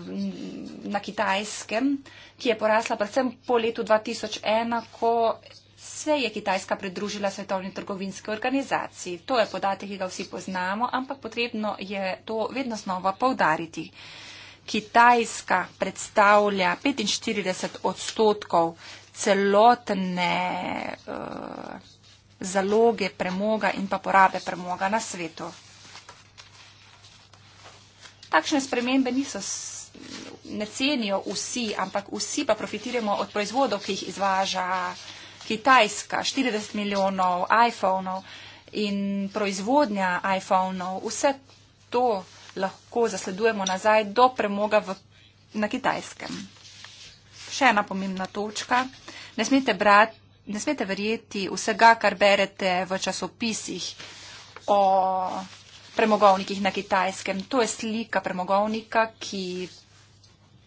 na kitajskem, ki je porasla predvsem po letu 2001, ko se je Kitajska pridružila svetovni trgovinski organizaciji. To je podatek, ki ga vsi poznamo, ampak potrebno je to vedno znova povdariti. Kitajska predstavlja 45 odstotkov celotne uh, zaloge premoga in pa porabe premoga na svetu. Takšne spremembe niso, ne cenijo vsi, ampak vsi pa profitiramo od proizvodov, ki jih izvaža Kitajska, 40 milijonov iPhonov in proizvodnja iPhonov. Vse to lahko zasledujemo nazaj do premoga v, na Kitajskem. Še ena pomembna točka. Ne smete brati ne smete verjeti vsega, kar berete v časopisih o premogovnikih na kitajskem. To je slika premogovnika, ki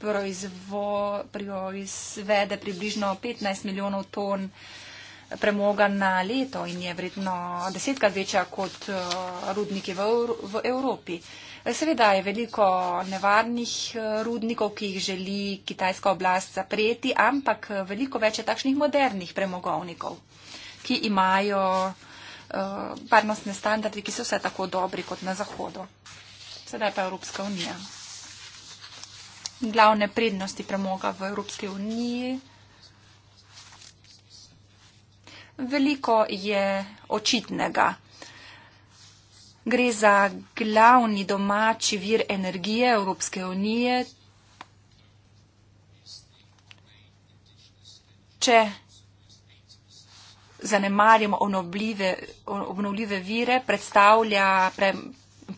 proizvo, proizvede približno 15 milijonov ton premoga na leto in je vredno desetkrat večja kot eh, rudniki v, v Evropi. Uh, Seveda je veliko nevarnih eh, rudnikov, ki jih želi kitajska oblast zapreti, ampak eh, veliko več je takšnih modernih premogovnikov, ki imajo eh, varnostne standardi, ki so vse tako dobri kot na Zahodu. Sedaj pa Evropska unija. Glavne prednosti premoga v Evropski uniji. Veliko je očitnega. Gre za glavni domači vir energije Evropske unije. Če zanemarjamo obnovljive vire, predstavlja pre,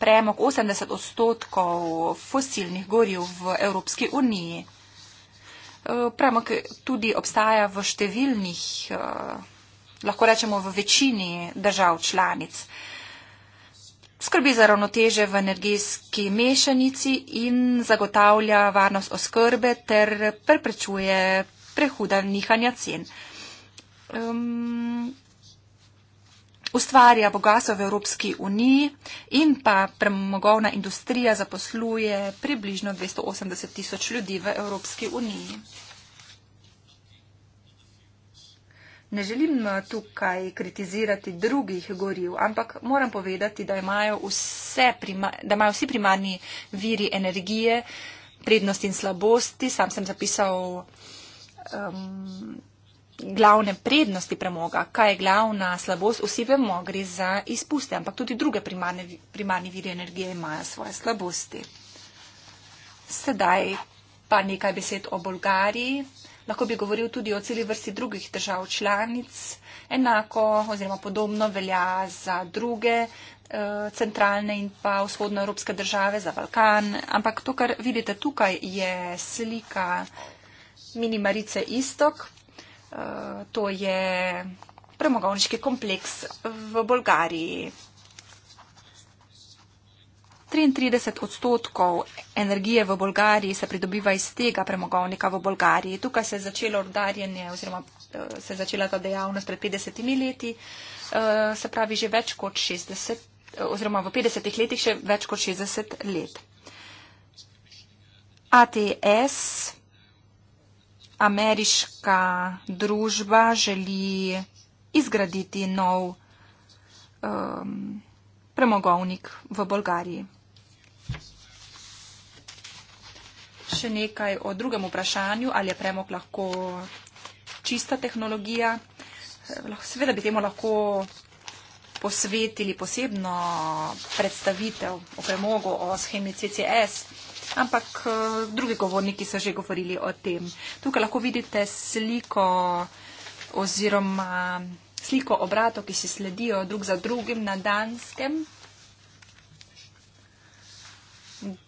premog 80 odstotkov fosilnih goriv v Evropski uniji. Premog tudi obstaja v številnih, eh, lahko rečemo v večini držav članic skrbi za ravnoteže v energetski mešanici in zagotavlja varnost oskrbe ter preprečuje prehuda nihanja cen. Um, ustvarja bogatstvo v Evropski uniji in pa premogovna industrija zaposluje približno 280 tisoč ljudi v Evropski uniji. Ne želim eh, tukaj kritizirati drugih goriv, ampak moram povedati, da imajo, vse, da imajo vsi primarni viri energije, prednosti in slabosti. Sam sem zapisal um, glavne prednosti premoga, kaj je glavna slabost. Vsi vemo, gre za izpuste, ampak tudi druge primarne, primarni viri energije imajo svoje slabosti. Sedaj pa nekaj besed o Bolgariji. Lahko bi govoril tudi o celi vrsti drugih držav članic. Enako oziroma podobno velja za druge eh, centralne in pa vzhodnoevropske države, za Balkan. Ampak to, kar vidite tukaj, je slika mini Marice Istok. Eh, to je premogovniški kompleks v Bolgariji. 33 odstotkov energije v Bolgariji se pridobiva iz tega premogovnika v Bolgariji. Tukaj se je začelo rudarjenje oziroma eh, se je začela ta dejavnost pred 50 leti, eh, se pravi že več kot 60 eh, oziroma v 50 letih še več kot 60 let. ATS, ameriška družba, želi izgraditi nov um, premogovnik v Bolgariji. še nekaj o drugem vprašanju, ali je premog lahko čista tehnologija. Seveda bi temu lahko posvetili posebno predstavitev o premogu, o schemi CCS, ampak eh, drugi govorniki so že govorili o tem. Tukaj lahko vidite sliko oziroma sliko obratov, ki se sledijo drug za drugim na Danskem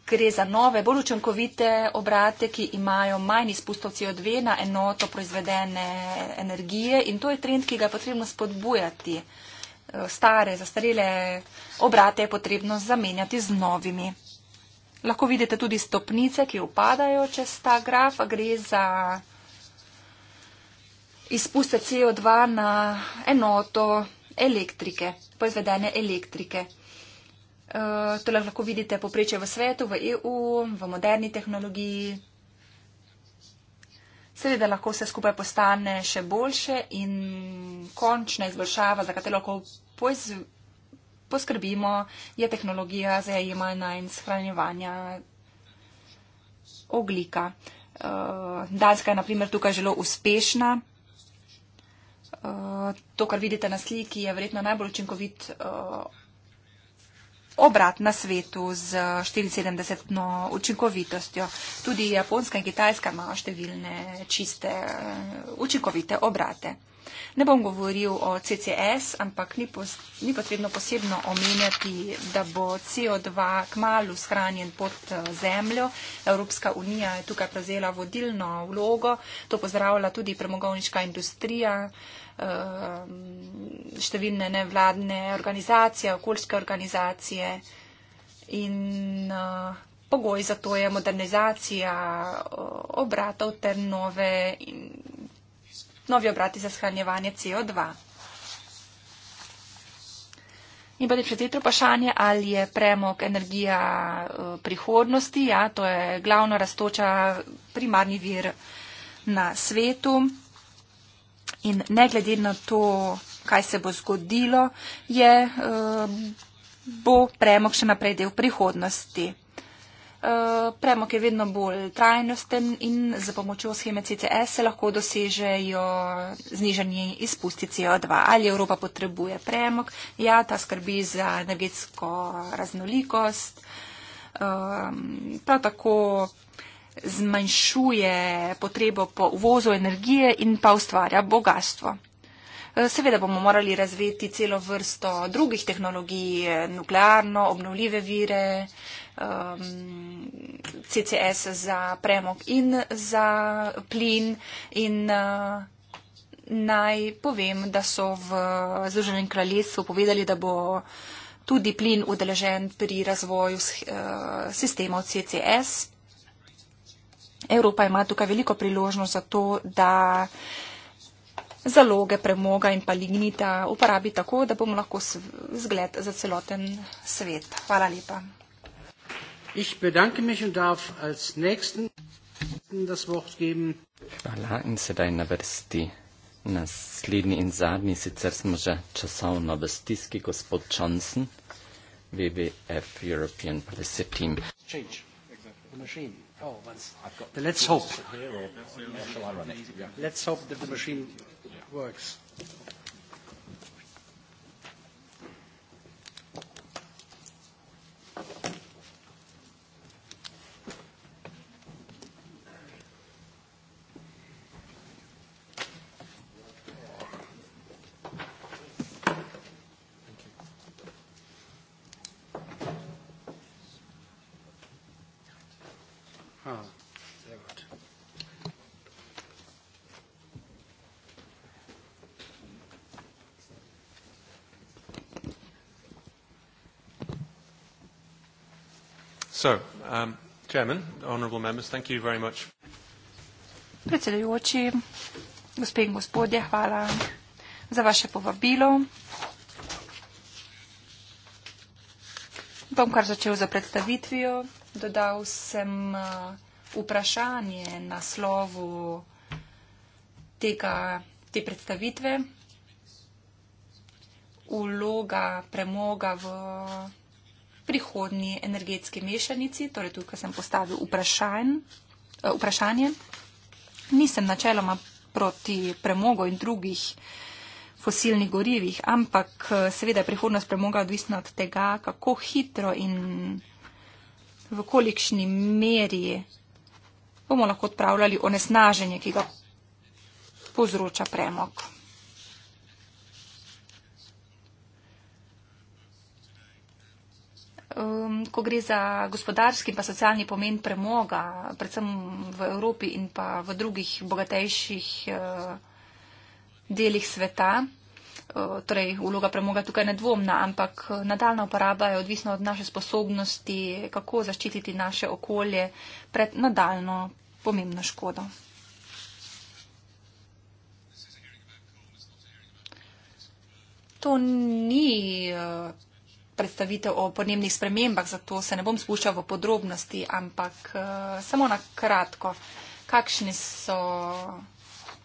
gre za nove, bolj učinkovite obrate, ki imajo manj izpustov CO2 na enoto proizvedene energije in to je trend, ki ga je potrebno spodbujati. Eh, stare, zastarele obrate je potrebno zamenjati z novimi. Lahko vidite tudi stopnice, ki upadajo čez ta graf. Gre za izpuste CO2 na enoto elektrike, proizvedene elektrike. Eh, to lahko vidite poprečje v svetu, v EU, v moderni tehnologiji. Seveda lahko vse skupaj postane še boljše in končna izboljšava, za katero lahko poiz, poskrbimo, je tehnologija za jemanja in shranjevanja oglika. Eh, Danska je naprimer tukaj zelo uspešna. Eh, to, kar vidite na sliki, je verjetno najbolj učinkovit obrat na svetu z 74-no učinkovitostjo. Tudi Japonska in Kitajska imajo številne čiste eh, učinkovite obrate. Ne bom govoril o CCS, ampak ni, pos, ni potrebno posebno omenjati, da bo CO2 kmalo shranjen pod eh, zemljo. Evropska unija je tukaj prevzela vodilno vlogo, to pozdravlja tudi premogovniška industrija. Uh, Eh, številne nevladne organizacije, okoljske organizacije in eh, pogoj za to je modernizacija eh, obratov ter nove in novi obrati za shranjevanje CO2. In pa je še tretje vprašanje, ali je premog energija prihodnosti. Ja, to je glavno rastoča primarni vir na svetu in ne glede na to, kaj se bo zgodilo, je, eh, bo premog še naprej del prihodnosti. Eh, premog je vedno bolj trajnosten in za pomočjo scheme CCS se lahko dosežejo znižanje izpusti CO2. Ali Evropa potrebuje premog? Ja, ta skrbi za energetsko raznolikost. Eh, prav tako zmanjšuje potrebo po uvozu energije in pa ustvarja bogatstvo. E, seveda bomo morali razviti celo vrsto drugih tehnologij, e, nuklearno, obnovljive vire, CCS za premog in za plin. In e, naj povem, da so v Združenem kraljestvu povedali, da bo tudi plin udeležen pri razvoju sistemov CCS. Evropa ima tukaj veliko priložnost za to, da zaloge premoga in pa lignita uporabi tako, da bomo lahko zgled za celoten svet. Hvala lepa. Ich bedanke mich und darf als nächsten das Wort geben. Hvala in sedaj na vrsti. Naslednji in zadnji, sicer smo že časovno v stiski, gospod Johnson, WWF European Policy Team. Change. Exactly. The machine. Oh, that's, I've got let's hope. Here or, or shall I run it? Yeah. Let's hope that the machine yeah. works. Thank you. So, um, Chairman, honourable members, thank you very much. Predsedujoči, gospe in gospodje, hvala za vaše povabilo. Bom kar začel za predstavitvijo. Dodal sem uh, vprašanje na slovu tega, te predstavitve. Uloga premoga v prihodni energetski mešanici, torej tukaj sem postavil vprašanj, eh, vprašanje. Nisem načeloma proti premogu in drugih fosilnih gorivih, ampak eh, seveda je prihodnost premoga odvisna od tega, kako hitro in v kolikšni meri bomo lahko odpravljali onesnaženje, ki ga povzroča premog. um, ko gre za gospodarski in pa socialni pomen premoga, predvsem v Evropi in pa v drugih bogatejših uh, delih sveta. Uh, torej, uloga premoga tukaj je nedvomna, ampak nadaljna uporaba je odvisna od naše sposobnosti, kako zaščititi naše okolje pred nadaljno pomembno škodo. To ni uh, predstavitev o podnebnih spremembah, zato se ne bom spuščal v podrobnosti, ampak uh, samo na kratko, kakšni so,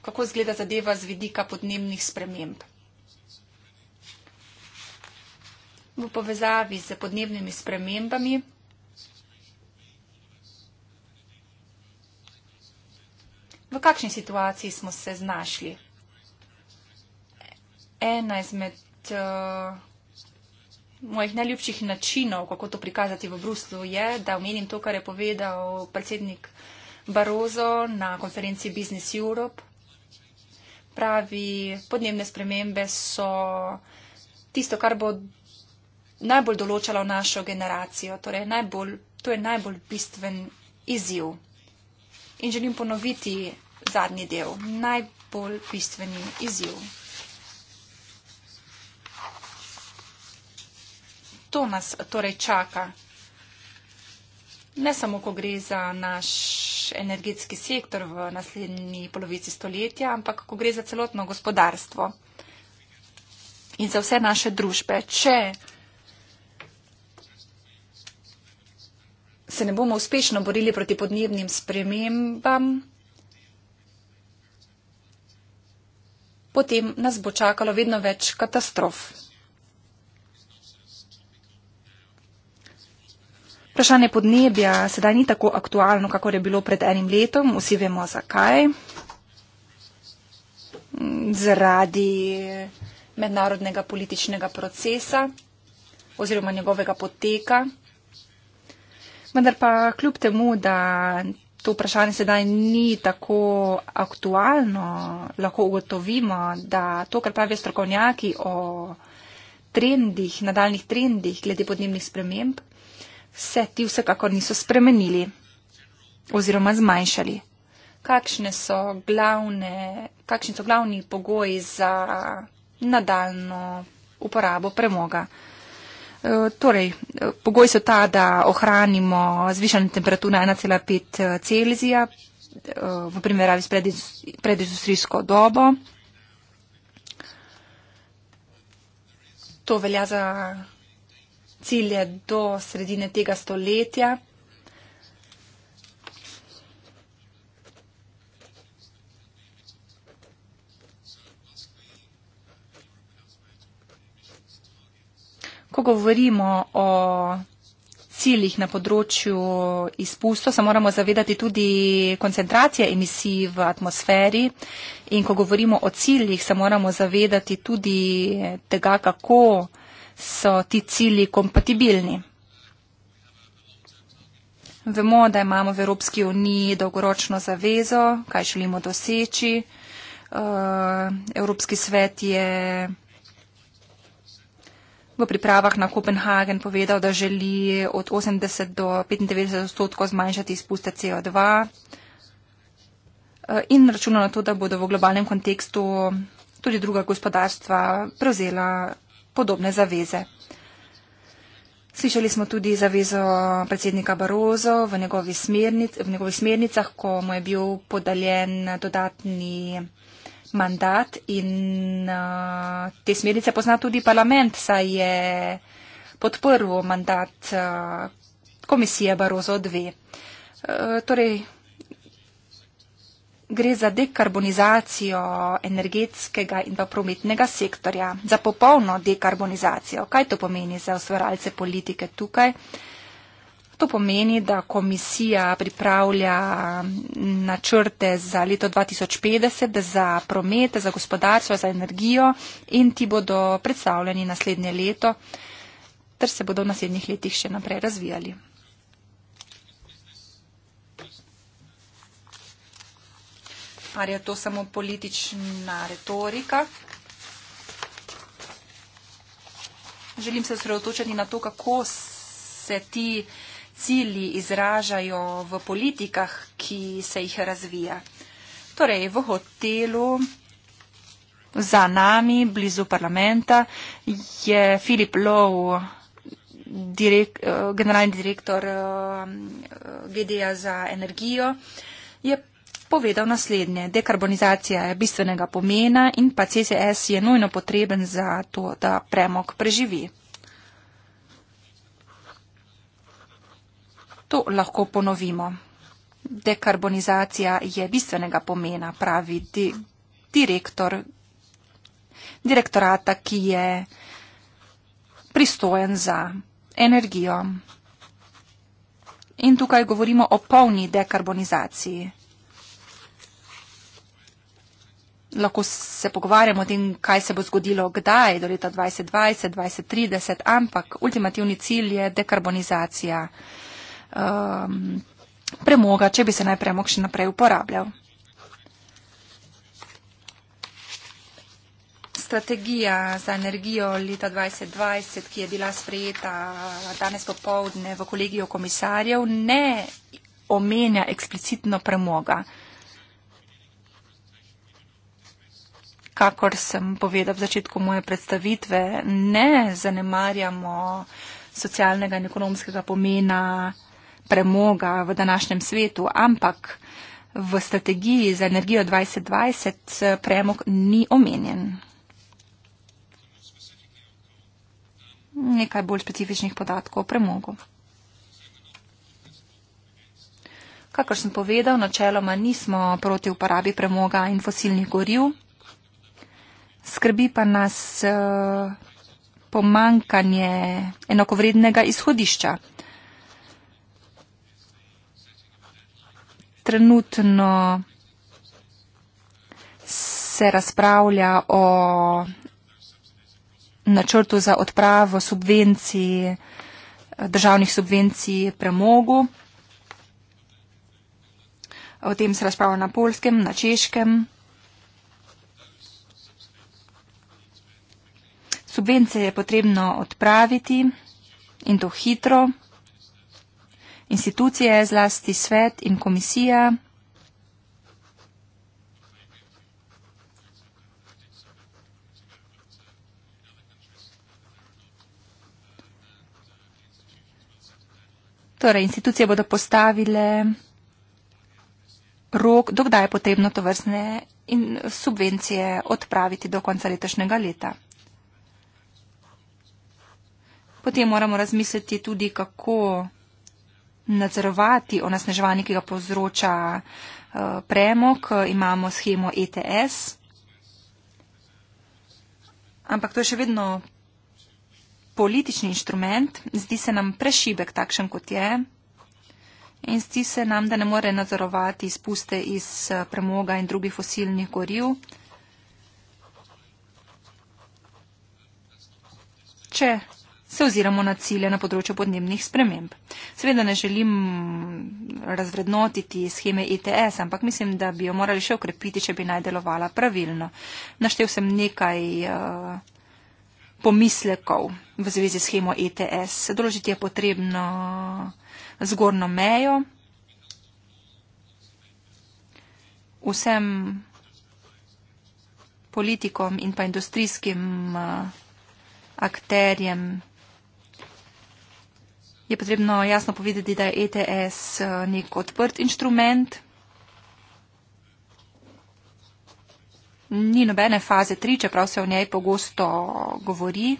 kako zgleda zadeva z vidika podnebnih sprememb. V povezavi z podnebnimi spremembami V kakšni situaciji smo se znašli? Ena izmed uh, mojih najljubših načinov, kako to prikazati v Bruslu, je, da omenim to, kar je povedal predsednik Barozo na konferenci Business Europe. Pravi, podnebne spremembe so tisto, kar bo najbolj določalo našo generacijo. Torej, najbolj, to je najbolj bistven izziv. In želim ponoviti zadnji del. Najbolj bistveni izziv. to nas torej čaka. Ne samo, ko gre za naš energetski sektor v naslednji polovici stoletja, ampak ko gre za celotno gospodarstvo in za vse naše družbe. Če se ne bomo uspešno borili proti podnebnim spremembam, potem nas bo čakalo vedno več katastrof. Vprašanje podnebja sedaj ni tako aktualno, kako je bilo pred enim letom. Vsi vemo zakaj. Zaradi mednarodnega političnega procesa oziroma njegovega poteka. Vendar pa kljub temu, da to vprašanje sedaj ni tako aktualno, lahko ugotovimo, da to, kar pravijo strokovnjaki o trendih, nadaljnih trendih glede podnebnih sprememb, vse ti vsekakor niso spremenili oziroma zmanjšali. So glavne, kakšni so glavni pogoji za nadaljno uporabo premoga? E, torej, e, pogoj so ta, da ohranimo zvišanje temperature 1,5 e, Celzija v primerjavi s predizustrijsko dobo. To velja za cilje do sredine tega stoletja. Ko govorimo o ciljih na področju izpustov, se moramo zavedati tudi koncentracije emisij v atmosferi in ko govorimo o ciljih, se moramo zavedati tudi tega, kako so ti cilji kompatibilni. Vemo, da imamo v Evropski uniji dolgoročno zavezo, kaj želimo doseči. Eh, Evropski svet je v pripravah na Kopenhagen povedal, da želi od 80 do 95 odstotkov zmanjšati izpuste CO2 eh, in računa na to, da bodo v globalnem kontekstu tudi druga gospodarstva prevzela podobne zaveze. Slišali smo tudi zavezo predsednika Barozo v, njegovi smernic, v njegovih smernicah, ko mu je bil podaljen dodatni mandat in uh, te smernice pozna tudi parlament, saj je podprl mandat uh, komisije Barozo 2. Uh, e, torej, gre za dekarbonizacijo energetskega in pa prometnega sektorja, za popolno dekarbonizacijo. Kaj to pomeni za ustvarjalce politike tukaj? To pomeni, da komisija pripravlja načrte za leto 2050 za promete, za gospodarstvo, za energijo in ti bodo predstavljeni naslednje leto, ter se bodo v naslednjih letih še naprej razvijali. ali je to samo politična retorika. Želim se osredotočiti na to, kako se ti cilji izražajo v politikah, ki se jih razvija. Torej, v hotelu za nami, blizu parlamenta, je Filip Lov, direk, eh, generalni direktor eh, GDA za energijo, je povedal naslednje. Dekarbonizacija je bistvenega pomena in pa CCS je nujno potreben za to, da premog preživi. To lahko ponovimo. Dekarbonizacija je bistvenega pomena, pravi di direktor direktorata, ki je pristojen za energijo. In tukaj govorimo o polni dekarbonizaciji. lahko se pogovarjamo o tem, kaj se bo zgodilo, kdaj, do leta 2020, 2030, ampak ultimativni cilj je dekarbonizacija um, premoga, če bi se naj premog še naprej uporabljal. Strategija za energijo leta 2020, ki je bila sprejeta danes popovdne v kolegijo komisarjev, ne omenja eksplicitno premoga. kakor sem povedal v začetku moje predstavitve, ne zanemarjamo socialnega in ekonomskega pomena premoga v današnjem svetu, ampak v strategiji za energijo 2020 eh, premog ni omenjen. Nekaj bolj specifičnih podatkov o premogu. Kakor sem povedal, načeloma nismo proti uporabi premoga in fosilnih goriv skrbi pa nas eh, pomankanje enakovrednega izhodišča. Trenutno se razpravlja o načrtu za odpravo subvencij, državnih subvencij premogu. O tem se razpravlja na polskem, na češkem. Subvencije je potrebno odpraviti in to hitro. Institucije, zlasti svet in komisija, Torej, institucije bodo postavile rok, dokdaj je potrebno to vrstne subvencije odpraviti do konca letošnjega leta. Potem moramo razmisliti tudi, kako nadzorovati onesnaževanje, ki ga povzroča eh, premog. Imamo schemo ETS. Ampak to je še vedno politični inštrument. Zdi se nam prešibek takšen, kot je. In zdi se nam, da ne more nadzorovati izpuste iz eh, premoga in drugih fosilnih goril. Če se oziramo na cilje na področju podnebnih sprememb. Seveda ne želim razvrednotiti scheme ETS, ampak mislim, da bi jo morali še ukrepiti, če bi naj delovala pravilno. Naštel sem nekaj eh, pomislekov v zvezi s schemo ETS. Določiti je potrebno zgornjo mejo. Vsem politikom in pa industrijskim eh, akterjem je potrebno jasno povedati, da je ETS eh, nek odprt inštrument. Ni nobene faze 3, čeprav se o njej pogosto govori.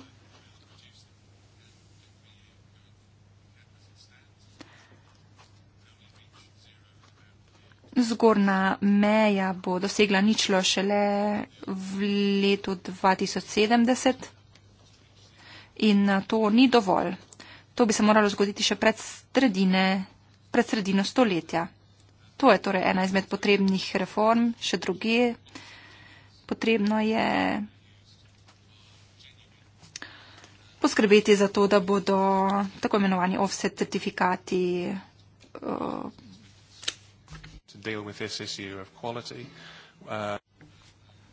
Zgorna meja bo dosegla ničlo šele v letu 2070 in eh, to ni dovolj. To bi se moralo zgoditi še pred, sredine, pred sredino stoletja. To je torej ena izmed potrebnih reform, še druge. Potrebno je poskrbeti za to, da bodo tako imenovani offset certifikati. Uh,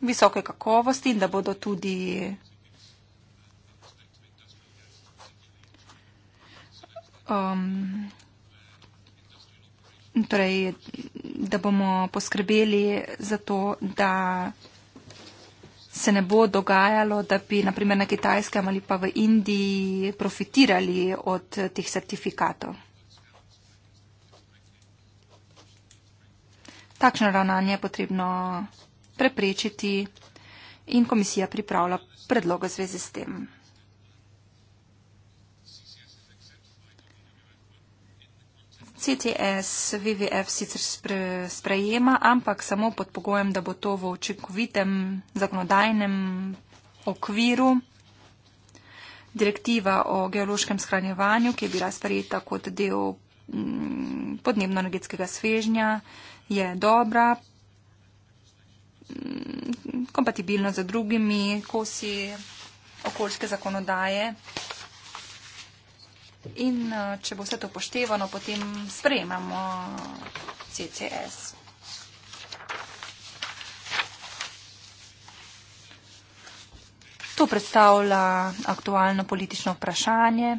visoke kakovosti in da bodo tudi um, torej, da bomo poskrbeli za to, da se ne bo dogajalo, da bi naprimer na Kitajskem ali pa v Indiji profitirali od teh certifikatov. Takšno ravnanje je potrebno preprečiti in komisija pripravlja predloge v zvezi s tem. CTS VVF sicer sprejema, ampak samo pod pogojem, da bo to v očekovitem zakonodajnem okviru. Direktiva o geološkem shranjevanju, ki je bila sprejeta kot del mm, podnebno-energetskega svežnja, je dobra, mm, kompatibilna z drugimi kosi okoljske zakonodaje. In eh, če bo vse to poštevano, potem sprejemamo CCS. To predstavlja aktualno politično vprašanje.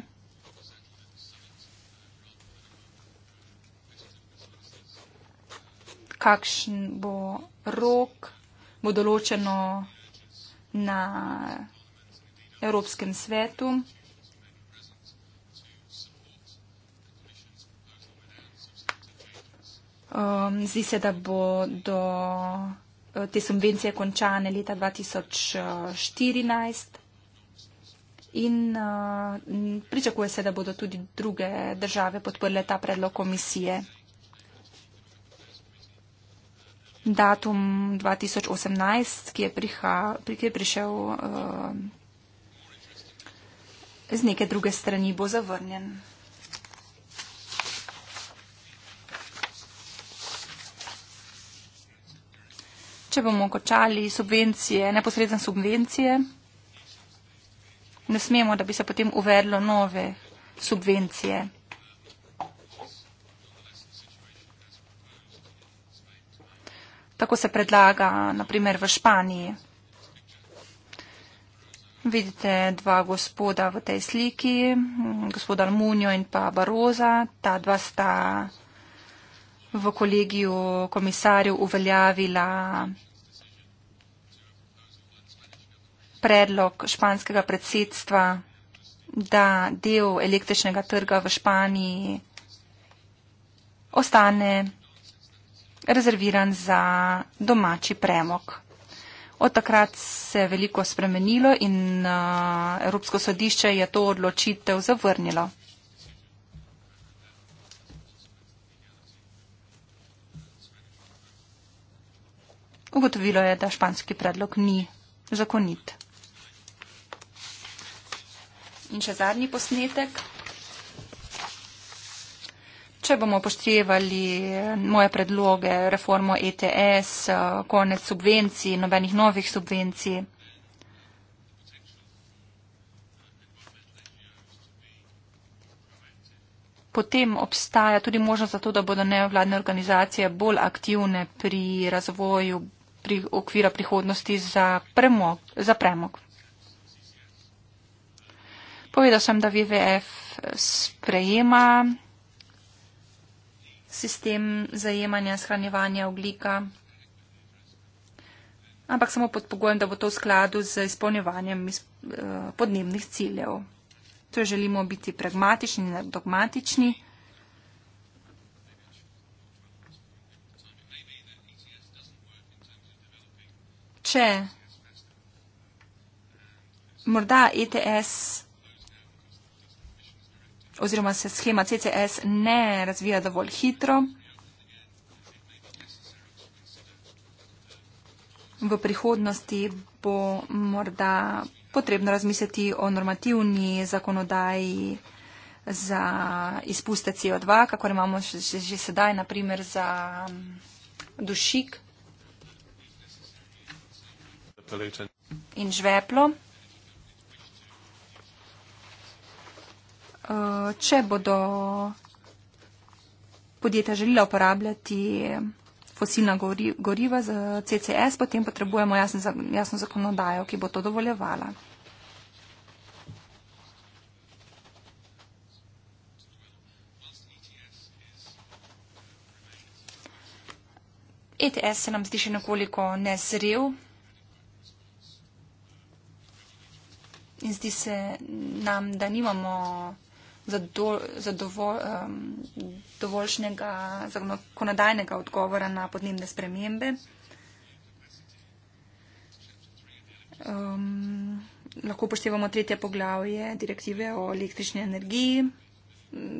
Kakšen bo rok, bo določeno na Evropskem svetu. Um, zdi se, da bo do eh, te subvencije končane leta 2014 in uh, pričakuje se, da bodo tudi druge države podprle ta predlog komisije. Datum 2018, ki je, priha, pri, ki je prišel uh, z neke druge strani, bo zavrnjen. če bomo končali subvencije, neposreden subvencije, ne smemo, da bi se potem uvedlo nove subvencije. Tako se predlaga naprimer v Španiji. Vidite dva gospoda v tej sliki, gospod Almunjo in pa Baroza, ta dva sta v kolegiju komisarjev uveljavila predlog španskega predsedstva, da del električnega trga v Španiji ostane rezerviran za domači premog. Od takrat se je veliko spremenilo in uh, Evropsko sodišče je to odločitev zavrnilo. Ugotovilo je, da španski predlog ni zakonit. In še zadnji posnetek. Če bomo poštevali moje predloge, reformo ETS, konec subvencij, nobenih novih subvencij, potem obstaja tudi možnost za to, da bodo nevladne organizacije bolj aktivne pri razvoju pri, okvira prihodnosti za premog. Za premog. Povedal sem, da VVF sprejema sistem zajemanja in shranjevanja oglika, ampak samo pod pogojem, da bo to v skladu z izpolnjevanjem eh, podnebnih ciljev. To torej, želimo biti pragmatični in dogmatični. če morda ETS oziroma se schema CCS ne razvija dovolj hitro, v prihodnosti bo morda potrebno razmisliti o normativni zakonodaji za izpuste CO2, kako imamo že, že sedaj, naprimer za mm, dušik. Leighton. In žveplo. Eh, če bodo podjetja želela uporabljati fosilna goriva z CCS, potem potrebujemo jasno zakonodajo, ki bo to dovoljevala. ETS se nam zdi še nekoliko nezrel. in zdi se nam, da nimamo zadovoljšnega zakonodajnega odgovora na podnebne spremembe. Um, lahko poštevamo tretje poglavje direktive o električni energiji.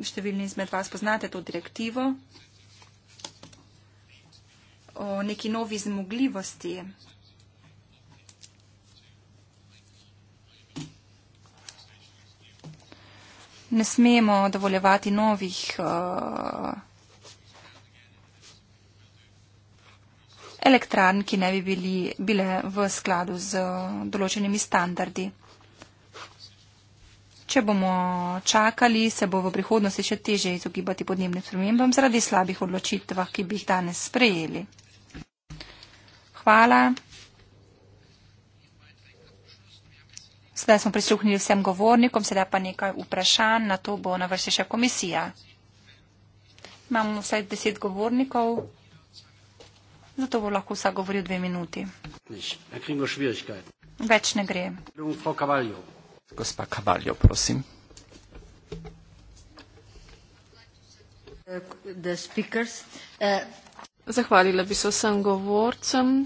Številni izmed vas poznate to direktivo. O neki novi zmogljivosti ne smemo dovoljevati novih uh, elektrarn, ki ne bi bili, bile v skladu z uh, določenimi standardi. Če bomo čakali, se bo v prihodnosti še teže izogibati podnebnim spremembam zaradi slabih odločitev, ki bi jih danes sprejeli. Hvala. Sedaj smo prisluhnili vsem govornikom, sedaj pa nekaj vprašanj, na to bo na vrsti še komisija. Imamo vsaj deset govornikov, zato bo lahko vsak govoril dve minuti. Več ne gre. Gospa Kavaljo, prosim. Uh, Zahvalila bi se vsem govorcem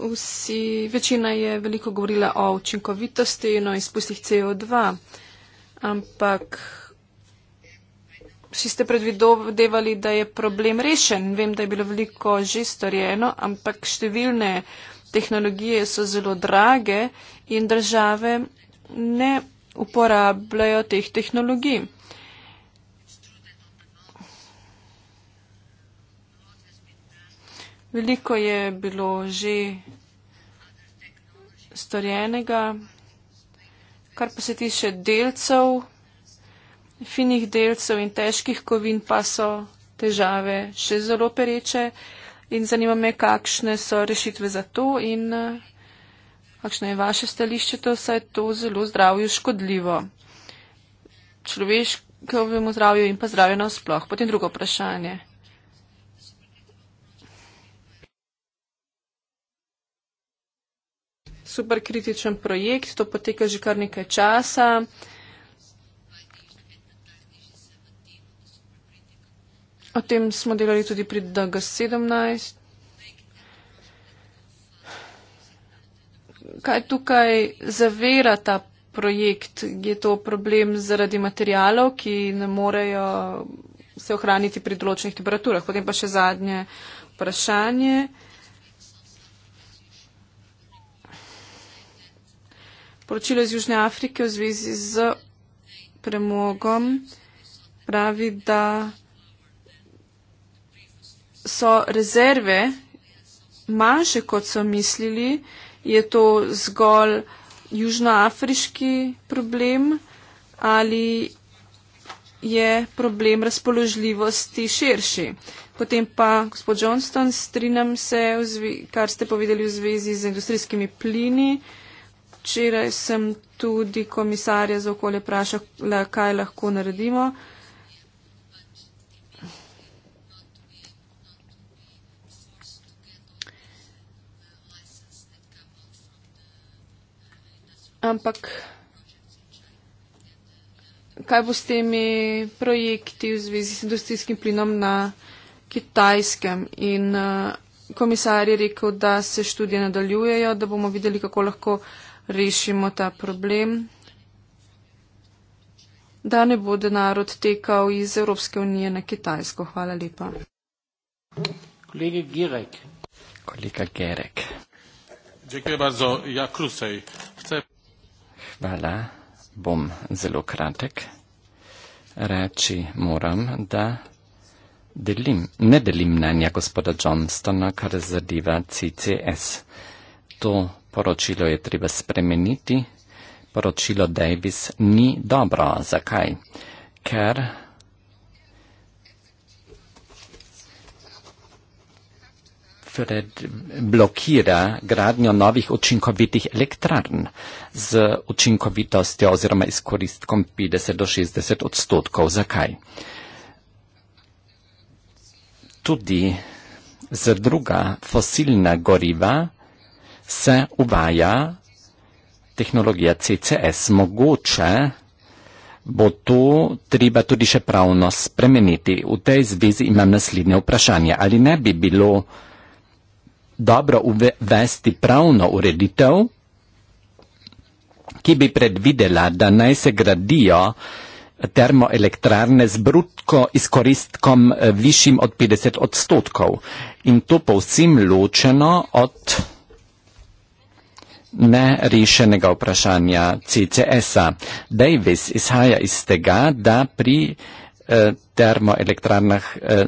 vsi, večina je veliko govorila o učinkovitosti in o izpustih CO2, ampak vsi ste predvidovali, da je problem rešen. Vem, da je bilo veliko že storjeno, ampak številne tehnologije so zelo drage in države ne uporabljajo teh tehnologij. Veliko je bilo že storjenega, kar pa se tiče delcev, finih delcev in težkih kovin, pa so težave še zelo pereče. In zanima me, kakšne so rešitve za to in eh, kakšno je vaše stališče, to vse je to zelo zdravju škodljivo. Človeškovemu zdravju in pa zdravju na sploh. Potem drugo vprašanje. super kritičen projekt, to poteka že kar nekaj časa. O tem smo delali tudi pri DG17. Kaj tukaj zavira ta projekt? Je to problem zaradi materijalov, ki ne morejo se ohraniti pri določenih temperaturah? Potem pa še zadnje vprašanje. Poročilo iz Južne Afrike v zvezi z premogom pravi, da so rezerve manjše, kot so mislili. Je to zgolj južnoafriški problem ali je problem razpoložljivosti širši. Potem pa, gospod Johnston, strinjam se, kar ste povedali v zvezi z industrijskimi plini včeraj sem tudi komisarja za okolje vprašala, kaj lahko naredimo. Ampak kaj bo s temi projekti v zvezi s industrijskim plinom na kitajskem? In uh, komisar je rekel, da se študije nadaljujejo, da bomo videli, kako lahko uh, rešimo ta problem, da ne bo denar odtekal iz Evropske unije na Kitajsko. Hvala lepa. Kolega Girek. Kolega Gerek. Ja Hvala, bom zelo kratek. Reči moram, da delim, ne delim mnenja gospoda Johnstona, kar zadeva CCS. To poročilo je treba spremeniti. Poročilo Davis ni dobro. Zakaj? Ker blokira gradnjo novih učinkovitih elektrarn z učinkovitostjo oziroma izkoristkom 50 do 60 odstotkov. Zakaj? Tudi za druga fosilna goriva se uvaja tehnologija CCS. Mogoče bo to treba tudi še pravno spremeniti. V tej zvezi imam naslednje vprašanje. Ali ne bi bilo dobro uvesti pravno ureditev, ki bi predvidela, da naj se gradijo termoelektrarne z brutko izkoristkom eh, višjim od 50 odstotkov in to povsem ločeno od nerešenega vprašanja CCS-a. Davis izhaja iz tega, da pri eh, termoelektrarnah eh,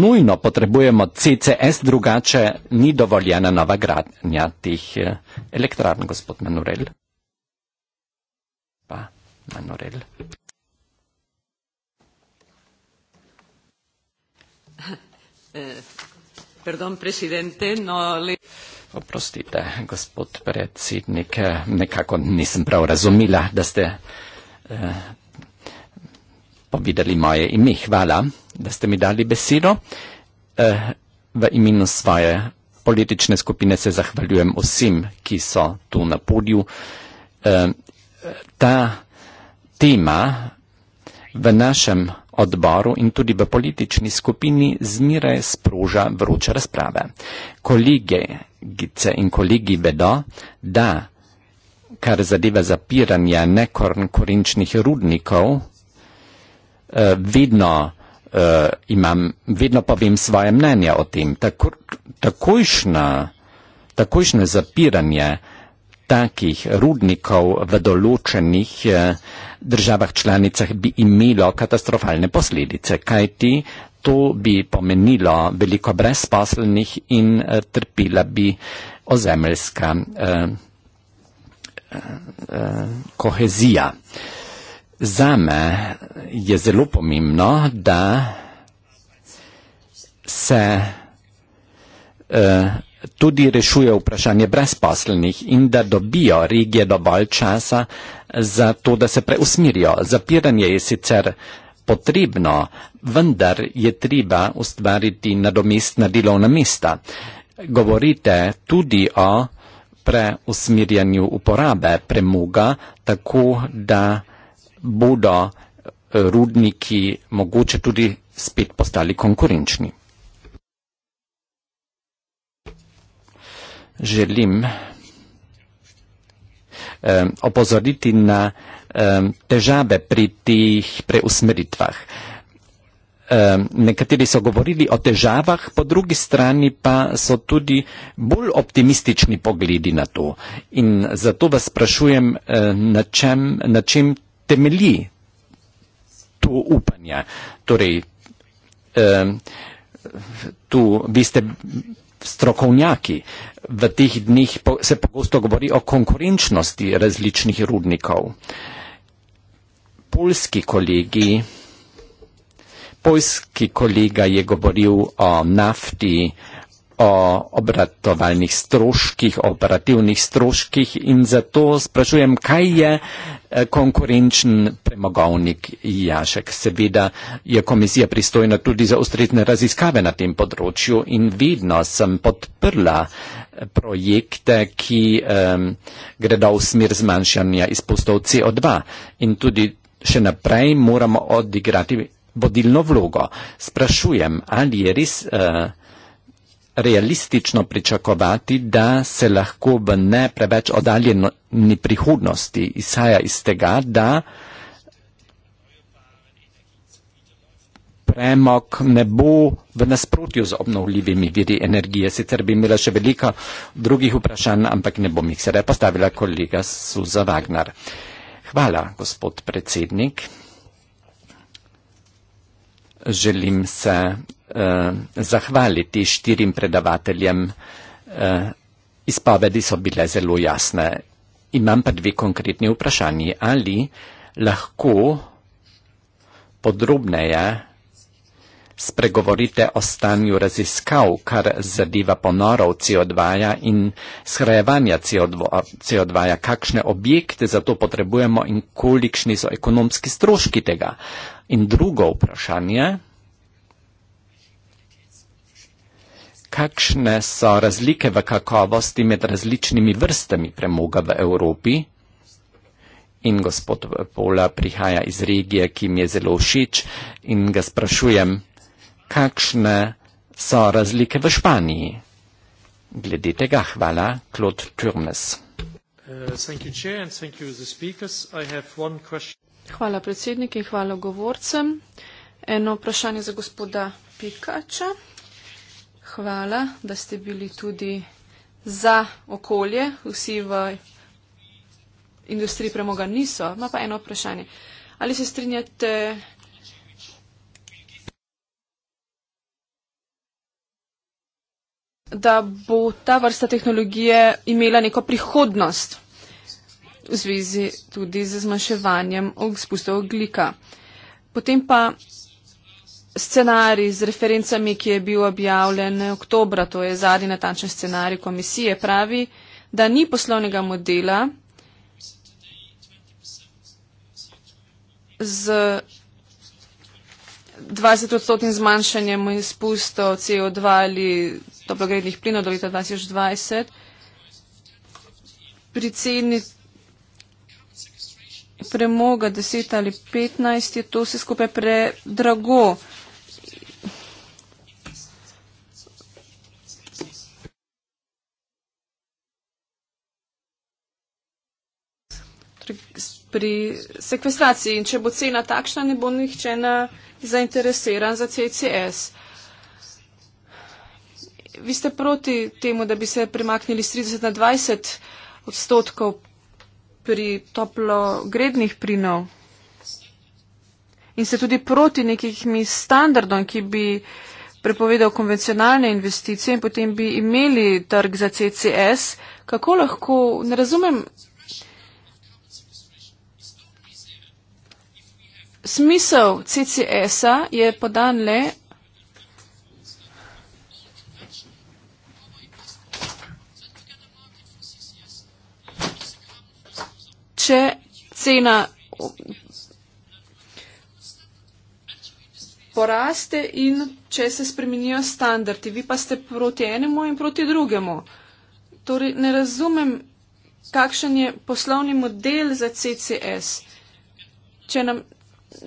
nujno potrebujemo CCS, drugače ni dovoljena nova gradnja teh eh, elektrarn, gospod Manurel. Pa Manurel. Perdón, presidente, no le. Oprostite, gospod predsednik, nekako nisem prav razumila, da ste eh, povedali moje ime. Hvala, da ste mi dali besedo. Eh, v imenu svoje politične skupine se zahvaljujem vsem, ki so tu na podiju. Eh, ta tema v našem odboru in tudi v politični skupini zmeraj sproža vroče razprave. Kolegice in kolegi vedo, da kar zadeva zapiranje nekonkurenčnih rudnikov, eh, vedno, eh, imam, vedno povem svoje mnenje o tem. Tako, takojšnje, takojšnje zapiranje takih rudnikov v določenih eh, državah članicah bi imelo katastrofalne posledice, kajti to bi pomenilo veliko brezposelnih in eh, trpila bi ozemeljska eh, kohezija. Zame je zelo pomembno, da se tudi rešuje vprašanje brezposelnih in da dobijo regije dovolj časa za to, da se preusmirijo. Zapiranje je sicer potrebno, vendar je treba ustvariti nadomestna delovna mesta. Govorite tudi o preusmirjanju uporabe premoga, tako da bodo rudniki mogoče tudi spet postali konkurenčni. želim opozoriti na težave pri tih preusmeritvah. Nekateri so govorili o težavah, po drugi strani pa so tudi bolj optimistični pogledi na to. In zato vas sprašujem, na čem, na čem temelji to upanje. Torej, tu vi ste strokovnjaki. V teh dneh se pogosto govori o konkurenčnosti različnih rudnikov. Polski kolegi, polski kolega je govoril o nafti, o obratovalnih stroških, operativnih stroških in zato sprašujem, kaj je eh, konkurenčen premogovnik Jašek. Seveda je komisija pristojna tudi za ustrezne raziskave na tem področju in vedno sem podprla eh, projekte, ki um, gredo v smer zmanjšanja izpustov CO2 in tudi še naprej moramo odigrati vodilno vlogo. Sprašujem, ali je res. Uh, realistično pričakovati, da se lahko v ne preveč odaljeni prihodnosti izhaja iz tega, da premok ne bo v nasprotju z obnovljivimi viri energije. Sicer bi imela še veliko drugih vprašanj, ampak ne bom jih sedaj postavila kolega Suza Wagner. Hvala, gospod predsednik. Želim se uh, zahvaliti štirim predavateljem. Uh, izpovedi so bile zelo jasne. Imam pa dve konkretni vprašanji. Ali lahko podrobneje spregovorite o stanju raziskav, kar zadeva ponorov CO2 -ja in shrajevanja CO2, -ja, kakšne objekte za to potrebujemo in kolikšni so ekonomski stroški tega. In drugo vprašanje. kakšne so razlike v kakovosti med različnimi vrstami premoga v Evropi. In gospod Pola prihaja iz regije, ki mi je zelo všeč in ga sprašujem, kakšne so razlike v Španiji. Glede tega hvala, Claude Turmes. Uh, hvala predsednik in hvala govorcem. Eno vprašanje za gospoda Pikača hvala, da ste bili tudi za okolje. Vsi v industriji premoga niso. Ma pa eno vprašanje. Ali se strinjate? da bo ta vrsta tehnologije imela neko prihodnost v zvezi tudi z zmanjševanjem spustov oglika. Potem pa scenarij z referencami, ki je bil objavljen oktobra, to je zadnji natančen scenarij komisije, pravi, da ni poslovnega modela z 20-odstotnim zmanjšanjem izpustov CO2 ali toplogrednih plinov do leta 2020. Predsednik premoga 10 ali 15 je to vse skupaj predrago. pri, pri sekvestraciji. In če bo cena takšna, ne bo nihče na, zainteresiran za CCS. Vi ste proti temu, da bi se premaknili z 30 na 20 odstotkov pri toplogrednih plinov in ste tudi proti nekim standardom, ki bi prepovedal konvencionalne investicije in potem bi imeli trg za CCS. Kako lahko, ne razumem, smisel CCS-a je podan le. Če cena poraste in če se spremenijo standardi, vi pa ste proti enemu in proti drugemu. Torej, ne razumem, kakšen je poslovni model za CCS. Če nam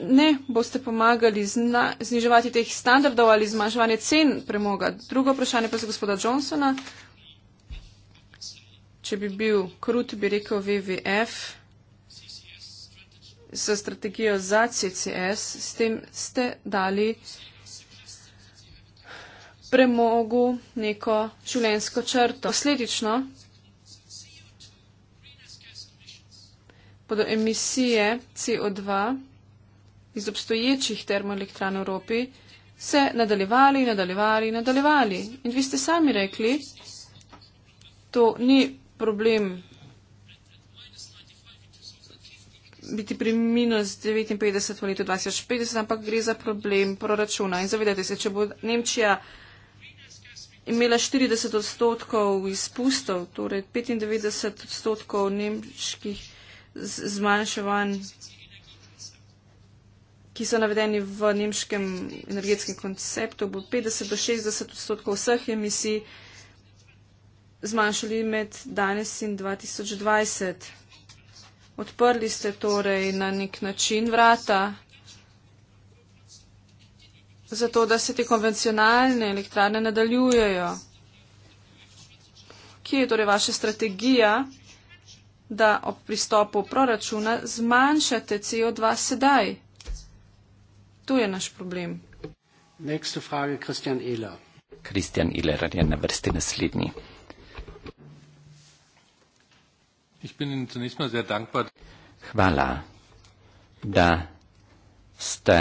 ne boste pomagali zna, zniževati teh standardov ali zmanjševanje cen premoga. Drugo vprašanje pa za gospoda Johnsona. Če bi bil krut, bi rekel WWF s strategijo za CCS, s tem ste dali premogu neko življensko črto. Posledično bodo emisije CO2 iz obstoječih termoelektran v Evropi se nadaljevali, nadaljevali, nadaljevali. In vi ste sami rekli, to ni problem biti pri minus 59 v letu 2050, ampak gre za problem proračuna. In zavedajte se, če bo Nemčija imela 40 odstotkov izpustov, torej 95 odstotkov nemških zmanjševanj ki so navedeni v nemškem energetskem konceptu, bo 50 do 60 odstotkov vseh emisij zmanjšali med danes in 2020. Odprli ste torej na nek način vrata, zato da se te konvencionalne elektrarne nadaljujejo. Kje je torej vaša strategija, da ob pristopu proračuna zmanjšate CO2 sedaj? Tu je naš problem. Frage, Christian Ehler. Christian Ehler je na vrsti naslednji. Hvala, da ste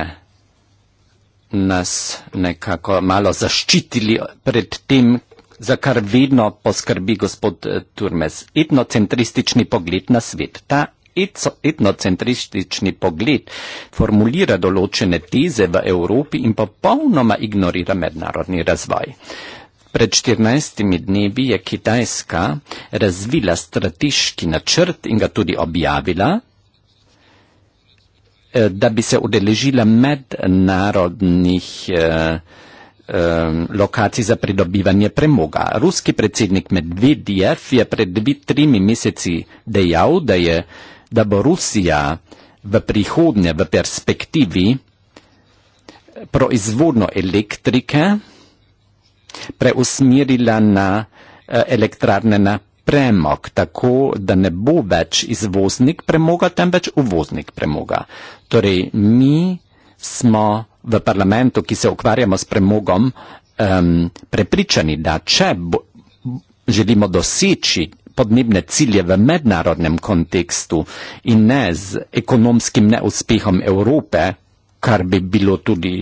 nas nekako malo zaščitili pred tem, za kar vedno poskrbi gospod eh, Turmes. Etnocentristični pogled na svet. Ta etnocentristični pogled, formulira določene teze v Evropi in popolnoma ignorira mednarodni razvoj. Pred 14 dnevi je Kitajska razvila strateški načrt in ga tudi objavila, eh, da bi se udeležila mednarodnih eh, eh, lokacij za pridobivanje premoga. Ruski predsednik Medvedjev je pred dvimi meseci dejal, da je da bo Rusija v prihodnje, v perspektivi proizvodno elektrike preusmirila na eh, elektrarne na premog, tako da ne bo več izvoznik premoga, temveč uvoznik premoga. Torej, mi smo v parlamentu, ki se ukvarjamo s premogom, um, prepričani, da če bo, želimo doseči podnebne cilje v mednarodnem kontekstu in ne z ekonomskim neuspehom Evrope, kar bi bilo tudi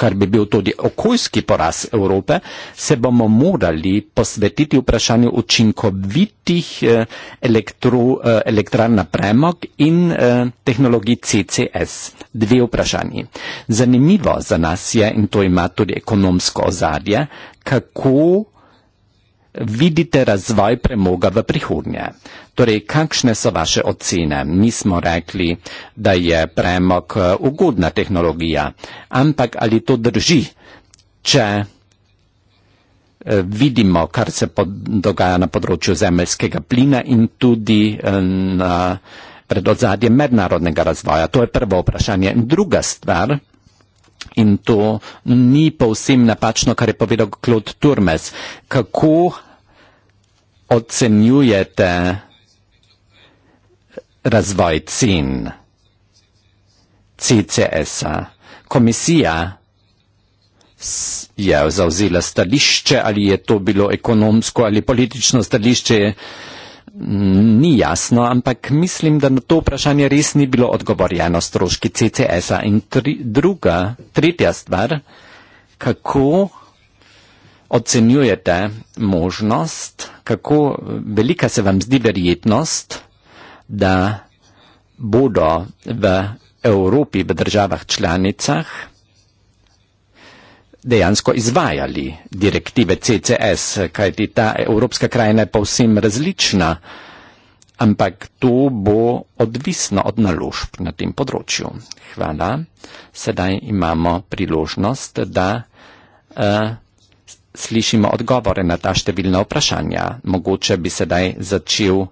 kar bi bil tudi okoljski poraz Evrope, se bomo morali posvetiti vprašanju učinkovitih eh, elektro, eh, elektran na premog in eh, tehnologij CCS. Dve vprašanji. Zanimivo za nas je, in to ima tudi ekonomsko ozadje, kako vidite razvoj premoga v prihodnje? Torej, kakšne so vaše ocene? Mi smo rekli, da je premog eh, ugodna tehnologija, ampak ali to drži, če eh, vidimo, kar se dogaja na področju zemeljskega plina in tudi eh, na predozadje mednarodnega razvoja? To je prvo vprašanje. In druga stvar, In to ni povsem napačno, kar je povedal Klod Turmes. Kako ocenjujete razvoj cen CCS-a? Komisija je zauzela stališče ali je to bilo ekonomsko ali politično stališče. Ni jasno, ampak mislim, da na to vprašanje res ni bilo odgovorjeno stroški CCS-a. In tri, druga, tretja stvar, kako ocenjujete možnost, kako velika se vam zdi verjetnost, da bodo v Evropi, v državah članicah, dejansko izvajali direktive CCS, kajti ta evropska krajina je povsem različna, ampak to bo odvisno od naložb na tem področju. Hvala. Sedaj imamo priložnost, da uh, slišimo odgovore na ta številna vprašanja. Mogoče bi sedaj začel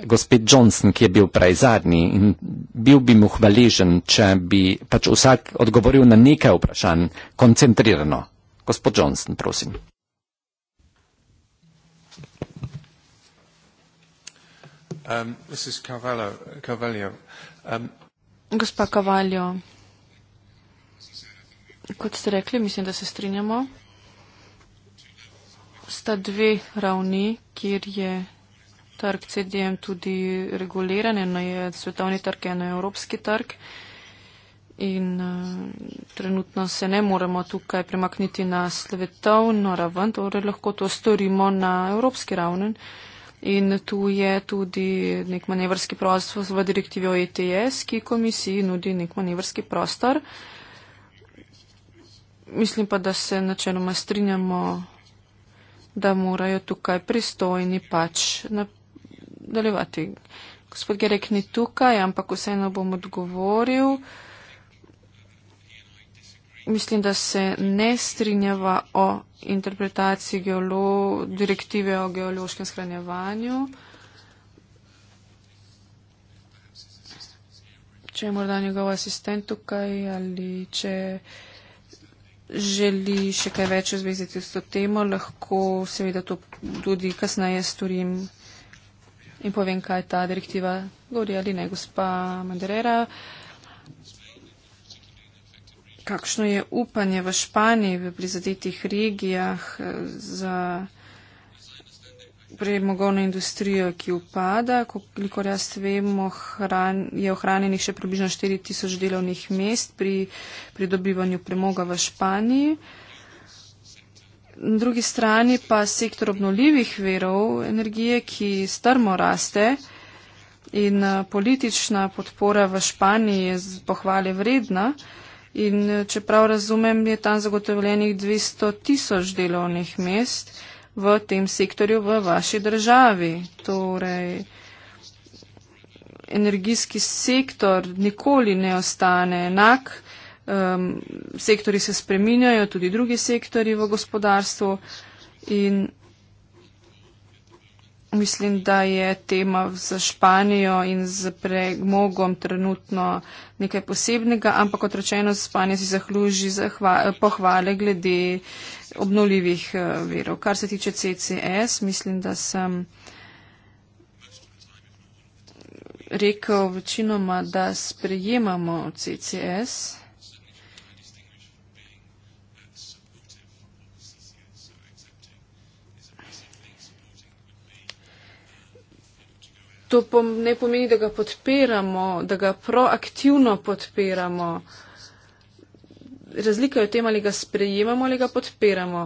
gospod Johnson, ki je bil prej zadnji in bil bi mu hvaležen, če bi pač vsak odgovoril na nekaj vprašanj koncentrirano. Gospod Johnson, prosim. Um, Cavallo, Cavallo. Um, Gospa Kavaljo, kot ste rekli, mislim, da se strinjamo, sta dve ravni, kjer je trg CDM tudi reguliran, eno je svetovni trg, eno je evropski trg. In uh, trenutno se ne moremo tukaj premakniti na svetovno raven, torej lahko to storimo na evropski ravni. In tu je tudi nek manevrski prostor v direktivi OETS, ki komisiji nudi nek manevrski prostor. Mislim pa, da se načeloma strinjamo, da morajo tukaj pristojni pač napisati nadaljevati. Gospod Gerek ni tukaj, ampak vseeno bom odgovoril. Mislim, da se ne strinjava o interpretaciji geolo direktive o geološkem shranjevanju. Če je morda njegov asistent tukaj ali če želi še kaj več v zvezi s to temo, lahko seveda to tudi kasneje storim in povem, kaj ta direktiva govori ali ne, gospa Manderera. Kakšno je upanje v Španiji, v prizadetih regijah eh, za premogovno industrijo, ki upada? Koliko jaz vem, ohran, je ohranjenih še približno 4000 delovnih mest pri pridobivanju premoga v Španiji. Uh, na drugi strani pa sektor obnoljivih verov energije, ki strmo raste in eh, politična podpora v Španiji je pohvale vredna. In eh, če prav razumem, je tam zagotovljenih 200 tisoč delovnih mest v tem sektorju v vaši državi. Torej, energijski sektor nikoli ne ostane enak, um, sektori se spreminjajo, tudi drugi sektori v gospodarstvu in mislim, da je tema za Španijo in za premogom trenutno nekaj posebnega, ampak kot rečeno, Španija si zahluži zahva, pohvale glede obnoljivih eh, verov. Kar se tiče CCS, mislim, da sem rekel večinoma, da sprejemamo CCS. to pom ne pomeni, da ga podpiramo, da ga proaktivno podpiramo. Razlika je v tem, ali ga sprejemamo ali ga podpiramo.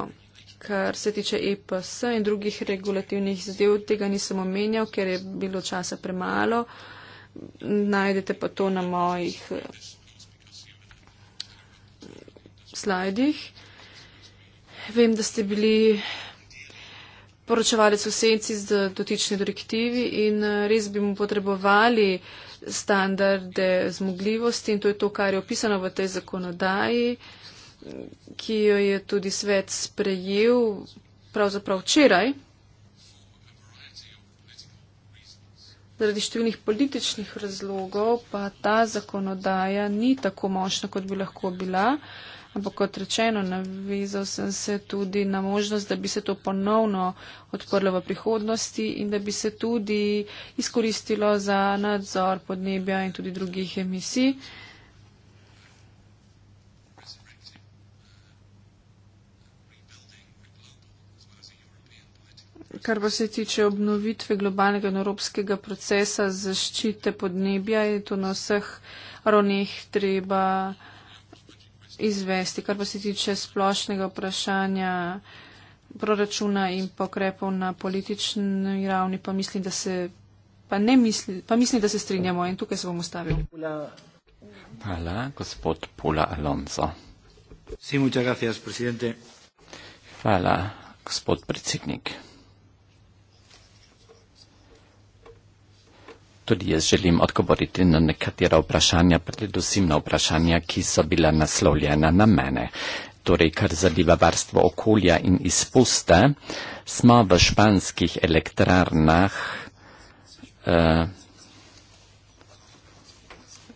Kar se tiče EPS in drugih regulativnih zadev, tega nisem omenjal, ker je bilo časa premalo. Najdete pa to na mojih slajdih. Vem, da ste bili poročevalec v senci z dotični direktivi in eh, res bi mu potrebovali standarde zmogljivosti in to je to, kar je opisano v tej zakonodaji, ki jo je tudi svet sprejel pravzaprav včeraj. Zaradi številnih političnih razlogov pa ta zakonodaja ni tako močna, kot bi lahko bila. Uh, Ampak kot rečeno, navezal sem se tudi na možnost, da bi se to ponovno odprlo v prihodnosti in da bi se tudi izkoristilo za nadzor podnebja in tudi drugih emisij. Kar pa se tiče obnovitve globalnega in evropskega procesa zaščite podnebja, je to na vseh ravneh treba izvesti. Kar pa se tiče splošnega vprašanja proračuna in pokrepov na politični ravni, pa mislim, da se, pa ne misli, pa mislim, da se strinjamo in tukaj se bom ustavil. Hvala, gospod Pula Alonso. Sí, muchas gracias, presidente. Hvala, gospod predsednik. Tudi jaz želim odgovoriti na nekatera vprašanja, predvsem na vprašanja, ki so bila naslovljena na mene. Torej, kar zadeva varstvo okolja in izpuste, smo v španskih elektrarnah. Uh,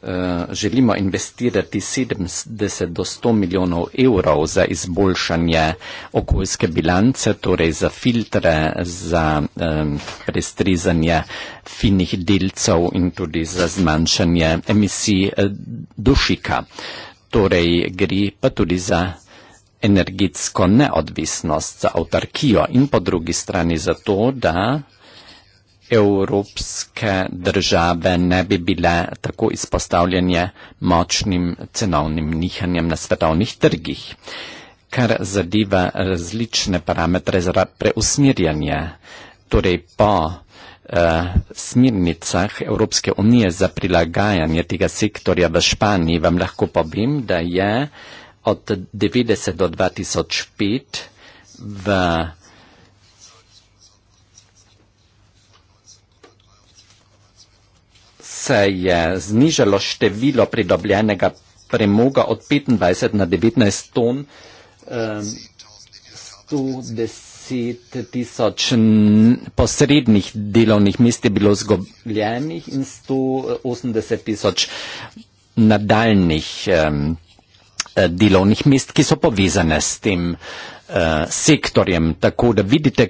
Eh, želimo investirati 70 do 100 milijonov evrov za izboljšanje okoljske bilance, torej za filtre, za prestrizanje finih delcev in tudi za zmanjšanje emisij eh, dušika. Torej gre pa tudi za energetsko neodvisnost, za avtarkijo in po drugi strani za to, da evropske države ne bi bile tako izpostavljene močnim cenovnim nihanjem na svetovnih trgih, kar zadeva različne parametre za preusmirjanje, torej po eh, smirnicah Evropske unije za prilagajanje tega sektorja v Španiji, vam lahko povem, da je od 90 do 2005 v se je znižalo število pridobljenega premoga od 25 na 19 ton. Um, ehm, 110 tisoč posrednih delovnih mest je bilo zgobljenih in 180 eh, tisoč nadaljnih um, ehm, eh, delovnih mest, ki so povezane s tem uh, sektorjem. Tako da vidite,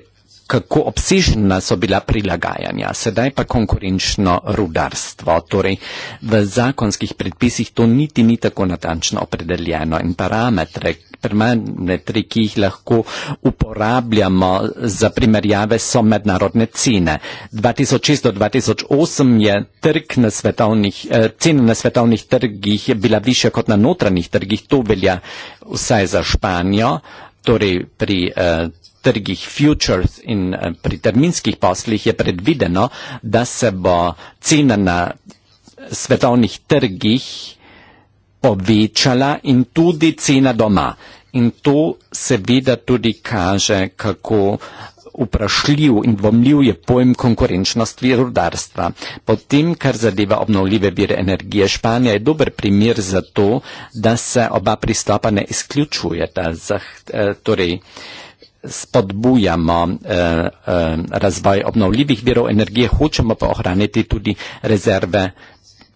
kako obsežna so bila prilagajanja, sedaj pa konkurenčno rudarstvo. Torej, v zakonskih predpisih to niti ni tako natančno opredeljeno in parametre, parametre ki jih lahko uporabljamo za primerjave, so mednarodne cene. 2006 do 2008 je trg na svetovnih, eh, cena na svetovnih trgih bila višja kot na notranjih trgih, to velja vsaj za Španijo, torej pri eh, trgih futures in eh, pri terminskih poslih je predvideno, da se bo cena na svetovnih trgih povečala in tudi cena doma. In to seveda tudi kaže, kako vprašljiv in dvomljiv je pojem konkurenčnost virudarstva. Potem, kar zadeva obnovljive vire energije, Španija je dober primer za to, da se oba pristopa ne izključujeta. Zah, eh, torej, eh, spodbujamo eh, eh, razvoj obnovljivih virov energije, hočemo pa ohraniti tudi rezerve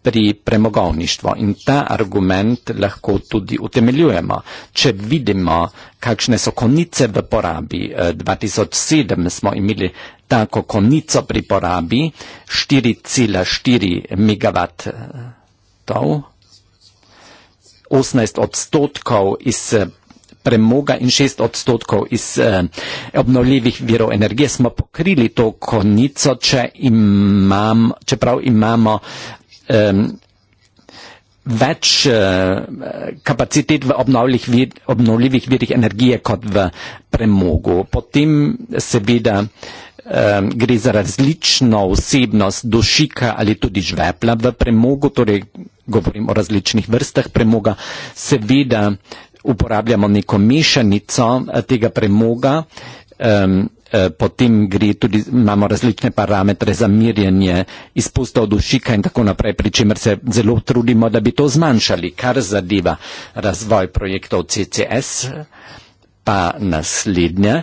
pri premogovništvu. In ta argument lahko tudi utemeljujemo. Če vidimo, kakšne so konice v porabi, eh, 2007 smo imeli tako konico pri porabi 4,4 megavatov, 18 odstotkov iz premoga in 6 odstotkov iz eh, obnovljivih virov energije smo pokrili to konico, če imam, čeprav imamo eh, več eh, kapacitet v vir, obnovljivih virih energije kot v premogu. Potem seveda eh, gre za različno vsebnost dušika ali tudi žvepla v premogu, torej govorim o različnih vrstah premoga. Seveda uporabljamo neko mešanico eh, tega premoga, eh, potem gre tudi, imamo različne parametre za mirjenje izpustov dušika in tako naprej, pri čemer se zelo trudimo, da bi to zmanjšali, kar zadeva razvoj projektov CCS, pa naslednje.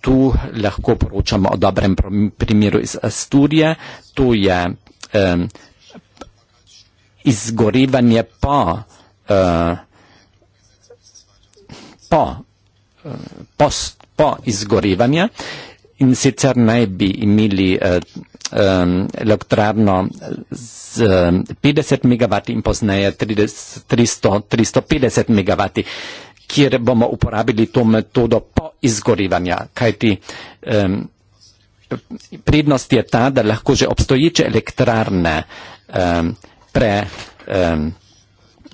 Tu lahko poročamo o dobrem primeru iz Asturije. To je um, izgorevanje po uh, po, po, po izgorevanju in sicer naj bi imeli eh, elektrarno z 50 MW in poznaje 300, 350 MW, kjer bomo uporabili to metodo po izgorevanju, kajti prednost je ta, da lahko že obstoječe elektrarne pre,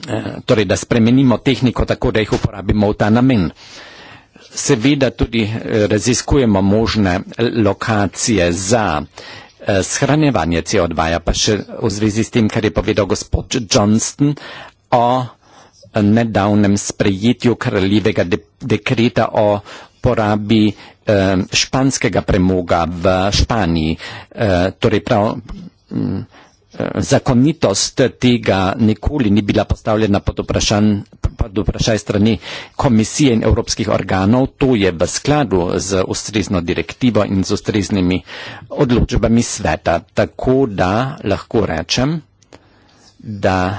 Eh, torej, da spremenimo tehniko tako, da jih uporabimo v ta namen. Seveda tudi eh, raziskujemo možne lokacije za eh, shranjevanje CO2, ja, pa še v zvezi s tem, kar je povedal gospod Johnston o nedavnem sprejetju kraljevega de dekreta o porabi španskega premoga v Španiji. Torej prav, zakonitost tega nikoli ni bila postavljena pod vprašanj, pod vprašanj strani komisije in evropskih organov. To je v skladu z ustrezno direktivo in z ustreznimi odločbami sveta. Tako da lahko rečem, da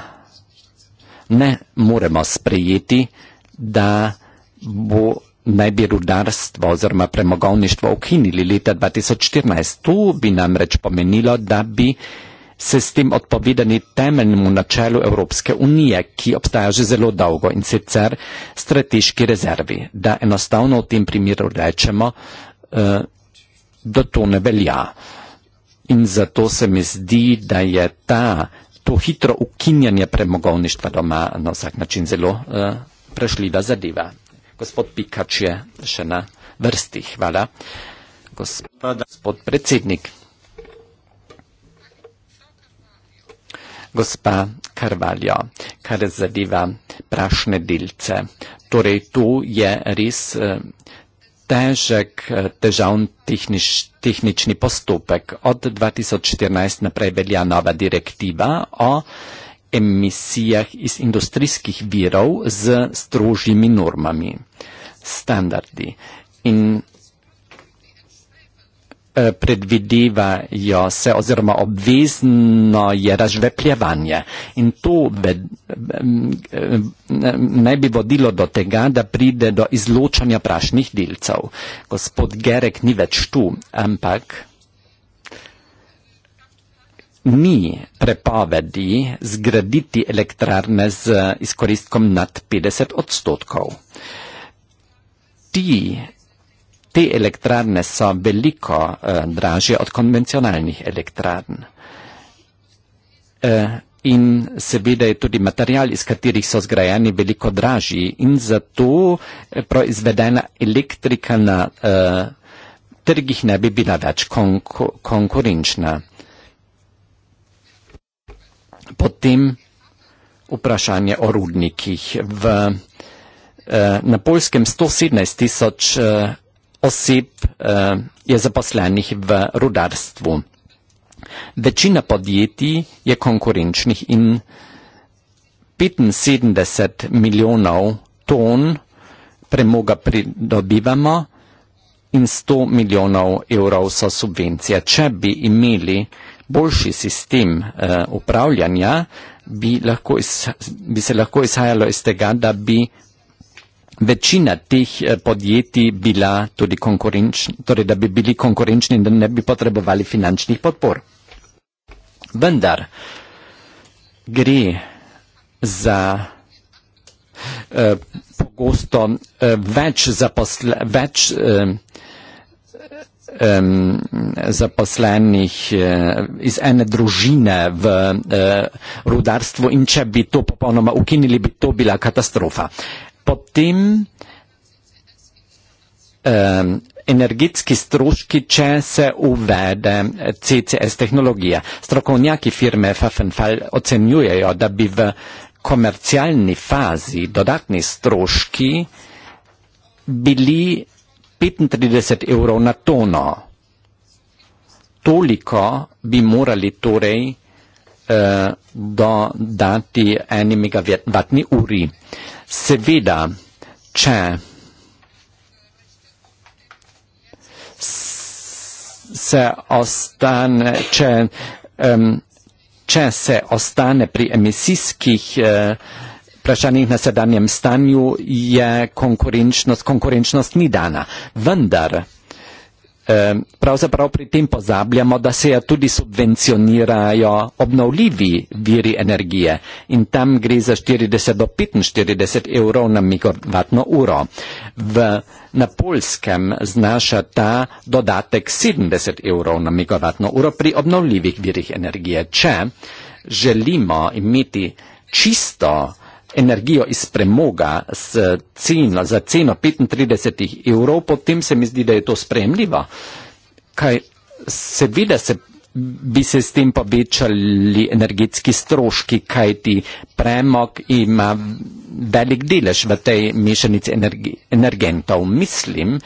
ne moremo sprejeti, da bo naj bi rudarstvo oziroma premogovništvo ukinili leta 2014. To bi namreč pomenilo, da bi uh, se s tem odpovedani temeljnemu načelu Evropske unije, ki obstaja že zelo dolgo in sicer strateški rezervi, da enostavno v tem primeru rečemo, eh, da to ne velja. In zato se mi zdi, da je ta, to hitro ukinjanje premogovništva doma na vsak način zelo eh, prešljiva zadeva. Gospod Pikač je še na vrsti. Hvala. Gospod predsednik. gospa Karvaljo, kar zadeva prašne delce. Torej, tu je res eh, težek, eh, težavn tehnič, tehnični postopek. Od 2014 naprej velja nova direktiva o emisijah iz industrijskih virov z strožjimi normami, standardi. In Eh, predvidevajo se oziroma obvezno je razžvepljevanje. In to naj bi vodilo do tega, da pride do izločanja prašnih delcev. Gospod Gerek ni več tu, ampak ni prepovedi zgraditi elektrarne z izkoristkom nad 50 odstotkov. Ti te elektrarne so veliko uh, dražje od konvencionalnih elektrarn. Uh, in seveda je tudi material, iz katerih so zgrajeni, veliko dražji in zato eh, proizvedena elektrika na uh, trgih ne bi bila več konku konkurenčna. Potem vprašanje o rudnikih. V, uh, na polskem 117 tisoč uh, oseb eh, je zaposlenih v rudarstvu. Večina podjetij je konkurenčnih in 75 milijonov ton premoga pridobivamo in 100 milijonov evrov so subvencije. Če bi imeli boljši sistem uh, upravljanja, bi, lahko iz, bi se lahko izhajalo iz tega, da bi večina teh eh, podjetij bila tudi konkurenčna, torej da bi bili konkurenčni in da ne bi potrebovali finančnih podpor. Vendar gre za eh, pogosto eh, več, zaposle, več eh, eh, zaposlenih eh, iz ene družine v eh, rudarstvu in če bi to popolnoma ukinili, bi to bila katastrofa potem um, energetski stroški, če se uvede CCS tehnologija. Strokovnjaki firme Fafenfall ocenjujejo, da bi v komercialni fazi dodatni stroški bili 35 evrov na tono. Toliko bi morali torej uh, dodati eni megavatni uri. Uh, Seveda, če se ostane, če, um, če se ostane pri emisijskih uh, vprašanjih na sedanjem stanju, je konkurenčnost, konkurenčnost ni dana. Vendar, Ehm, pravzaprav pri tem pozabljamo, da se ja tudi subvencionirajo obnovljivi viri energije in tam gre za 40 do 45 evrov na megavatno uro. V, na polskem znaša ta dodatek 70 evrov na megavatno uro pri obnovljivih virih energije. Če želimo imeti čisto uh, energijo iz premoga ceno, za ceno 35 evrov, potem se mi zdi, da je to spremljivo. Kaj seveda se bi se s tem povečali energetski stroški, kajti premog ima velik delež v tej mešanici energentov. Mislim,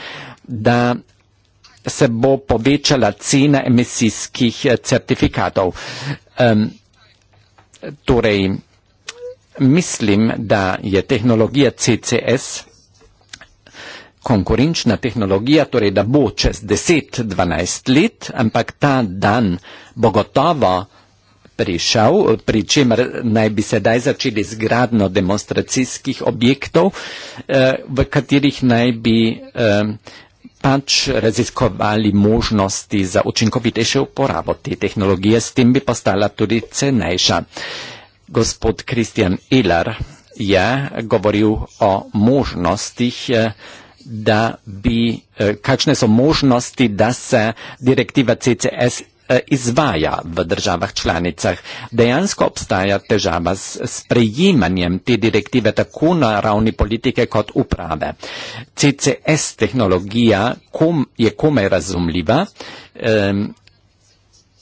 da se bo povečala cena emisijskih eh, certifikatov. Um, torej, mislim, da je tehnologija CCS konkurenčna tehnologija, torej da bo čez 10-12 let, ampak ta dan bo gotovo prišel, pri čemer naj bi sedaj začeli zgradno demonstracijskih objektov, eh, v katerih naj bi eh, pač raziskovali možnosti za učinkovitejše uporabo te tehnologije, s tem bi postala tudi cenejša gospod Kristjan Ilar je govoril o možnostih, eh, da bi, eh, kakšne so možnosti, da se direktiva CCS eh, izvaja v državah članicah. Dejansko obstaja težava s sprejemanjem te direktive tako na ravni politike kot uprave. CCS tehnologija kom, je komaj razumljiva,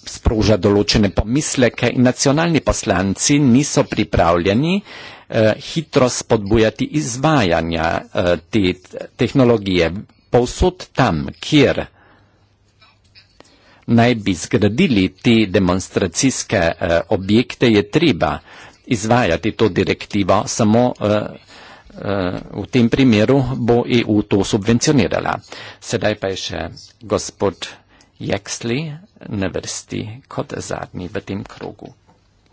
sproža določene pomisleke in nacionalni poslanci niso pripravljeni eh, hitro spodbujati izvajanja eh, te tehnologije. Povsod tam, kjer naj bi zgradili te demonstracijske eh, objekte, je treba izvajati to direktivo, samo v tem primeru bo EU to subvencionirala. Sedaj pa je še gospod Hrvatski. Jeksli na vrsti kot zadnji v tem krogu.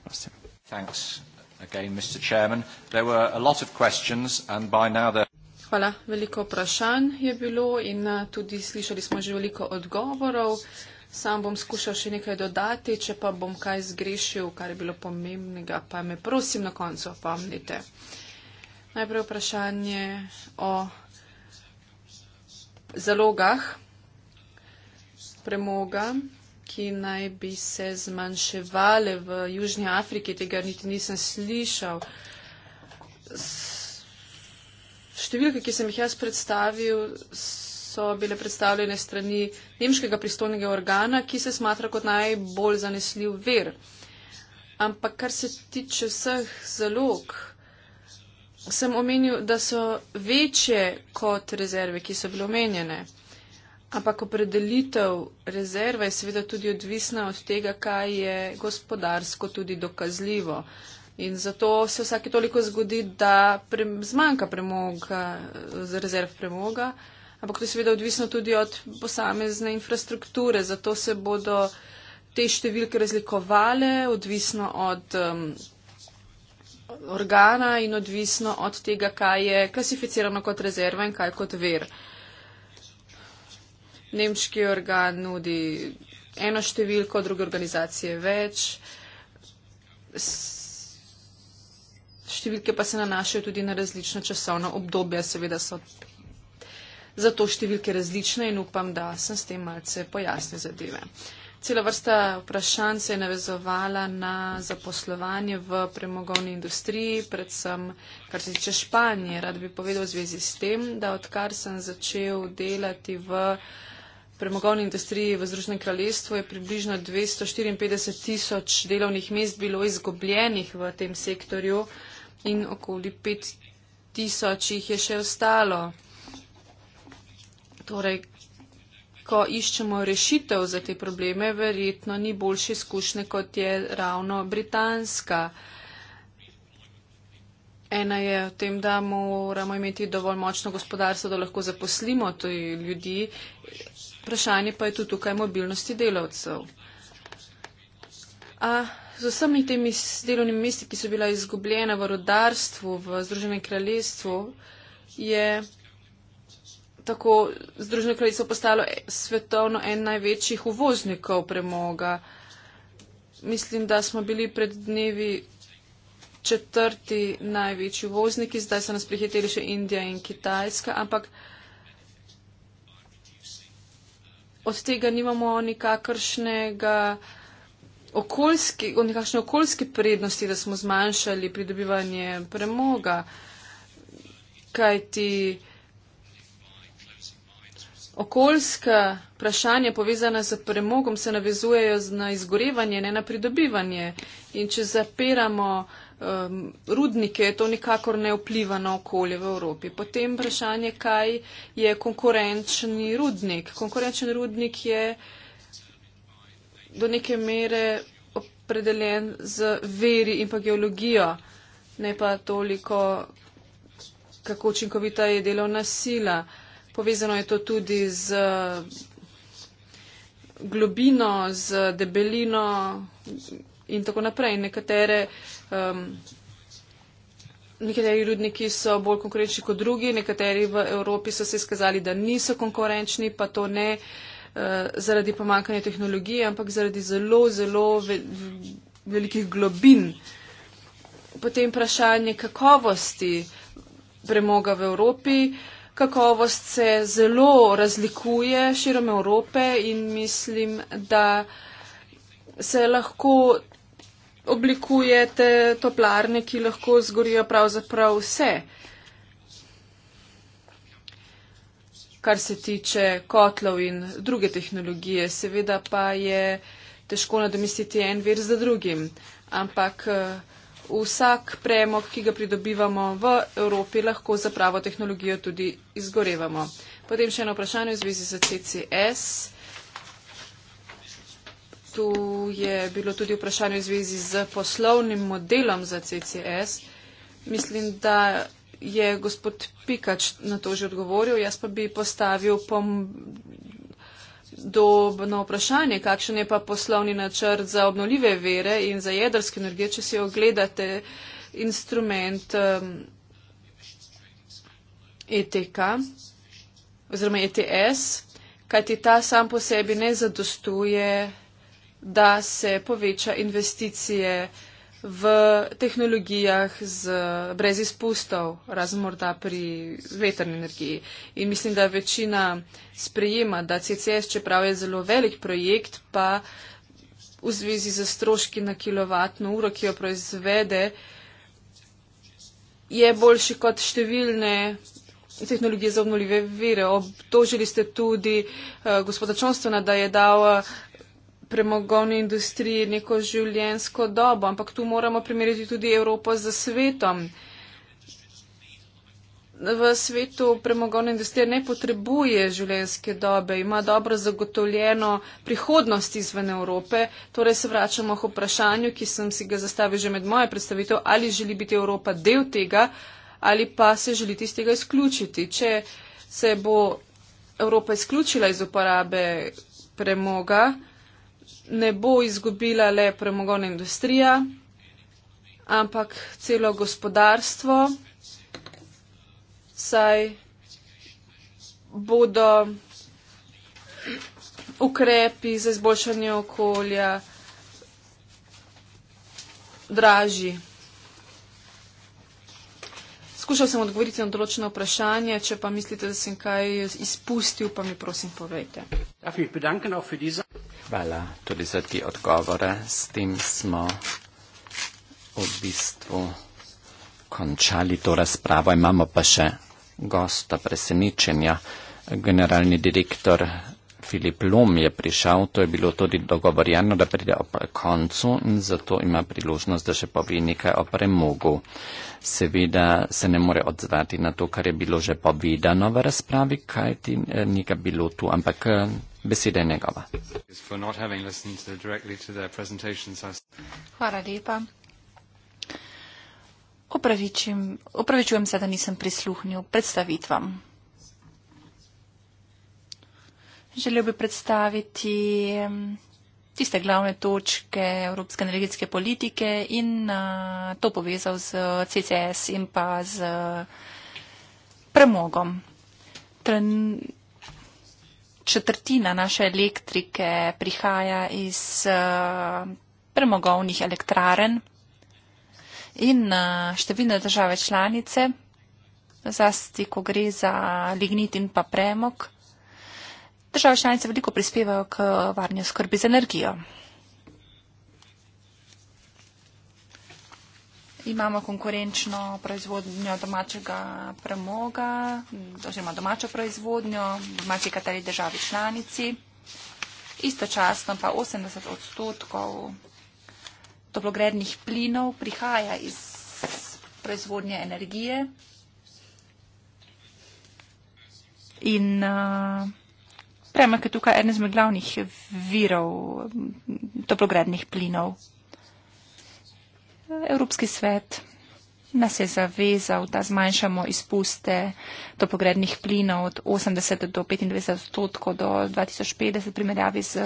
Prosim. Thanks again, Mr. Chairman. There were a lot of questions and by now there... Hvala. Veliko vprašanj je bilo in uh, tudi slišali smo že veliko odgovorov. Sam bom skušal še nekaj dodati, če pa bom kaj zgrešil, kar je bilo pomembnega, pa me prosim na koncu opomnite. Najprej vprašanje o zalogah premoga, ki naj bi se zmanjševale v Južnji Afriki, tega niti nisem slišal. Številke, ki sem jih jaz predstavil, so bile predstavljene strani nemškega pristojnega organa, ki se smatra kot najbolj zanesljiv ver. Ampak kar se tiče vseh zalog, sem omenil, da so večje kot rezerve, ki so bile omenjene. Ampak opredelitev rezerva je seveda tudi odvisna od tega, kaj je gospodarsko tudi dokazljivo. In zato se vsake toliko zgodi, da pre, zmanjka premoga, rezerv premoga, ampak to je seveda odvisno tudi od posamezne infrastrukture. Zato se bodo te številke razlikovale, odvisno od um, organa in odvisno od tega, kaj je klasificirano kot rezerva in kaj kot ver. Uh, nemški organ nudi eno številko, druge organizacije več. Številke pa se nanašajo tudi na različna časovna obdobja, seveda so zato številke različne in upam, da sem s tem malce pojasnil zadeve. Cela vrsta vprašanj se je navezovala na zaposlovanje v premogovni industriji, predvsem kar se tiče Španije. Rad bi povedal v zvezi s tem, da odkar sem začel delati v uh, premogovni industriji v Združenem kraljestvu je približno 254 tisoč delovnih mest bilo izgubljenih v tem sektorju in okoli 5 tisoč jih je še ostalo. Torej, ko iščemo rešitev za te probleme, verjetno ni boljše izkušnje, kot je ravno britanska. Ena je v tem, da moramo imeti dovolj močno gospodarstvo, da lahko zaposlimo tudi ljudi Vprašanje pa je tudi tukaj mobilnosti delavcev. A z vsemi temi delovnimi mesti, ki so bila izgubljena v rodarstvu, v Združenem kraljestvu, je tako Združeno kraljestvo postalo e, svetovno en največjih uvoznikov premoga. Mislim, da smo bili pred dnevi četrti največji uvozniki, zdaj so nas prihiteli še Indija in Kitajska, ampak. od tega nimamo nikakršnega. Okoljski, nekakšne okoljske prednosti, da smo zmanjšali pridobivanje premoga, kajti okoljska vprašanja povezana z premogom se navezujejo na izgorevanje, ne na pridobivanje. In če zapiramo um, rudnike, to nikakor ne vpliva na okolje v Evropi. Potem vprašanje, kaj je konkurenčni rudnik. Konkurenčen rudnik je do neke mere opredeljen z veri in pa geologijo, ne pa toliko, kako učinkovita je delovna sila. Povezano je to tudi z globino, z debelino in tako naprej. Nekatere uh, Um, nekateri rudniki so bolj konkurenčni kot drugi, nekateri v Evropi so se izkazali, da niso konkurenčni, pa to ne uh, zaradi pomankanja tehnologije, ampak zaradi zelo, zelo ve velikih globin. Potem vprašanje kakovosti premoga v Evropi. Kakovost se zelo razlikuje širom Evrope in mislim, da se lahko oblikujete toplarne, ki lahko zgorijo pravzaprav vse. Kar se tiče kotlov in druge tehnologije, seveda pa je težko nadomestiti en vir za drugim. Ampak eh, vsak premog, ki ga pridobivamo v Evropi, lahko za pravo tehnologijo tudi izgorevamo. Potem še eno vprašanje v zvezi z CCS tu je bilo tudi vprašanje v zvezi z poslovnim modelom za CCS. Mislim, da je gospod Pikač na to že odgovoril, jaz pa bi postavil dobno vprašanje, kakšen je pa poslovni načrt za obnoljive vere in za jedrske energije, če si ogledate instrument um, ETK oziroma ETS, kajti ta sam po sebi ne zadostuje da se poveča investicije v tehnologijah z, brez izpustov, razen morda pri veterni energiji. In mislim, da večina sprejema, da CCS, čeprav je zelo velik projekt, pa v zvezi z stroški na kilovatno uro, ki jo proizvede, je boljši kot številne tehnologije za obnoljive vire. Obtožili ste tudi uh, gospoda Čonstona, da je dal uh, premogovni industriji neko življensko dobo, ampak tu moramo primerjati tudi Evropo z svetom. V svetu premogovna industrija ne potrebuje življenske dobe, ima dobro zagotovljeno prihodnost izven Evrope, torej se vračamo k vprašanju, ki sem si ga zastavil že med moje predstavitev, ali želi biti Evropa del tega ali pa se želi iz tega izključiti. Če se bo Evropa izključila iz uporabe premoga, ne bo izgubila le premogovna industrija, ampak celo gospodarstvo, saj bodo ukrepi za izboljšanje okolja dražji. Skušal sem odgovoriti na določeno vprašanje, če pa mislite, da sem kaj izpustil, pa mi prosim povejte. Hvala tudi za ti odgovore. S tem smo v bistvu končali to razpravo. Imamo pa še gosta presenečenja. Generalni direktor Filip Lom je prišel, to je bilo tudi dogovorjeno, da pride ob koncu in zato ima priložnost, da še pove nekaj o premogu. Seveda se ne more odzvati na to, kar je bilo že povedano v razpravi, kaj ti eh, nekaj bilo tu, ampak eh, Beseda je njegova. Hvala lepa. Opravičim, opravičujem se, da nisem prisluhnil predstavitvam. Želel bi predstaviti tiste glavne točke evropske energetske politike in to povezal z CCS in pa z premogom. Tren četrtina naše elektrike prihaja iz uh, premogovnih elektraren in uh, številne države članice, zasti, ko gre za lignit in pa premog, države članice veliko prispevajo k varni oskrbi z energijo. Imamo konkurenčno proizvodnjo domačega premoga, oziroma domačo proizvodnjo v mači kateri državi članici. Istočasno pa 80 odstotkov toplogrednih plinov prihaja iz proizvodnje energije. In uh, eh, premak je tukaj eden izmed glavnih virov toplogrednih plinov. Evropski svet nas je zavezal, da zmanjšamo izpuste topogrednih plinov od 80 do 25 odstotkov do 2050 v primerjavi z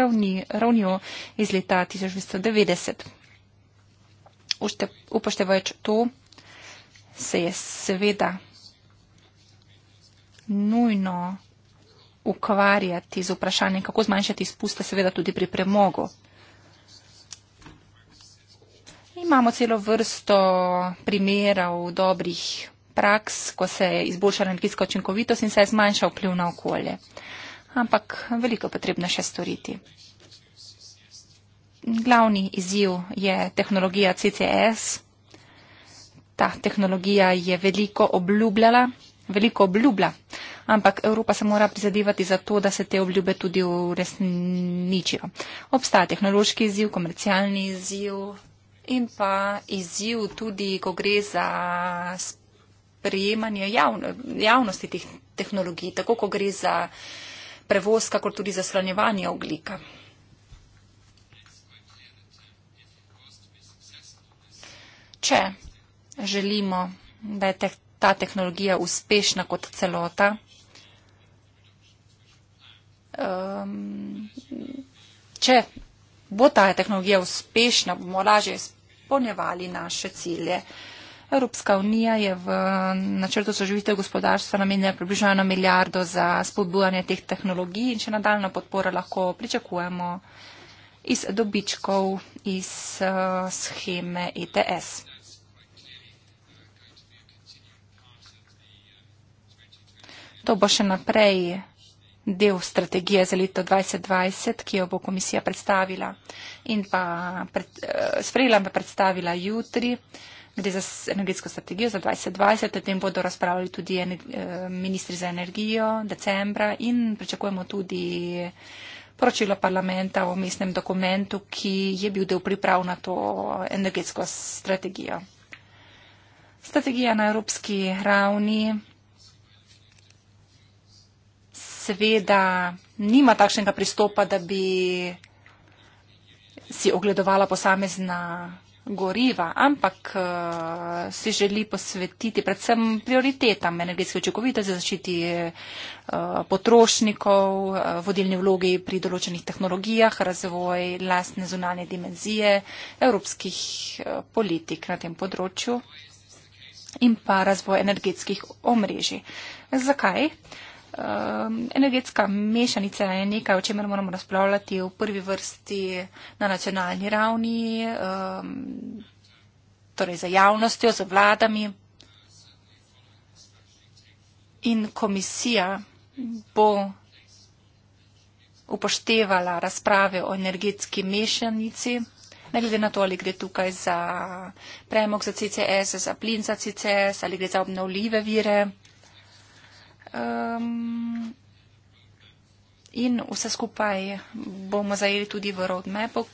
ravni, ravnjo iz leta 1990. Upoštevajoč to, se je seveda nujno ukvarjati z vprašanjem, kako zmanjšati izpuste, seveda tudi pri premogu. Imamo celo vrsto primerov dobrih praks, ko se je izboljšala energetska učinkovitost in se je zmanjšal vpliv na okolje. Ampak veliko je potrebno še storiti. Glavni izziv je tehnologija CCS. Ta tehnologija je veliko obljubljala, veliko obljubla, ampak Evropa se mora prizadevati za to, da se te obljube tudi uresničijo. Obstaja tehnološki izziv, komercialni izziv, in pa izziv tudi, ko gre za sprejemanje javno, javnosti teh tehnologij, tako ko gre za prevoz, kako tudi za shranjevanje oglika. Če želimo, da je ta tehnologija uspešna kot celota, um, če bo ta tehnologija uspešna, bomo lažje izpolnjevali naše cilje. Evropska unija je v načrtu soživitev gospodarstva namenila približno eno milijardo za spodbujanje teh tehnologij in še nadaljno podporo lahko pričakujemo iz dobičkov iz uh, scheme ETS. To bo še naprej del strategije za leto 2020, ki jo bo komisija predstavila in pa pred, eh, sprejela in predstavila jutri, gre za energetsko strategijo za 2020. O tem bodo razpravljali tudi eh, ministri za energijo decembra in pričakujemo tudi poročilo parlamenta o mestnem dokumentu, ki je bil del priprav na to energetsko strategijo. Strategija na evropski ravni seveda nima takšnega pristopa, da bi si ogledovala posamezna goriva, ampak uh, si želi posvetiti predvsem prioritetam energetske očekovitosti, zaščiti uh, potrošnikov, uh, vodilni vlogi pri določenih tehnologijah, razvoj lastne zunanje dimenzije, evropskih uh, politik na tem področju in pa razvoj energetskih omrežij. Zakaj? Uh, Um, energetska mešanica je nekaj, o čemer moramo razpravljati v prvi vrsti na nacionalni ravni, um, torej za javnostjo, za vladami. In komisija bo upoštevala razprave o energetski mešanici, ne glede na to, ali gre tukaj za premog za CCS, za plin za CCS, ali gre za obnovljive vire. Um, in vse skupaj bomo zajeli tudi v roadmapu,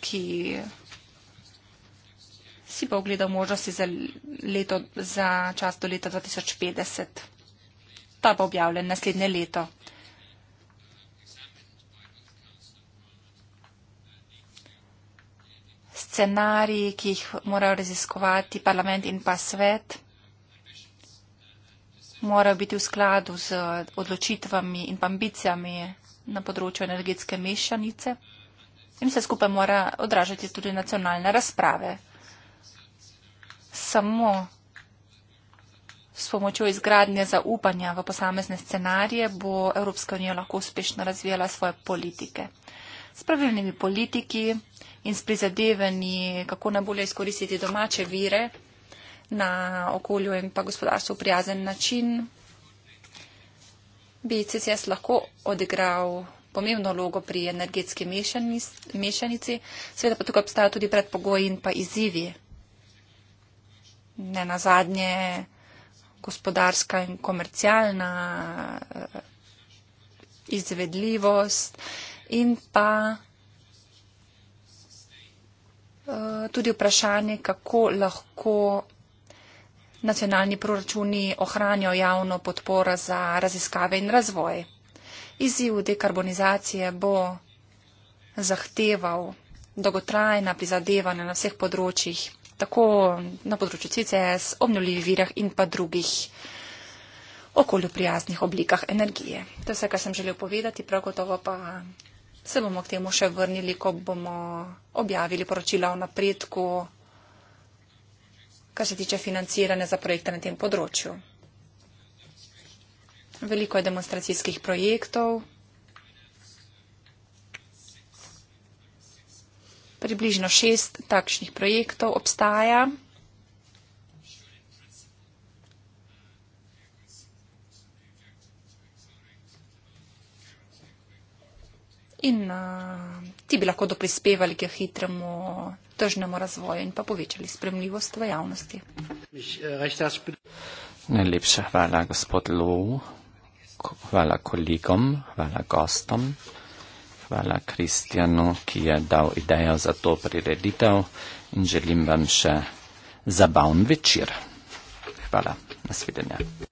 ki si bo ogledal možnosti za, leto, za čas do leta 2050. Ta bo objavljen naslednje leto. Scenariji, ki jih morajo raziskovati parlament in pa svet morajo biti v skladu z odločitvami in ambicijami na področju energetske mešanice in vse skupaj mora odražati tudi nacionalne razprave. Samo s pomočjo izgradnje zaupanja v posamezne scenarije bo Evropska unija lahko uspešno razvijala svoje politike. S pravilnimi politiki in s prizadevanji, kako najbolje izkoristiti domače vire, na okolju in pa gospodarstvu prijazen način, bi CCS lahko odigral pomembno logo pri energetski mešanici, seveda pa tukaj obstajajo tudi predpogoji in pa izzivi. Ne na zadnje, gospodarska in komercialna eh, izvedljivost in pa eh, tudi vprašanje, kako lahko nacionalni proračuni ohranijo javno podporo za raziskave in razvoj. Izziv dekarbonizacije bo zahteval dolgotrajna prizadevanja na vseh področjih, tako na področju CCS, obnovljivih virah in pa drugih okolju prijaznih oblikah energije. To je vse, kar sem želel povedati, prav gotovo pa se bomo k temu še vrnili, ko bomo objavili poročila o napredku kar se tiče financiranja za projekte na tem področju. Veliko je demonstracijskih projektov. Približno šest takšnih projektov obstaja. In uh, ki bi lahko doprispevali k hitremu tržnemu razvoju in pa povečali spremljivost v javnosti. Najlepša hvala, gospod Lu. Hvala kolegom, hvala gostom. Hvala Kristjanu, ki je dal idejo za to prireditev in želim vam še zabavn večer. Hvala, nasvidenja.